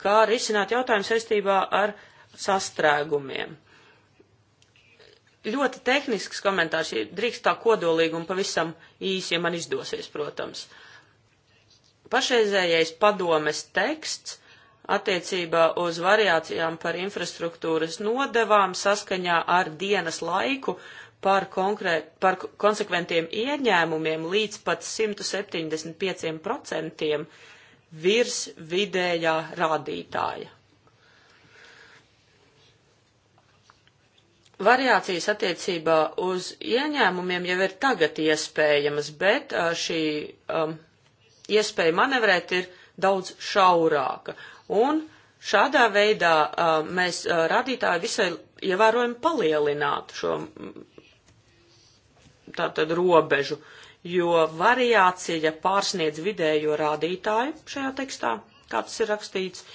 kā risināt jautājumu saistībā ar sastrēgumiem. Ļoti tehnisks komentārs, drīkst tā kodolīgi un pavisam īsi, ja man izdosies, protams. Pašreizējais padomes teksts attiecībā uz variācijām par infrastruktūras nodevām saskaņā ar dienas laiku par, konkrēt, par konsekventiem ieņēmumiem līdz pat 175% virs vidējā rādītāja. Variācijas attiecībā uz ieņēmumiem jau ir tagad iespējamas, bet šī um, iespēja manevrēt ir daudz šaurāka. Un šādā veidā uh, mēs uh, radītāji visai ievērojami palielinātu šo mm, tātad robežu, jo variācija pārsniedz vidējo rādītāju šajā tekstā, kā tas ir rakstīts,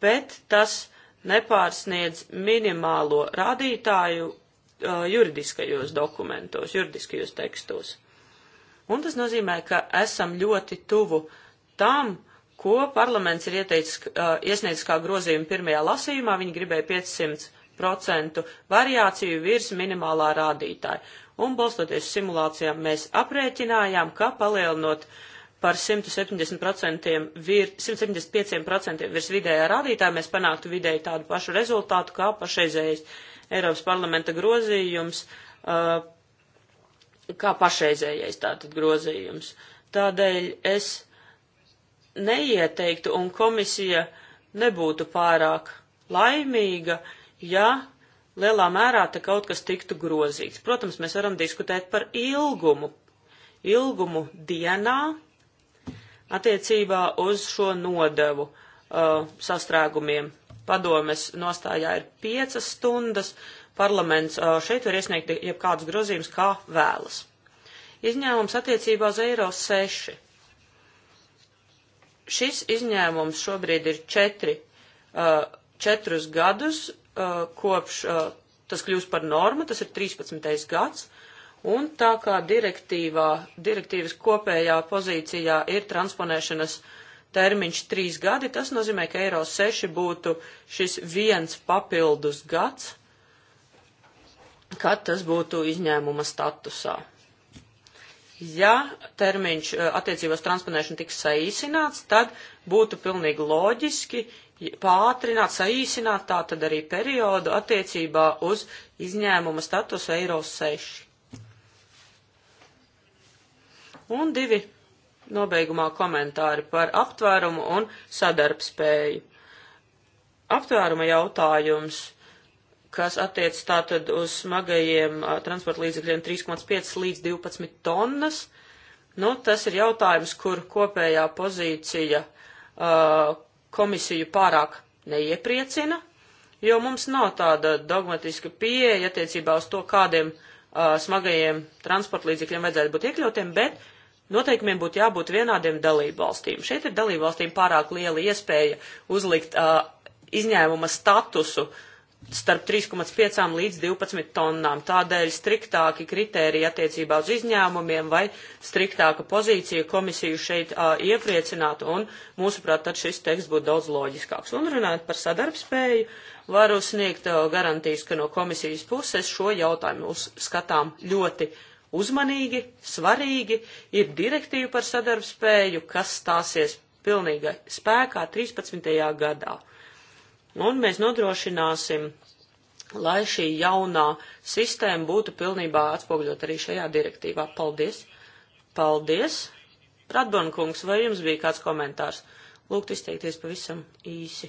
bet tas nepārsniedz minimālo rādītāju uh, juridiskajos dokumentos, juridiskajos tekstos. Un tas nozīmē, ka esam ļoti tuvu tam, ko parlaments ir ieteicis, uh, iesniedzis kā grozījumu pirmajā lasījumā. Viņi gribēja 500% variāciju virs minimālā rādītāja. Un balstoties simulācijām mēs aprēķinājām, ka palielinot par 170% vir, 175% virs vidējā rādītāja, mēs panāktu vidēji tādu pašu rezultātu kā pašreizējais Eiropas parlamenta grozījums, uh, kā pašreizējais tātad grozījums. Tādēļ es neieteiktu un komisija nebūtu pārāk laimīga, ja lielā mērā te kaut kas tiktu grozīts. Protams, mēs varam diskutēt par ilgumu, ilgumu dienā attiecībā uz šo nodevu uh, sastrēgumiem. Padomes nostājā ir piecas stundas, parlaments uh, šeit var iesniegt jebkādus grozījumus, kā vēlas. Izņēmums attiecībā uz eiro seši šis izņēmums šobrīd ir četri, uh, četrus gadus, uh, kopš uh, tas kļūst par normu, tas ir 13. gads, un tā kā direktīvā, direktīvas kopējā pozīcijā ir transponēšanas termiņš trīs gadi, tas nozīmē, ka Eiro 6 būtu šis viens papildus gads, kad tas būtu izņēmuma statusā. Ja termiņš eh, attiecībās transponēšana tiks saīsināts, tad būtu pilnīgi loģiski pātrināt, saīsināt tā tad arī periodu attiecībā uz izņēmuma statusu Eiro 6. Un divi nobeigumā komentāri par aptvērumu un sadarbspēju. Aptvēruma jautājums kas attiec tātad uz smagajiem a, transporta līdzekļiem 3,5 līdz 12 tonnas. Nu, tas ir jautājums, kur kopējā pozīcija a, komisiju pārāk neiepriecina, jo mums nav tāda dogmatiska pieeja attiecībā uz to, kādiem a, smagajiem transporta līdzekļiem vajadzētu būt iekļautiem, bet Noteikumiem būtu jābūt vienādiem dalībvalstīm. Šeit ir dalībvalstīm pārāk liela iespēja uzlikt uh, izņēmuma statusu uh, starp 3,5 līdz 12 tonnām. Tādēļ striktāki kriteriji attiecībā uz izņēmumiem vai striktāka pozīcija komisiju šeit uh, iepriecinātu, un mūsuprāt, tad šis teksts būtu daudz loģiskāks. Un runājot par sadarbspēju, varu sniegt uh, garantijas, ka no komisijas puses šo jautājumu uzskatām ļoti uzmanīgi, svarīgi. Ir direktīva par sadarbspēju, kas stāsies pilnīgai spēkā 13. gadā. Nu, un mēs nodrošināsim, lai šī jaunā sistēma būtu pilnībā atspogļot arī šajā direktīvā. Paldies! Paldies! Pratborn kungs, vai jums bija kāds komentārs? Lūgt izteikties pavisam īsi.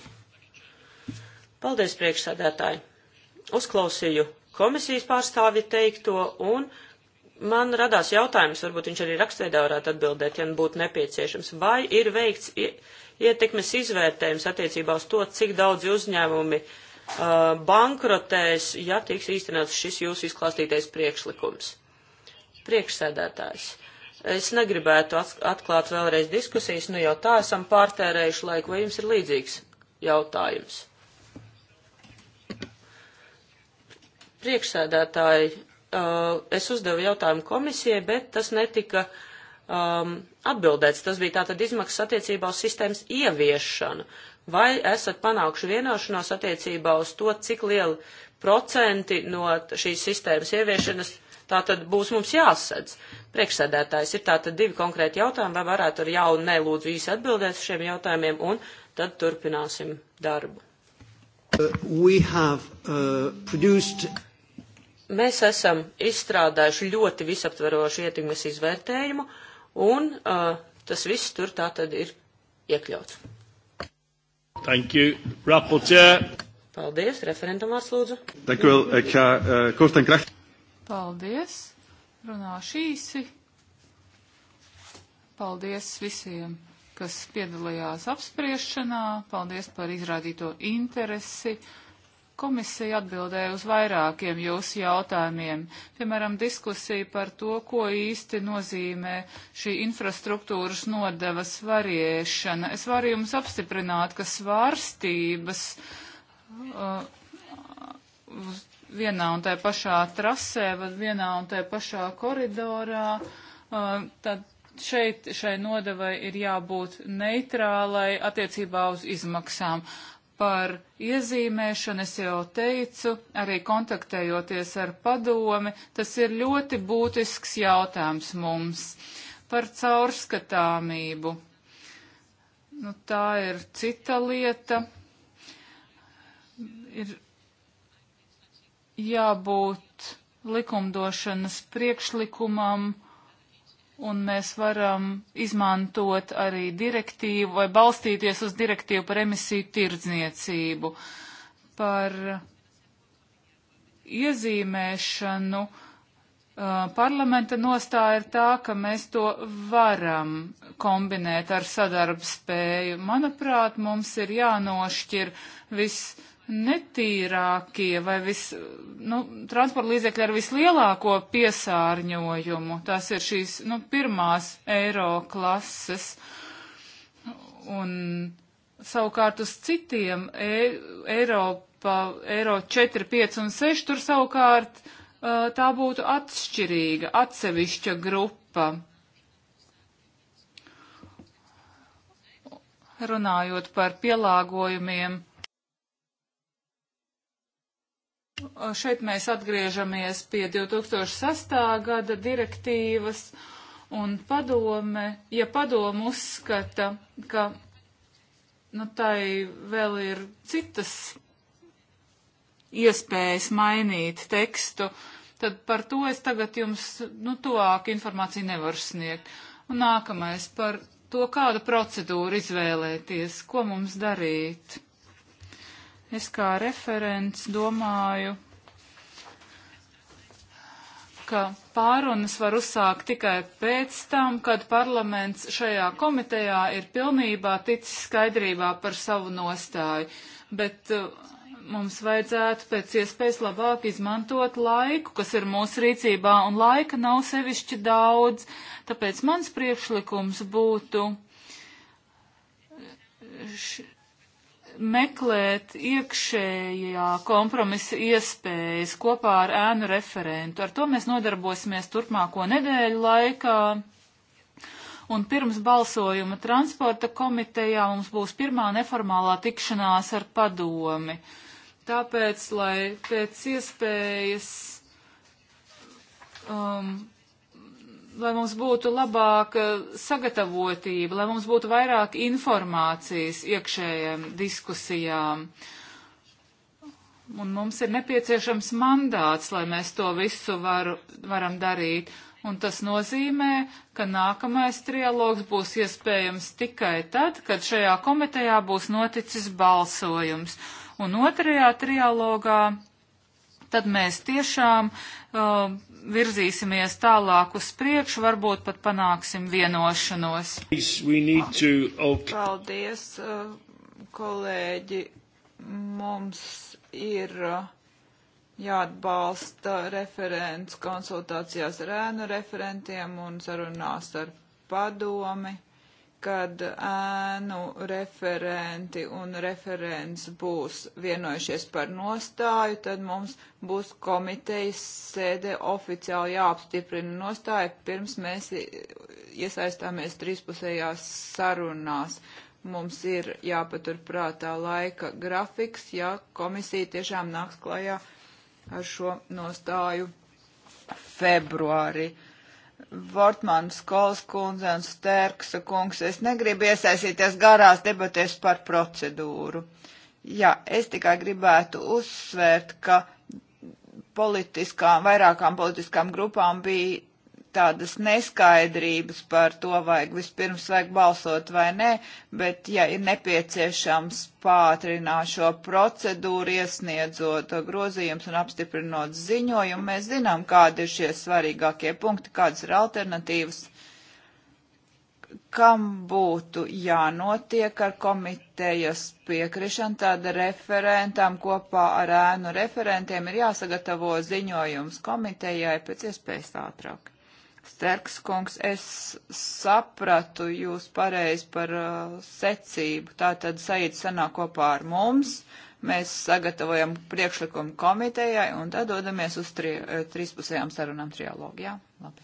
Paldies, priekšsādētāji! Uzklausīju komisijas pārstāvi teikto un man radās jautājums, varbūt viņš arī rakstveidā varētu atbildēt, ja būtu nepieciešams, vai ir veikts ietekmes izvērtējums attiecībā uz to, cik daudz uzņēmumi uh, bankrotēs, ja tiks īstenots šis jūsu izklāstītais priekšlikums. Priekšsēdētājs. Es negribētu atklāt vēlreiz diskusijas, nu jau tā esam pārtērējuši laiku, vai jums ir līdzīgs jautājums? Priekšsēdētāji, uh, es uzdevu jautājumu komisijai, bet tas netika uh, um, atbildēts. Tas bija tātad izmaksas attiecībā uz sistēmas ieviešanu. Vai esat panākuši vienošanos attiecībā uz to, cik lieli procenti no šīs sistēmas ieviešanas tātad būs mums jāsadz? Priekšsēdētājs ir tātad divi konkrēti jautājumi, vai varētu ar jau un nē lūdzu īsi atbildēt uz šiem jautājumiem, un tad turpināsim darbu. Uh, we have, uh, produced mēs esam izstrādājuši ļoti visaptverošu ietekmes izvērtējumu, un uh, tas viss tur tā tad ir iekļauts. Thank you, rapporteur. Paldies, referentam vārds lūdzu. Thank you, uh, Kurten Kracht. Paldies, runāšu īsi. Paldies visiem, kas piedalījās apspriešanā. Paldies par izrādīto interesi Komisija atbildēja uz vairākiem jūsu jautājumiem, piemēram, diskusija par to, ko īsti nozīmē šī infrastruktūras nodevas variēšana. Es varu jums apstiprināt, ka svārstības uh, vienā un tajā pašā trasē, vai vienā un tajā pašā koridorā, uh, tad šeit šai nodevai ir jābūt neitrālai attiecībā uz izmaksām. Par iezīmēšanu es jau teicu, arī kontaktējoties ar padomi, tas ir ļoti būtisks jautājums mums par caurskatāmību. Nu, tā ir cita lieta. Ir jābūt likumdošanas priekšlikumam un mēs varam izmantot arī direktīvu vai balstīties uz direktīvu par emisiju tirdzniecību, par iezīmēšanu. Uh, parlamenta nostāja ir tā, ka mēs to varam kombinēt ar sadarbspēju. Manuprāt, mums ir jānošķir viss netīrākie vai vis, nu, transporta līdzekļi ar vislielāko piesārņojumu. Tās ir šīs, nu, pirmās eiro klases. Un savukārt uz citiem e Eiropa, eiro 4, 5 un 6 tur savukārt uh, tā būtu atšķirīga, atsevišķa grupa. Runājot par pielāgojumiem, Šeit mēs atgriežamies pie 2006. gada direktīvas, un padome, ja padome uzskata, ka nu, tai vēl ir citas iespējas mainīt tekstu, tad par to es tagad jums nu, tuvāk informāciju nevaru sniegt. Un nākamais par to, kādu procedūru izvēlēties, ko mums darīt. Es kā referents domāju, ka pārunas var uzsākt tikai pēc tam, kad parlaments šajā komitejā ir pilnībā ticis skaidrībā par savu nostāju. Bet uh, mums vajadzētu pēc iespējas labāk izmantot laiku, kas ir mūsu rīcībā, un laika nav sevišķi daudz, tāpēc mans priekšlikums būtu š, meklēt iekšējā kompromisa iespējas kopā ar ēnu referentu. Ar to mēs nodarbosimies turpmāko nedēļu laikā. Un pirms balsojuma transporta komitejā mums būs pirmā neformālā tikšanās ar padomi. Tāpēc, lai pēc iespējas um, lai mums būtu labāka sagatavotība, lai mums būtu vairāk informācijas iekšējām diskusijām. Un mums ir nepieciešams mandāts, lai mēs to visu varu, varam darīt. Un tas nozīmē, ka nākamais trialogs būs iespējams tikai tad, kad šajā komitejā būs noticis balsojums. Un otrajā trialogā tad mēs tiešām uh, virzīsimies tālāk uz priekšu, varbūt pat panāksim vienošanos. To... Paldies, uh, kolēģi. Mums ir uh, jāatbalsta referents konsultācijās ar ēnu referentiem un sarunās ar padomi kad ēnu referenti un referents būs vienojušies par nostāju, tad mums būs komitejas sēde oficiāli jāapstiprina nostāja, pirms mēs iesaistāmies trīspusējās sarunās. Mums ir jāpaturprātā laika grafiks, ja komisija tiešām nāks klajā ar šo nostāju februāri. Uh, Vortmans, Kols kundze un Stērksa kungs, es negribu iesaistīties garās debatēs par procedūru. Jā, es tikai gribētu uzsvērt, ka politiskām, vairākām politiskām grupām bija tādas neskaidrības par to, vai vispirms vajag balsot vai nē, bet, ja ir nepieciešams pātrināt šo procedūru, iesniedzot grozījums un apstiprinot ziņojumu, mēs zinām, kādi ir šie svarīgākie punkti, kādas ir alternatīvas, kam būtu jānotiek ar komitejas piekrišanu, tāda referentam kopā ar ēnu referentiem ir jāsagatavo ziņojums komitejai pēc iespējas ātrāk. Sterks kungs, es sapratu jūs pareizi par uh, secību. Tātad Said sanāk kopā ar mums, mēs sagatavojam priekšlikumu komitejai un tad dodamies uz tri, eh, trīspusējām sarunām trialogijā. Labi.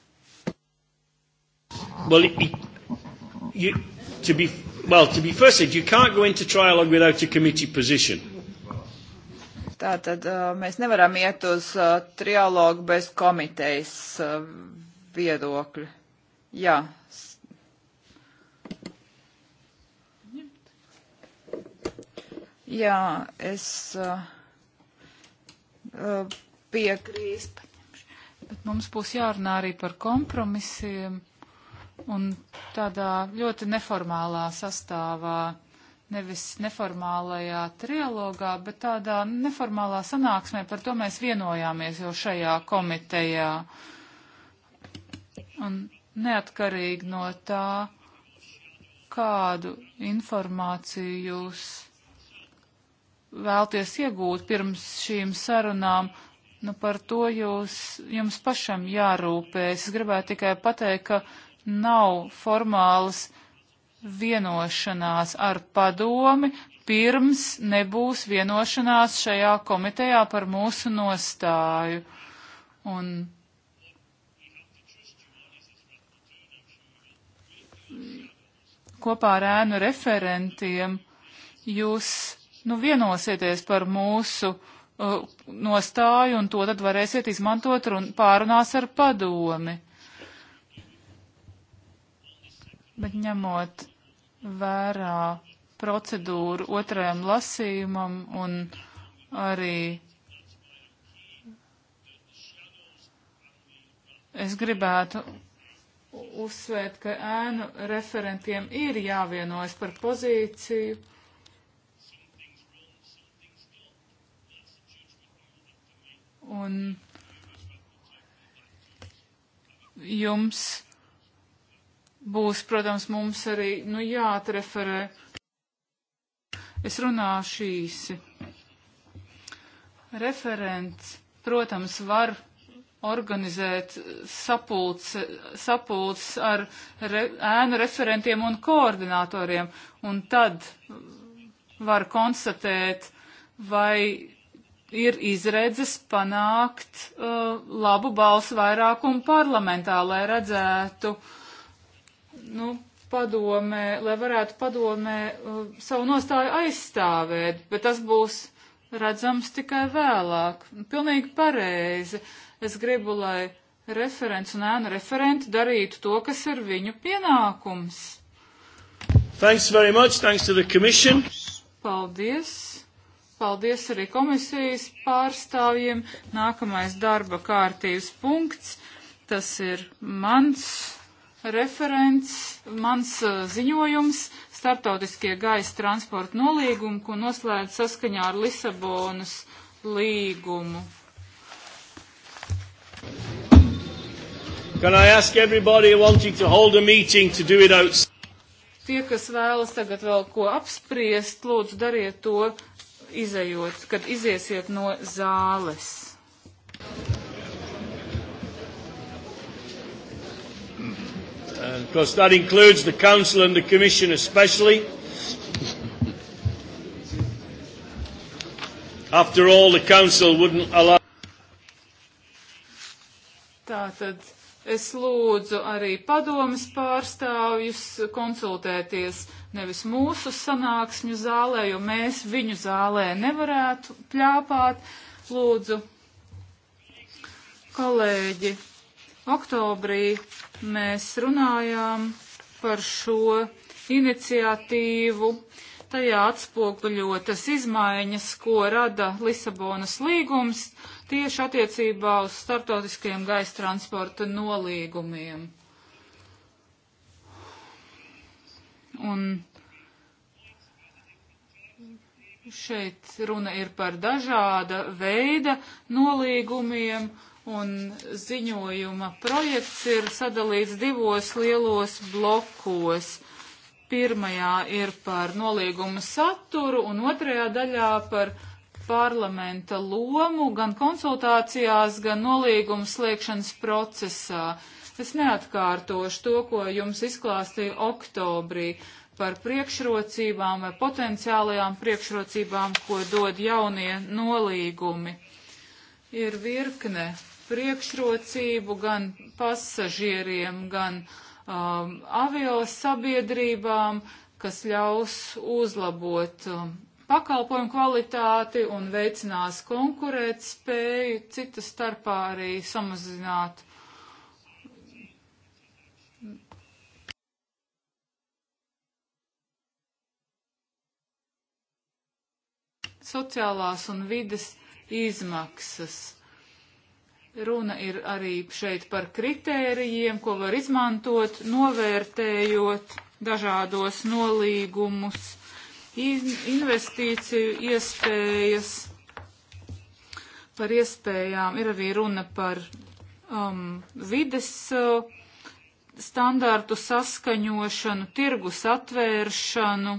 Well, it, it, you, to be, well, to be first said, you can't go into trialogue without a committee position. Tātad uh, mēs nevaram iet uz uh, trialogu bez komitejas uh, viedokļi. Jā. Jā, es uh, uh piekrīst, bet mums būs jārunā arī par kompromisiem un tādā ļoti neformālā sastāvā, nevis neformālajā trialogā, bet tādā neformālā sanāksmē, par to mēs vienojāmies jau šajā komitejā. Uh, Un neatkarīgi no tā, kādu informāciju jūs vēlties iegūt pirms šīm sarunām, nu par to jūs, jums pašam jārūpēs. Es gribētu tikai pateikt, ka nav formālas vienošanās ar padomi, pirms nebūs vienošanās šajā komitejā par mūsu nostāju. Un kopā ar ēnu referentiem jūs nu, vienosieties par mūsu uh, nostāju un to tad varēsiet izmantot un pārunās ar padomi. Bet ņemot vērā procedūru otrajam lasījumam un arī es gribētu uzsvērt, ka ēnu referentiem ir jāvienojas par pozīciju. Un jums būs, protams, mums arī, nu, jāatreferē. Es runāšu īsi. Referents, protams, var organizēt sapulce, sapulces ar re, ēnu referentiem un koordinatoriem, un tad var konstatēt, vai ir izredzes panākt uh, labu balsu vairākumu parlamentā, lai redzētu, nu, padomē, lai varētu padomē uh, savu nostāju aizstāvēt, bet tas būs redzams tikai vēlāk. Pilnīgi pareizi. Uh, Es gribu, lai referents un ēnu referenti darītu to, kas ir viņu pienākums. Thanks very much. Thanks to the commission. Paldies. Paldies arī komisijas pārstāvjiem. Nākamais darba kārtības punkts. Tas ir mans referents, mans uh, ziņojums starptautiskie gaisa transporta nolīgumi, ko noslēdz saskaņā ar Lisabonas līgumu. Can I ask everybody wanting to hold a meeting to do it outside? Tie, kas vēlas tagad vēl ko apspriest, lūdzu dariet to izējot, kad iziesiet no zāles. And of course, that includes the Council and the Commission especially. After all, the Council wouldn't allow. Tātad Es lūdzu arī padomas pārstāvjus konsultēties nevis mūsu sanāksmju zālē, jo mēs viņu zālē nevarētu pļāpāt. Lūdzu, kolēģi, oktobrī mēs runājām par šo iniciatīvu. Tajā atspoguļotas izmaiņas, ko rada Lisabonas līgums tieši attiecībā uz startautiskiem gaisa transporta nolīgumiem. Un šeit runa ir par dažāda veida nolīgumiem, un ziņojuma projekts ir sadalīts divos lielos blokos. Pirmajā ir par nolīgumu saturu, un otrajā daļā par parlamenta lomu gan konsultācijās, gan nolīgumu slēgšanas procesā. Es neatkārtošu to, ko jums izklāstīju oktobrī par priekšrocībām vai potenciālajām priekšrocībām, ko dod jaunie nolīgumi. Ir virkne priekšrocību gan pasažieriem, gan um, avio sabiedrībām, kas ļaus uzlabot um, pakalpojumu kvalitāti un veicinās konkurēt spēju, cita starpā arī samazināt. Sociālās un vides izmaksas. Runa ir arī šeit par kritērijiem, ko var izmantot, novērtējot dažādos nolīgumus investīciju iespējas. Par iespējām ir arī runa par um, vides uh, standārtu saskaņošanu, tirgus atvēršanu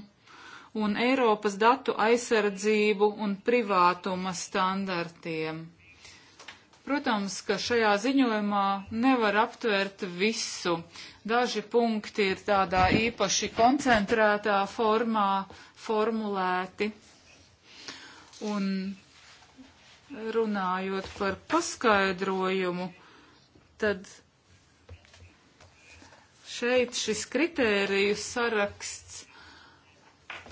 un Eiropas datu aizsardzību un privātuma standartiem. Protams, ka šajā ziņojumā nevar aptvert visu. Daži punkti ir tādā īpaši koncentrētā formā formulēti. Un runājot par paskaidrojumu, tad šeit šis kritēriju saraksts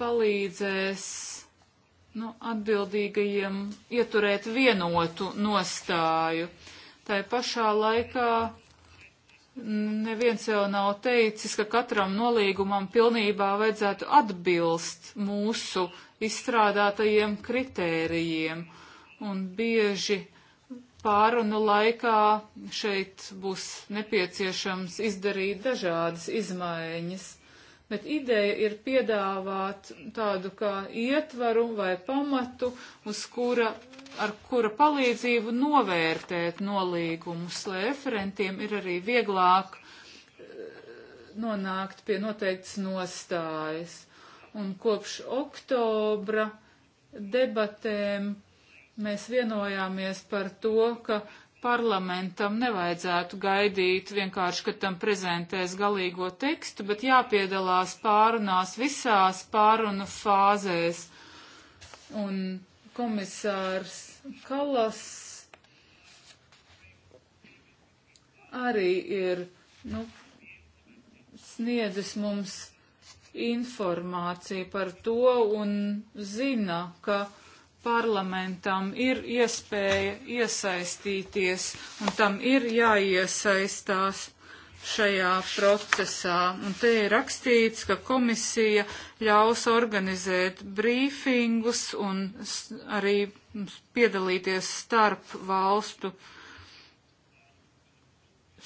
palīdzēs nu, atbildīgajiem ieturēt vienotu nostāju. Tā pašā laikā neviens jau nav teicis, ka katram nolīgumam pilnībā vajadzētu atbilst mūsu izstrādātajiem kritērijiem. Un bieži pārunu laikā šeit būs nepieciešams izdarīt dažādas izmaiņas bet ideja ir piedāvāt tādu kā ietvaru vai pamatu, uz kura, ar kura palīdzību novērtēt nolīgumus, lai referentiem ir arī vieglāk eh, nonākt pie noteikts nostājas. Un kopš oktobra debatēm mēs vienojāmies par to, ka parlamentam nevajadzētu gaidīt vienkārši, ka tam prezentēs galīgo tekstu, bet jāpiedalās pārunās visās pārunu fāzēs. Un komisārs Kalas arī ir nu, sniedzis mums informāciju par to un zina, ka parlamentam ir iespēja iesaistīties un tam ir jāiesaistās šajā procesā. Un te ir rakstīts, ka komisija ļaus organizēt brīfingus un arī piedalīties starp valstu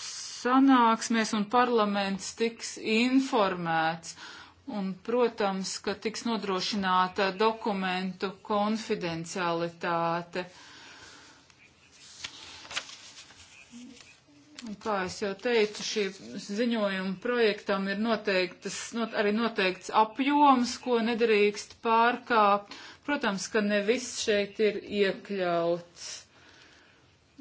sanāksmēs un parlaments tiks informēts Un, protams, ka tiks nodrošināta dokumentu konfidencialitāte. Un, kā es jau teicu, šī ziņojuma projektam ir noteiktas, not, arī noteikts apjoms, ko nedrīkst pārkāpt. Protams, ka ne viss šeit ir iekļauts.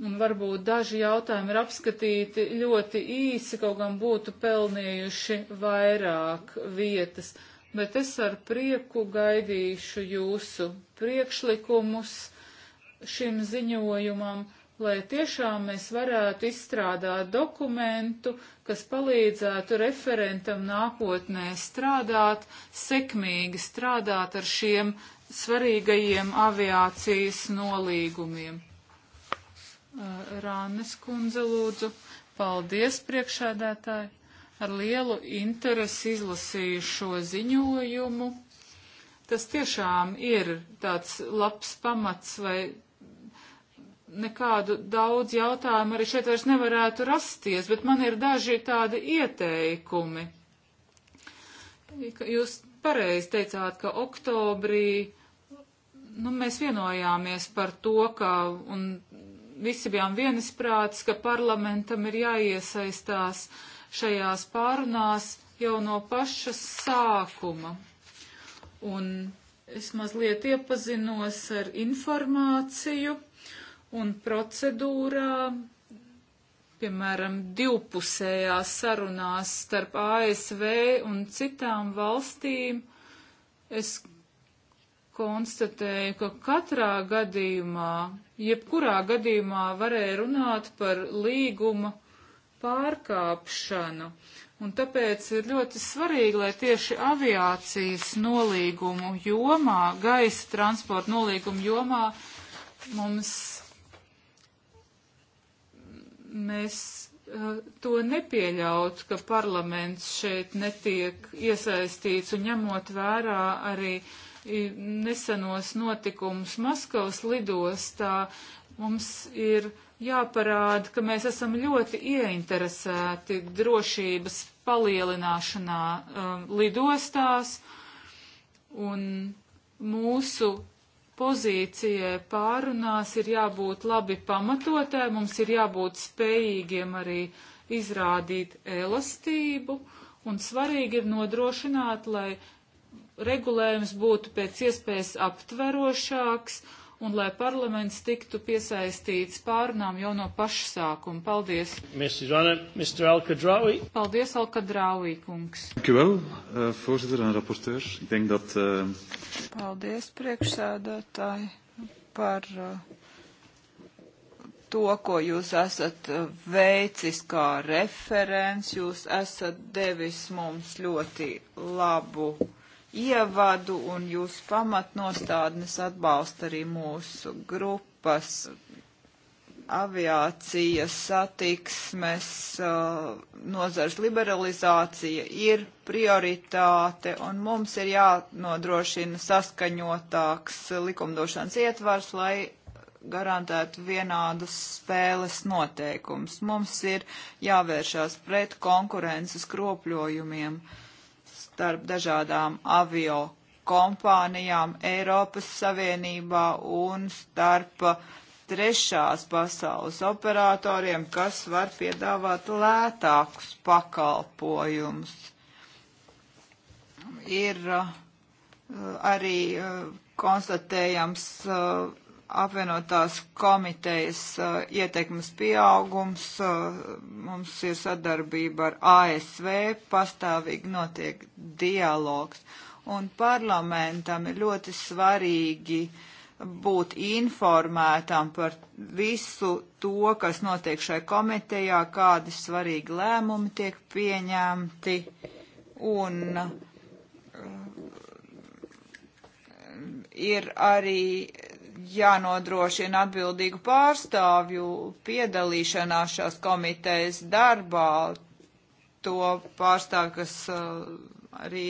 Un varbūt daži jautājumi ir apskatīti ļoti īsi, kaut gan būtu pelnījuši vairāk vietas. Bet es ar prieku gaidīšu jūsu priekšlikumus šim ziņojumam, lai tiešām mēs varētu izstrādāt dokumentu, kas palīdzētu referentam nākotnē strādāt, sekmīgi strādāt ar šiem svarīgajiem aviācijas nolīgumiem. Eh, Rānes kundze lūdzu. Paldies, priekšēdētāji. Ar lielu interesi izlasīju šo ziņojumu. Tas tiešām ir tāds labs pamats vai nekādu daudz jautājumu arī šeit vairs nevarētu rasties, bet man ir daži tādi ieteikumi. Jūs pareizi teicāt, ka oktobrī nu, mēs vienojāmies par to, ka un visi bijām vienisprāts, ka parlamentam ir jāiesaistās šajās pārunās jau no paša sākuma. Un es mazliet iepazinos ar informāciju un procedūrām, piemēram, divpusējās sarunās starp ASV un citām valstīm. Es konstatēja, ka katrā gadījumā, jebkurā gadījumā varēja runāt par līguma pārkāpšanu. Un tāpēc ir ļoti svarīgi, lai tieši aviācijas nolīgumu jomā, gaisa transporta nolīgumu jomā mums mēs uh, to nepieļaut, ka parlaments šeit netiek iesaistīts un ņemot vērā arī uh, nesenos notikumus Maskavas lidostā, mums ir jāparāda, ka mēs esam ļoti ieinteresēti drošības palielināšanā um, lidostās un mūsu pozīcijai pārunās ir jābūt labi pamatotai, mums ir jābūt spējīgiem arī izrādīt elastību, un svarīgi ir nodrošināt, lai regulējums būtu pēc iespējas aptverošāks un lai parlaments tiktu piesaistīts pārnām jau no paša sākuma. Paldies. Paldies, Alkadrauī kungs. Eh, eh, Paldies, priekšsēdētāji, par eh, to, ko jūs esat veicis kā referents. Jūs esat devis mums ļoti labu ievadu un jūsu pamatnostādnes atbalsta arī mūsu grupas aviācijas satiksmes uh, nozars liberalizācija ir prioritāte un mums ir jānodrošina saskaņotāks likumdošanas ietvars, lai garantētu vienādas spēles noteikums. Mums ir jāvēršās pret konkurences kropļojumiem. Uh, starp dažādām avio kompānijām Eiropas Savienībā un starp trešās pasaules operatoriem, kas var piedāvāt lētākus pakalpojumus. Ir uh, arī uh, konstatējams uh, apvienotās komitejas uh, eh, ietekmes pieaugums. Uh, mums ir sadarbība ar ASV, pastāvīgi notiek dialogs. Un parlamentam ir ļoti svarīgi būt informētam par visu to, kas notiek šai komitejā, kādi svarīgi lēmumi tiek pieņemti. Un uh, ir arī jānodrošina atbildīgu pārstāvju piedalīšanās šās komitejas darbā, to pārstāvju, kas uh, arī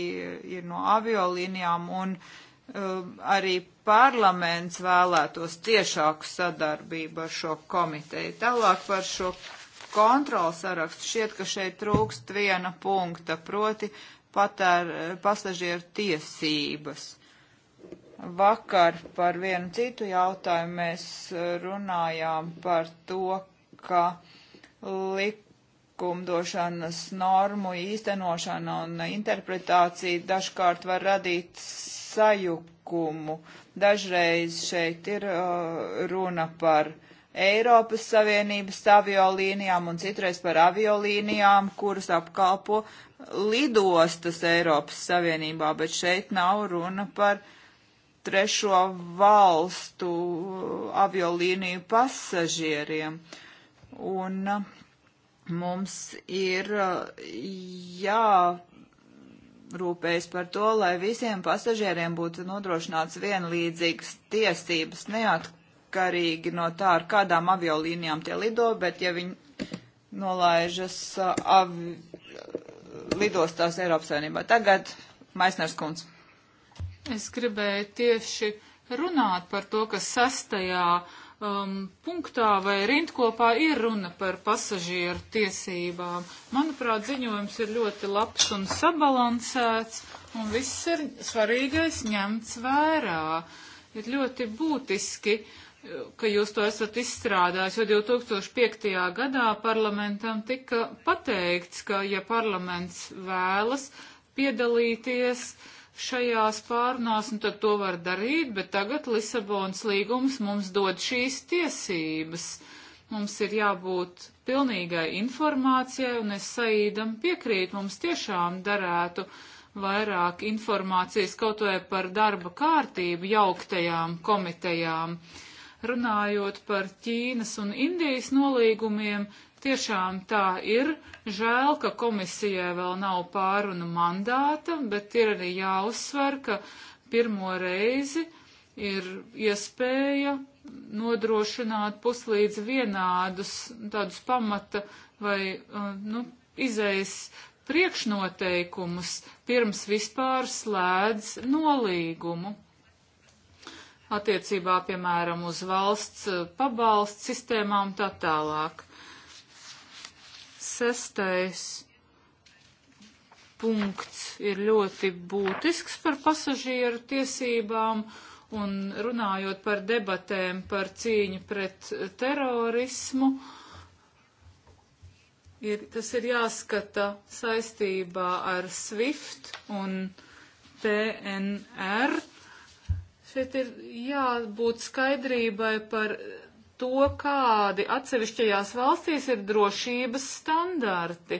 ir no aviolīnijām, un uh, arī parlaments vēlētos ciešāku sadarbību ar šo komiteju. Tālāk par šo kontrols sarakstu šķiet, ka šeit trūkst viena punkta, proti patēr pasažieru tiesības Vakar par vienu citu jautājumu mēs e, runājām par to, ka likumdošanas normu īstenošana un interpretācija dažkārt var radīt sajukumu. Dažreiz šeit ir uh, runa par Eiropas Savienības aviolīnijām un citreiz par aviolīnijām, kuras apkalpo lidostas Eiropas Savienībā, bet šeit nav runa par uh, trešo valstu uh, aviolīniju pasažieriem. Un uh, mums ir uh, jārūpējas par to, lai visiem pasažieriem būtu nodrošināts vienlīdzīgas tiesības, neatkarīgi no tā, ar kādām aviolīnijām tie lido, bet ja viņi nolaižas av... lidostās Eiropas Savienībā. Tagad Maisners Kunds. Es gribēju tieši runāt par to, ka sastajā um, punktā vai rindkopā ir runa par pasažieru tiesībām. Manuprāt, ziņojums ir ļoti labs un sabalansēts, un viss ir svarīgais ņemts vērā. Ir ļoti būtiski, uh, ka jūs to esat izstrādājis, jo 2005. gadā parlamentam tika pateikts, ka, ja parlaments vēlas piedalīties, uh, šajās pārunās, un tad to var darīt, bet tagad Lisabonas līgums mums dod šīs tiesības. Mums ir jābūt pilnīgai informācijai, un es saīdam piekrītu, mums tiešām darētu vairāk informācijas kaut vai par darba kārtību jauktajām komitejām. Runājot par Ķīnas un Indijas nolīgumiem, tiešām tā ir Žēl, ka komisijai vēl nav pārunu mandāta, bet ir arī jāuzsver, ka pirmo reizi ir iespēja nodrošināt puslīdz vienādus tādus pamata vai, uh, nu, izējas priekšnoteikumus pirms vispār slēdz nolīgumu. Attiecībā, piemēram, uz valsts uh, pabalsts sistēmām tā tālāk. Sestais punkts ir ļoti būtisks par pasažieru tiesībām un runājot par debatēm par cīņu pret terorismu, ir, tas ir jāskata saistībā ar SWIFT un PNR. Šeit ir jābūt skaidrībai par to, kādi atsevišķajās valstīs ir drošības standarti,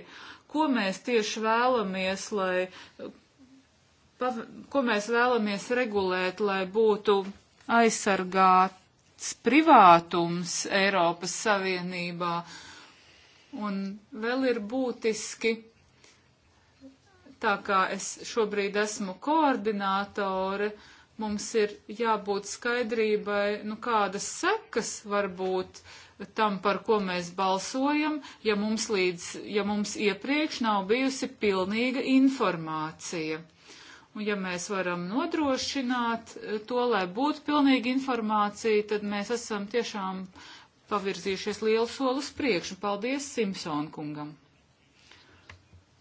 ko mēs tieši vēlamies, lai, pa, ko mēs vēlamies regulēt, lai būtu aizsargāts privātums Eiropas Savienībā. Un vēl ir būtiski, tā kā es šobrīd esmu koordinātore, uh, Mums ir jābūt skaidrībai, nu kādas sekas var būt tam, par ko mēs balsojam, ja mums, līdz, ja mums iepriekš nav bijusi pilnīga informācija. Un ja mēs varam nodrošināt e, to, lai būtu pilnīga informācija, tad mēs esam tiešām pavirzījušies lielu soli uz priekšu. Paldies Simpson kungam!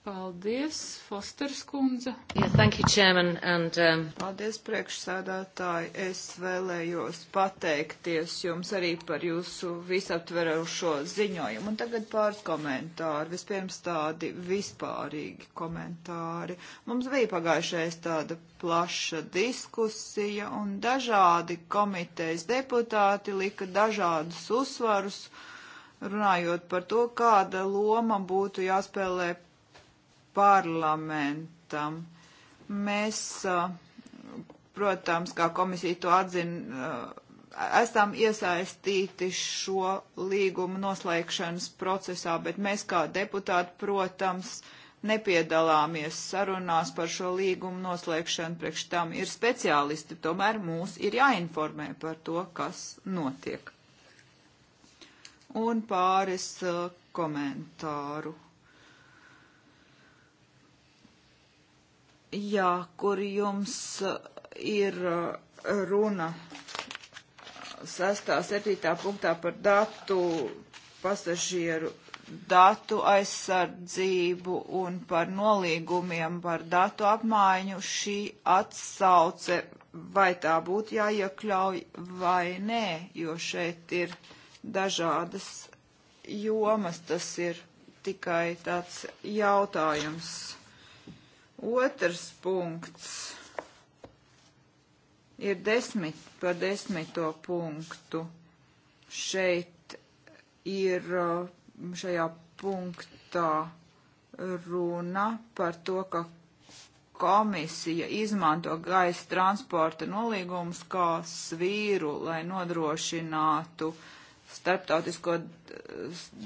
Paldies, Fosters kundze. Yes, thank you, Chairman, and, um... Paldies, priekšsēdētāji. Es vēlējos pateikties jums arī par jūsu visaptverošo ziņojumu. Un tagad pāris komentāri. Vispirms tādi vispārīgi komentāri. Mums bija pagājušais tāda plaša diskusija, un dažādi komitejas deputāti lika dažādus uzsvarus runājot par to, kāda loma būtu jāspēlē parlamentam. Mēs, uh, protams, kā komisija to atzina, uh, esam iesaistīti šo līgumu noslēgšanas procesā, bet mēs kā deputāti, protams, nepiedalāmies sarunās par šo līgumu noslēgšanu, priekš tam ir speciālisti, tomēr mūs ir jāinformē par to, kas notiek. Un pāris uh, komentāru. jā, kur jums uh, ir uh, runa 6. 7. punktā par datu pasažieru datu aizsardzību un par nolīgumiem par datu apmaiņu šī atsauce, vai tā būtu jāiekļauj vai nē, jo šeit ir dažādas jomas, tas ir tikai tāds jautājums. Otrs punkts ir desmit par desmito punktu. Šeit ir uh, šajā punktā runa par to, ka komisija izmanto gaisa transporta nolīgumus kā svīru, lai nodrošinātu starptautisko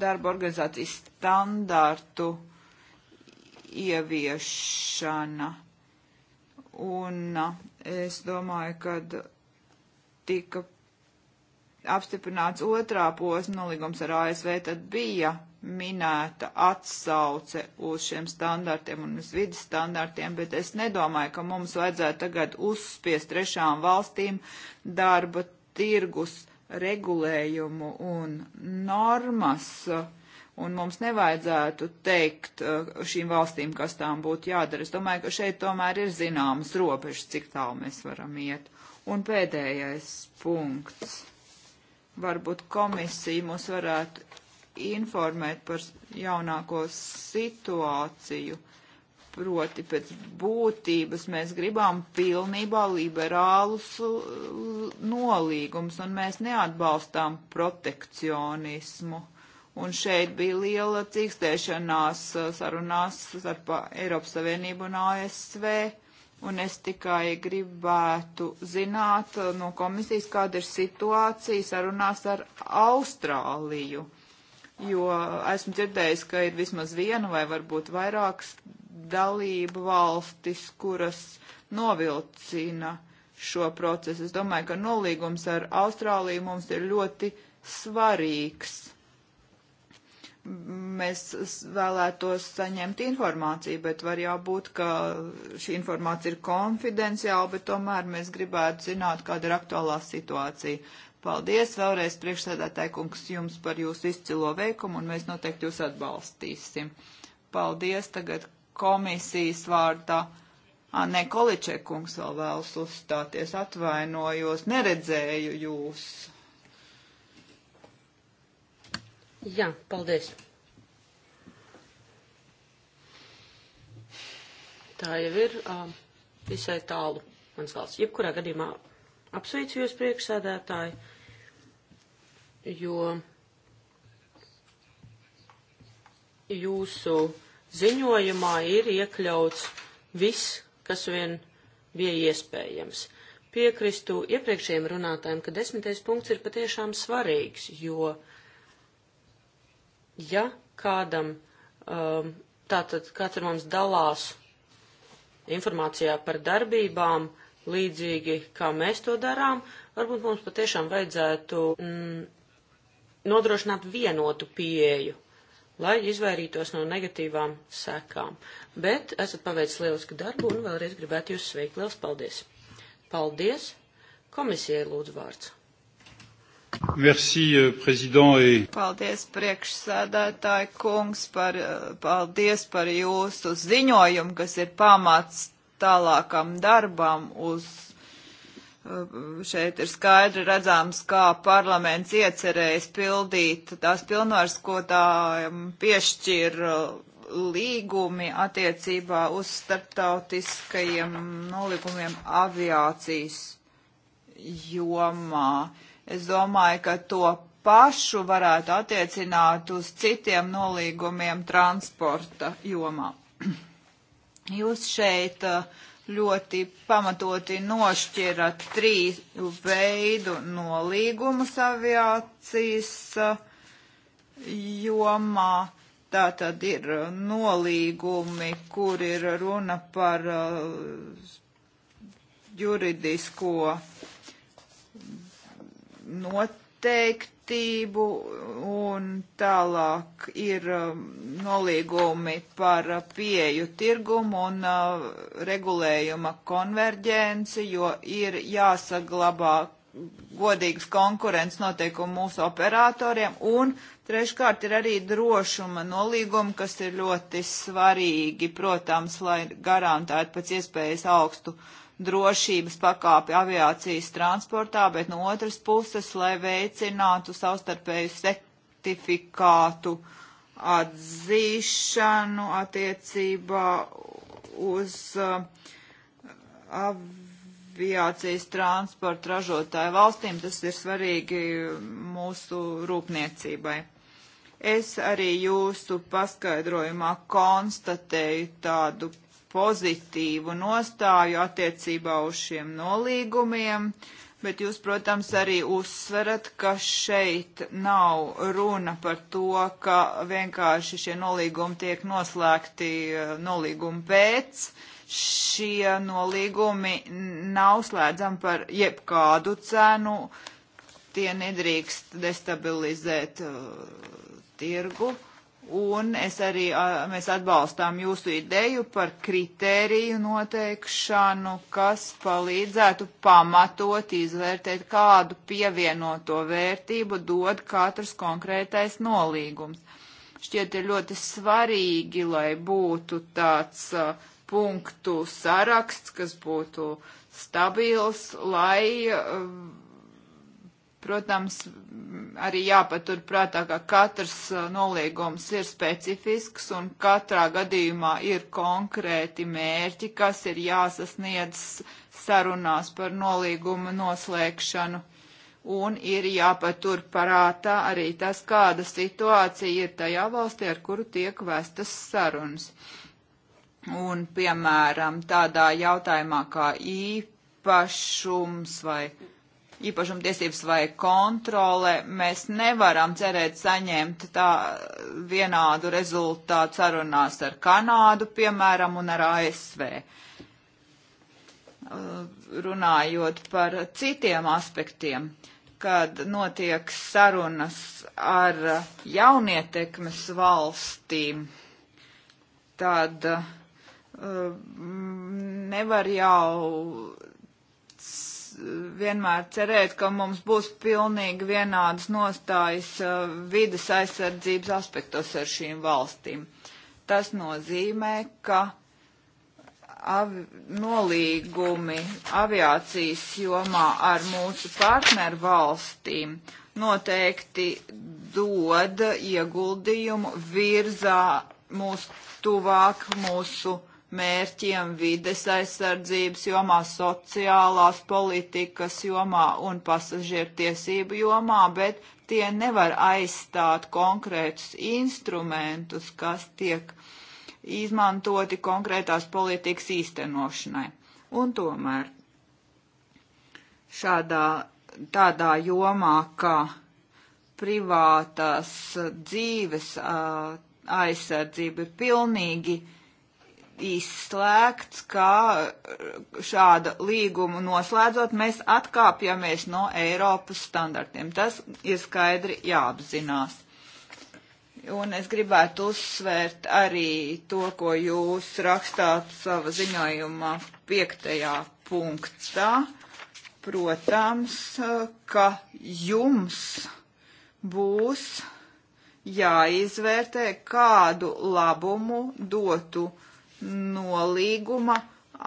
darba organizācijas standārtu uh, ieviešana. Un uh, es domāju, kad tika apstiprināts otrā posma nolīgums ar ASV, tad bija minēta atsauce uz šiem standartiem un uz vidas standartiem, bet es nedomāju, ka mums vajadzētu tagad uzspiest trešām valstīm darba tirgus regulējumu un normas. Uh, Un mums nevajadzētu teikt uh, šīm valstīm, kas tām būtu jādara. Es domāju, ka šeit tomēr ir zināmas robežas, cik tālu mēs varam iet. Un pēdējais punkts. Varbūt komisija mūs varētu informēt par jaunāko situāciju. Proti pēc būtības mēs gribam pilnībā liberālus uh, nolīgums, un mēs neatbalstām protekcionismu. Uh, Un šeit bija liela cīkstēšanās uh, sarunās ar uh, Eiropas Savienību un ASV. Un es tikai gribētu zināt uh, no komisijas, kāda ir situācija sarunās ar Austrāliju. Jo esmu dzirdējis, ka ir vismaz viena vai varbūt vairākas dalība valstis, kuras novilcina šo procesu. Es domāju, ka nolīgums ar Austrāliju mums ir ļoti svarīgs Mēs vēlētos saņemt informāciju, bet var jābūt, ka šī informācija ir konfidenciāla, bet tomēr mēs gribētu zināt, kāda ir aktuālā situācija. Paldies vēlreiz priekšsēdētāji kungs jums par jūsu izcilo veikumu un mēs noteikti jūs atbalstīsim. Paldies tagad komisijas vārdā. Ā, nē, Količē kungs vēl vēlas uzstāties, atvainojos, neredzēju jūs. Jā, paldies. Tā jau ir uh, visai tālu mans valsts. Jebkurā gadījumā apsveicu jūs priekšsēdētāji, jo jūsu ziņojumā ir iekļauts viss, kas vien bija iespējams. Piekrīstu iepriekšējiem runātājiem, ka desmitais punkts ir patiešām svarīgs, jo Ja kādam, um, tātad kāds ar mums dalās informācijā par darbībām, līdzīgi kā mēs to darām, varbūt mums patiešām vajadzētu mm, nodrošināt vienotu pieeju, lai izvairītos no negatīvām sekām. Bet esat paveicis lielisku darbu un vēlreiz gribētu jūs sveikt. Lielas paldies! Paldies! Komisijai lūdzu vārds. Merci, euh, prezident. Et... Paldies, priekšsēdētāji kungs, par, uh, paldies par jūsu ziņojumu, kas ir pamats tālākam darbam uz. Uh, šeit ir skaidri redzams, kā parlaments iecerējis pildīt tās pilnvaras, ko tā piešķir uh, līgumi attiecībā uz starptautiskajiem nolīgumiem aviācijas jomā. Uh, Es domāju, ka to pašu varētu attiecināt uz citiem nolīgumiem transporta jomā. *clears throat* Jūs šeit uh, ļoti pamatoti nošķirat trīju veidu nolīgumus aviācijas uh, jomā. Tā tad ir uh, nolīgumi, kur ir runa par juridisko noteiktību un tālāk ir um, nolīgumi par uh, pieju tirgumu un uh, regulējuma konverģenci, jo ir jāsaglabā godīgas konkurences noteikumu mūsu operatoriem, un treškārt ir arī drošuma nolīgumi, kas ir ļoti svarīgi, protams, lai garantētu pēc iespējas augstu uh, drošības pakāpi aviācijas transportā, bet no otras puses, lai veicinātu savstarpēju certifikātu atzīšanu attiecībā uz uh, aviācijas transporta ražotāju valstīm. Tas ir svarīgi mūsu rūpniecībai. Es arī jūsu paskaidrojumā konstatēju tādu pozitīvu nostāju attiecībā uz šiem nolīgumiem, bet jūs, protams, arī uzsverat, ka šeit nav runa par to, ka vienkārši šie nolīgumi tiek noslēgti eh, nolīgumu pēc. Šie nolīgumi nav slēdzami par jebkādu cenu, tie nedrīkst destabilizēt uh, tirgu. Uh, Un es arī, mēs atbalstām jūsu ideju par kritēriju noteikšanu, kas palīdzētu pamatot izvērtēt, kādu pievienoto vērtību dod katrs konkrētais nolīgums. Šķiet ir ļoti svarīgi, lai būtu tāds a, punktu saraksts, kas būtu stabils, lai a, Protams, arī jāpatur prātā, ka katrs uh, nolīgums ir specifisks un katrā gadījumā ir konkrēti mērķi, kas ir jāsasniedz sarunās par nolīguma noslēgšanu. Un ir jāpatur prātā arī tas, kāda situācija ir tajā valstī, ar kuru tiek vestas sarunas. Un, piemēram, tādā jautājumā kā īpašums vai īpašumtiesības vai kontrole, mēs nevaram cerēt saņemt tā vienādu rezultātu sarunās ar Kanādu, piemēram, un ar ASV. Uh, runājot par citiem aspektiem, kad notiek sarunas ar jaunietekmes valstīm, tad uh, mm, nevar jau vienmēr cerēt, ka mums būs pilnīgi vienādas nostājas uh, vidas aizsardzības aspektos ar šīm valstīm. Tas nozīmē, ka avi, nolīgumi aviācijas jomā ar mūsu partneru valstīm noteikti dod ieguldījumu virzā mūs tuvāk mūsu mērķiem vides aizsardzības jomā, sociālās politikas jomā un pasažieru tiesību jomā, bet tie nevar aizstāt konkrētus instrumentus, kas tiek izmantoti konkrētās politikas īstenošanai. Un tomēr šādā tādā jomā, kā privātās dzīves aizsardzība ir pilnīgi uh, izslēgts, ka šāda līguma noslēdzot mēs atkāpjamies no Eiropas standartiem. Tas ir skaidri jāapzinās. Un es gribētu uzsvērt arī to, ko jūs rakstāt sava ziņojuma piektajā punktā. Protams, ka jums būs jāizvērtē, kādu labumu dotu uh, nolīguma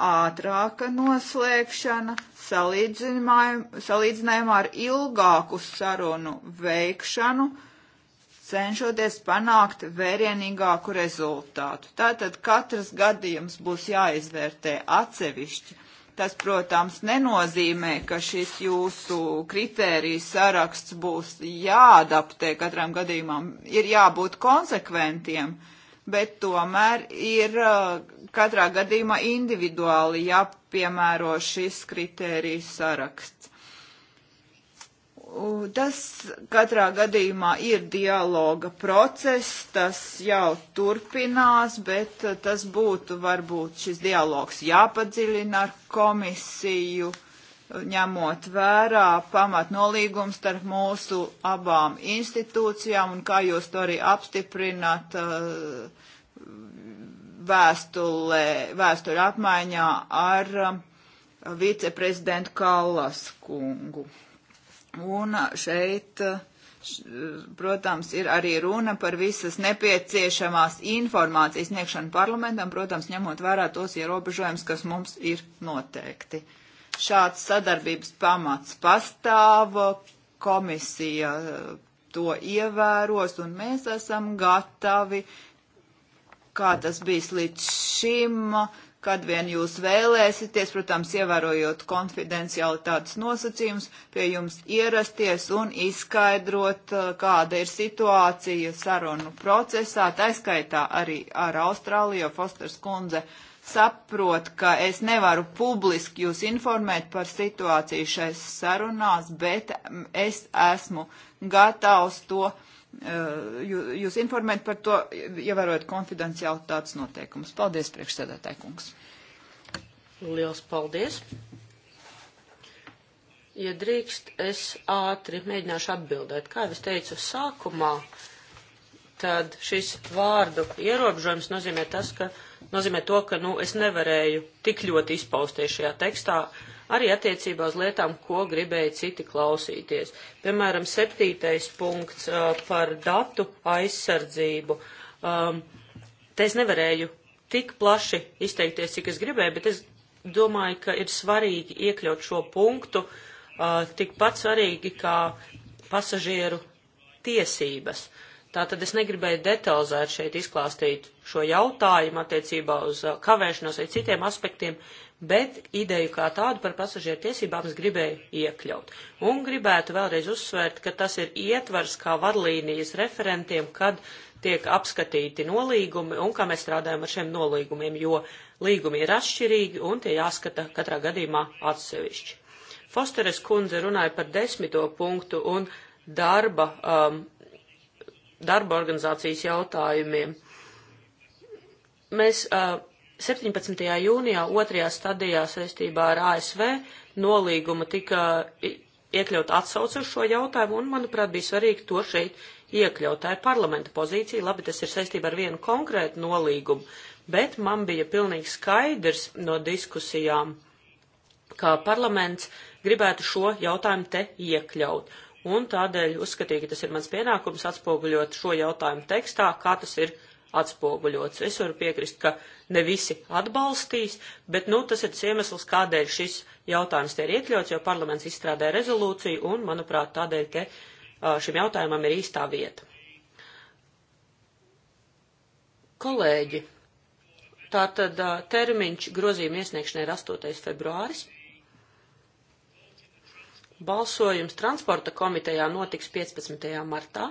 ātrāka noslēgšana salīdzinājumā ar ilgāku sarunu veikšanu, cenšoties panākt vērienīgāku rezultātu. Tātad katrs gadījums būs jāizvērtē atsevišķi. Tas, protams, nenozīmē, ka šis jūsu kritērijas saraksts būs jāadaptē katram gadījumam. Ir jābūt konsekventiem. Uh, bet tomēr ir uh, katrā gadījumā individuāli jāpiemēro šis kritēriju saraksts. Tas katrā gadījumā ir dialoga process, tas jau turpinās, bet uh, tas būtu varbūt šis dialogs jāpadziļina ar komisiju ņemot vērā pamatnolīgums starp mūsu abām institūcijām un kā jūs to arī apstiprināt eh, vēstulē, vēsturi apmaiņā ar eh, viceprezidentu Kallas kungu. Un eh, šeit, protams, ir arī runa par visas nepieciešamās informācijas sniegšanu parlamentam, protams, ņemot vērā tos ierobežojumus, kas mums ir noteikti. Uh, Šāds sadarbības pamats pastāv, komisija eh, to ievēros, un mēs esam gatavi, kā tas bijis līdz šim, kad vien jūs vēlēsieties, protams, ievērojot konfidencialitātes nosacījumus, pie jums ierasties un izskaidrot, eh, kāda ir situācija sarunu procesā, taiskaitā arī ar Austrāliju, Fosters kundze. Uh, saprot, ka es nevaru publiski jūs informēt par situāciju šais sarunās, bet mm, es esmu gatavs to eh, jūs informēt par to, ievērojot ja konfidenciālitātes noteikumus. Paldies, priekšsēdētāji kungs. Liels paldies. Ja drīkst, es ātri mēģināšu atbildēt. Kā jau es teicu sākumā, tad šis vārdu ierobežojums nozīmē tas, ka nozīmē to, ka, nu, es nevarēju tik ļoti izpausties šajā tekstā, arī attiecībā uz lietām, ko gribēja citi klausīties. Piemēram, septītais punkts uh, par datu aizsardzību. Um, te es nevarēju tik plaši izteikties, cik es gribēju, bet es domāju, ka ir svarīgi iekļaut šo punktu uh, tikpat svarīgi kā pasažieru tiesības. Uh, Tātad es negribēju detalizēt šeit izklāstīt šo jautājumu attiecībā uz uh, kavēšanos vai citiem aspektiem, bet ideju kā tādu par pasažieru tiesībām es gribēju iekļaut. Un gribētu vēlreiz uzsvērt, ka tas ir ietvars kā vadlīnijas referentiem, kad tiek apskatīti nolīgumi un kā mēs strādājam ar šiem nolīgumiem, jo līgumi ir atšķirīgi un tie jāskata katrā gadījumā atsevišķi. Fosteres kundze runāja par desmito punktu un darba um, darba organizācijas jautājumiem. Mēs uh, 17. jūnijā otrajā stadijā saistībā ar ASV nolīguma tika iekļaut atsauce uz šo jautājumu, un, manuprāt, bija svarīgi to šeit iekļaut. Tā ir parlamenta pozīcija, labi, tas ir saistībā ar vienu konkrētu nolīgumu, bet man bija pilnīgi skaidrs no diskusijām, ka parlaments gribētu šo jautājumu te iekļaut un tādēļ uzskatīju, ka tas ir mans pienākums atspoguļot šo jautājumu tekstā, kā tas ir atspoguļots. Es varu piekrist, ka ne visi atbalstīs, bet, nu, tas ir tas iemesls, kādēļ šis jautājums te ir iekļauts, jo parlaments izstrādē rezolūciju, un, manuprāt, tādēļ, ka šim jautājumam ir īstā vieta. Kolēģi, tātad termiņš grozījuma iesniegšanai ir 8. februāris. Balsojums transporta komitejā notiks 15. martā,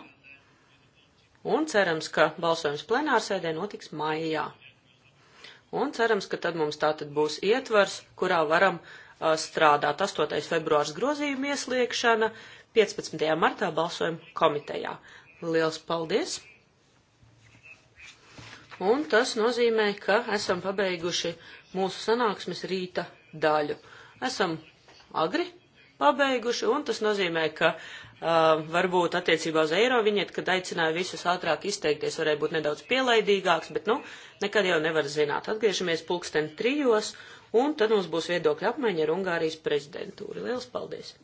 un cerams, ka balsojums plenārsēdē notiks maijā. Un cerams, ka tad mums tātad būs ietvers, kurā varam uh, strādāt 8. februārs grozījuma iesliekšana, 15. martā balsojuma komitejā. Liels paldies! Un tas nozīmē, ka esam pabeiguši mūsu sanāksmes rīta daļu. Esam agri pabeiguši, un tas nozīmē, ka uh, varbūt attiecībā uz eiro viņiet, kad aicināja visus ātrāk izteikties, varēja būt nedaudz pielaidīgāks, bet, nu, nekad jau nevar zināt. Atgriežamies pulksten trijos, un tad mums būs viedokļa apmaiņa ar Ungārijas prezidentūru. Lielas paldies!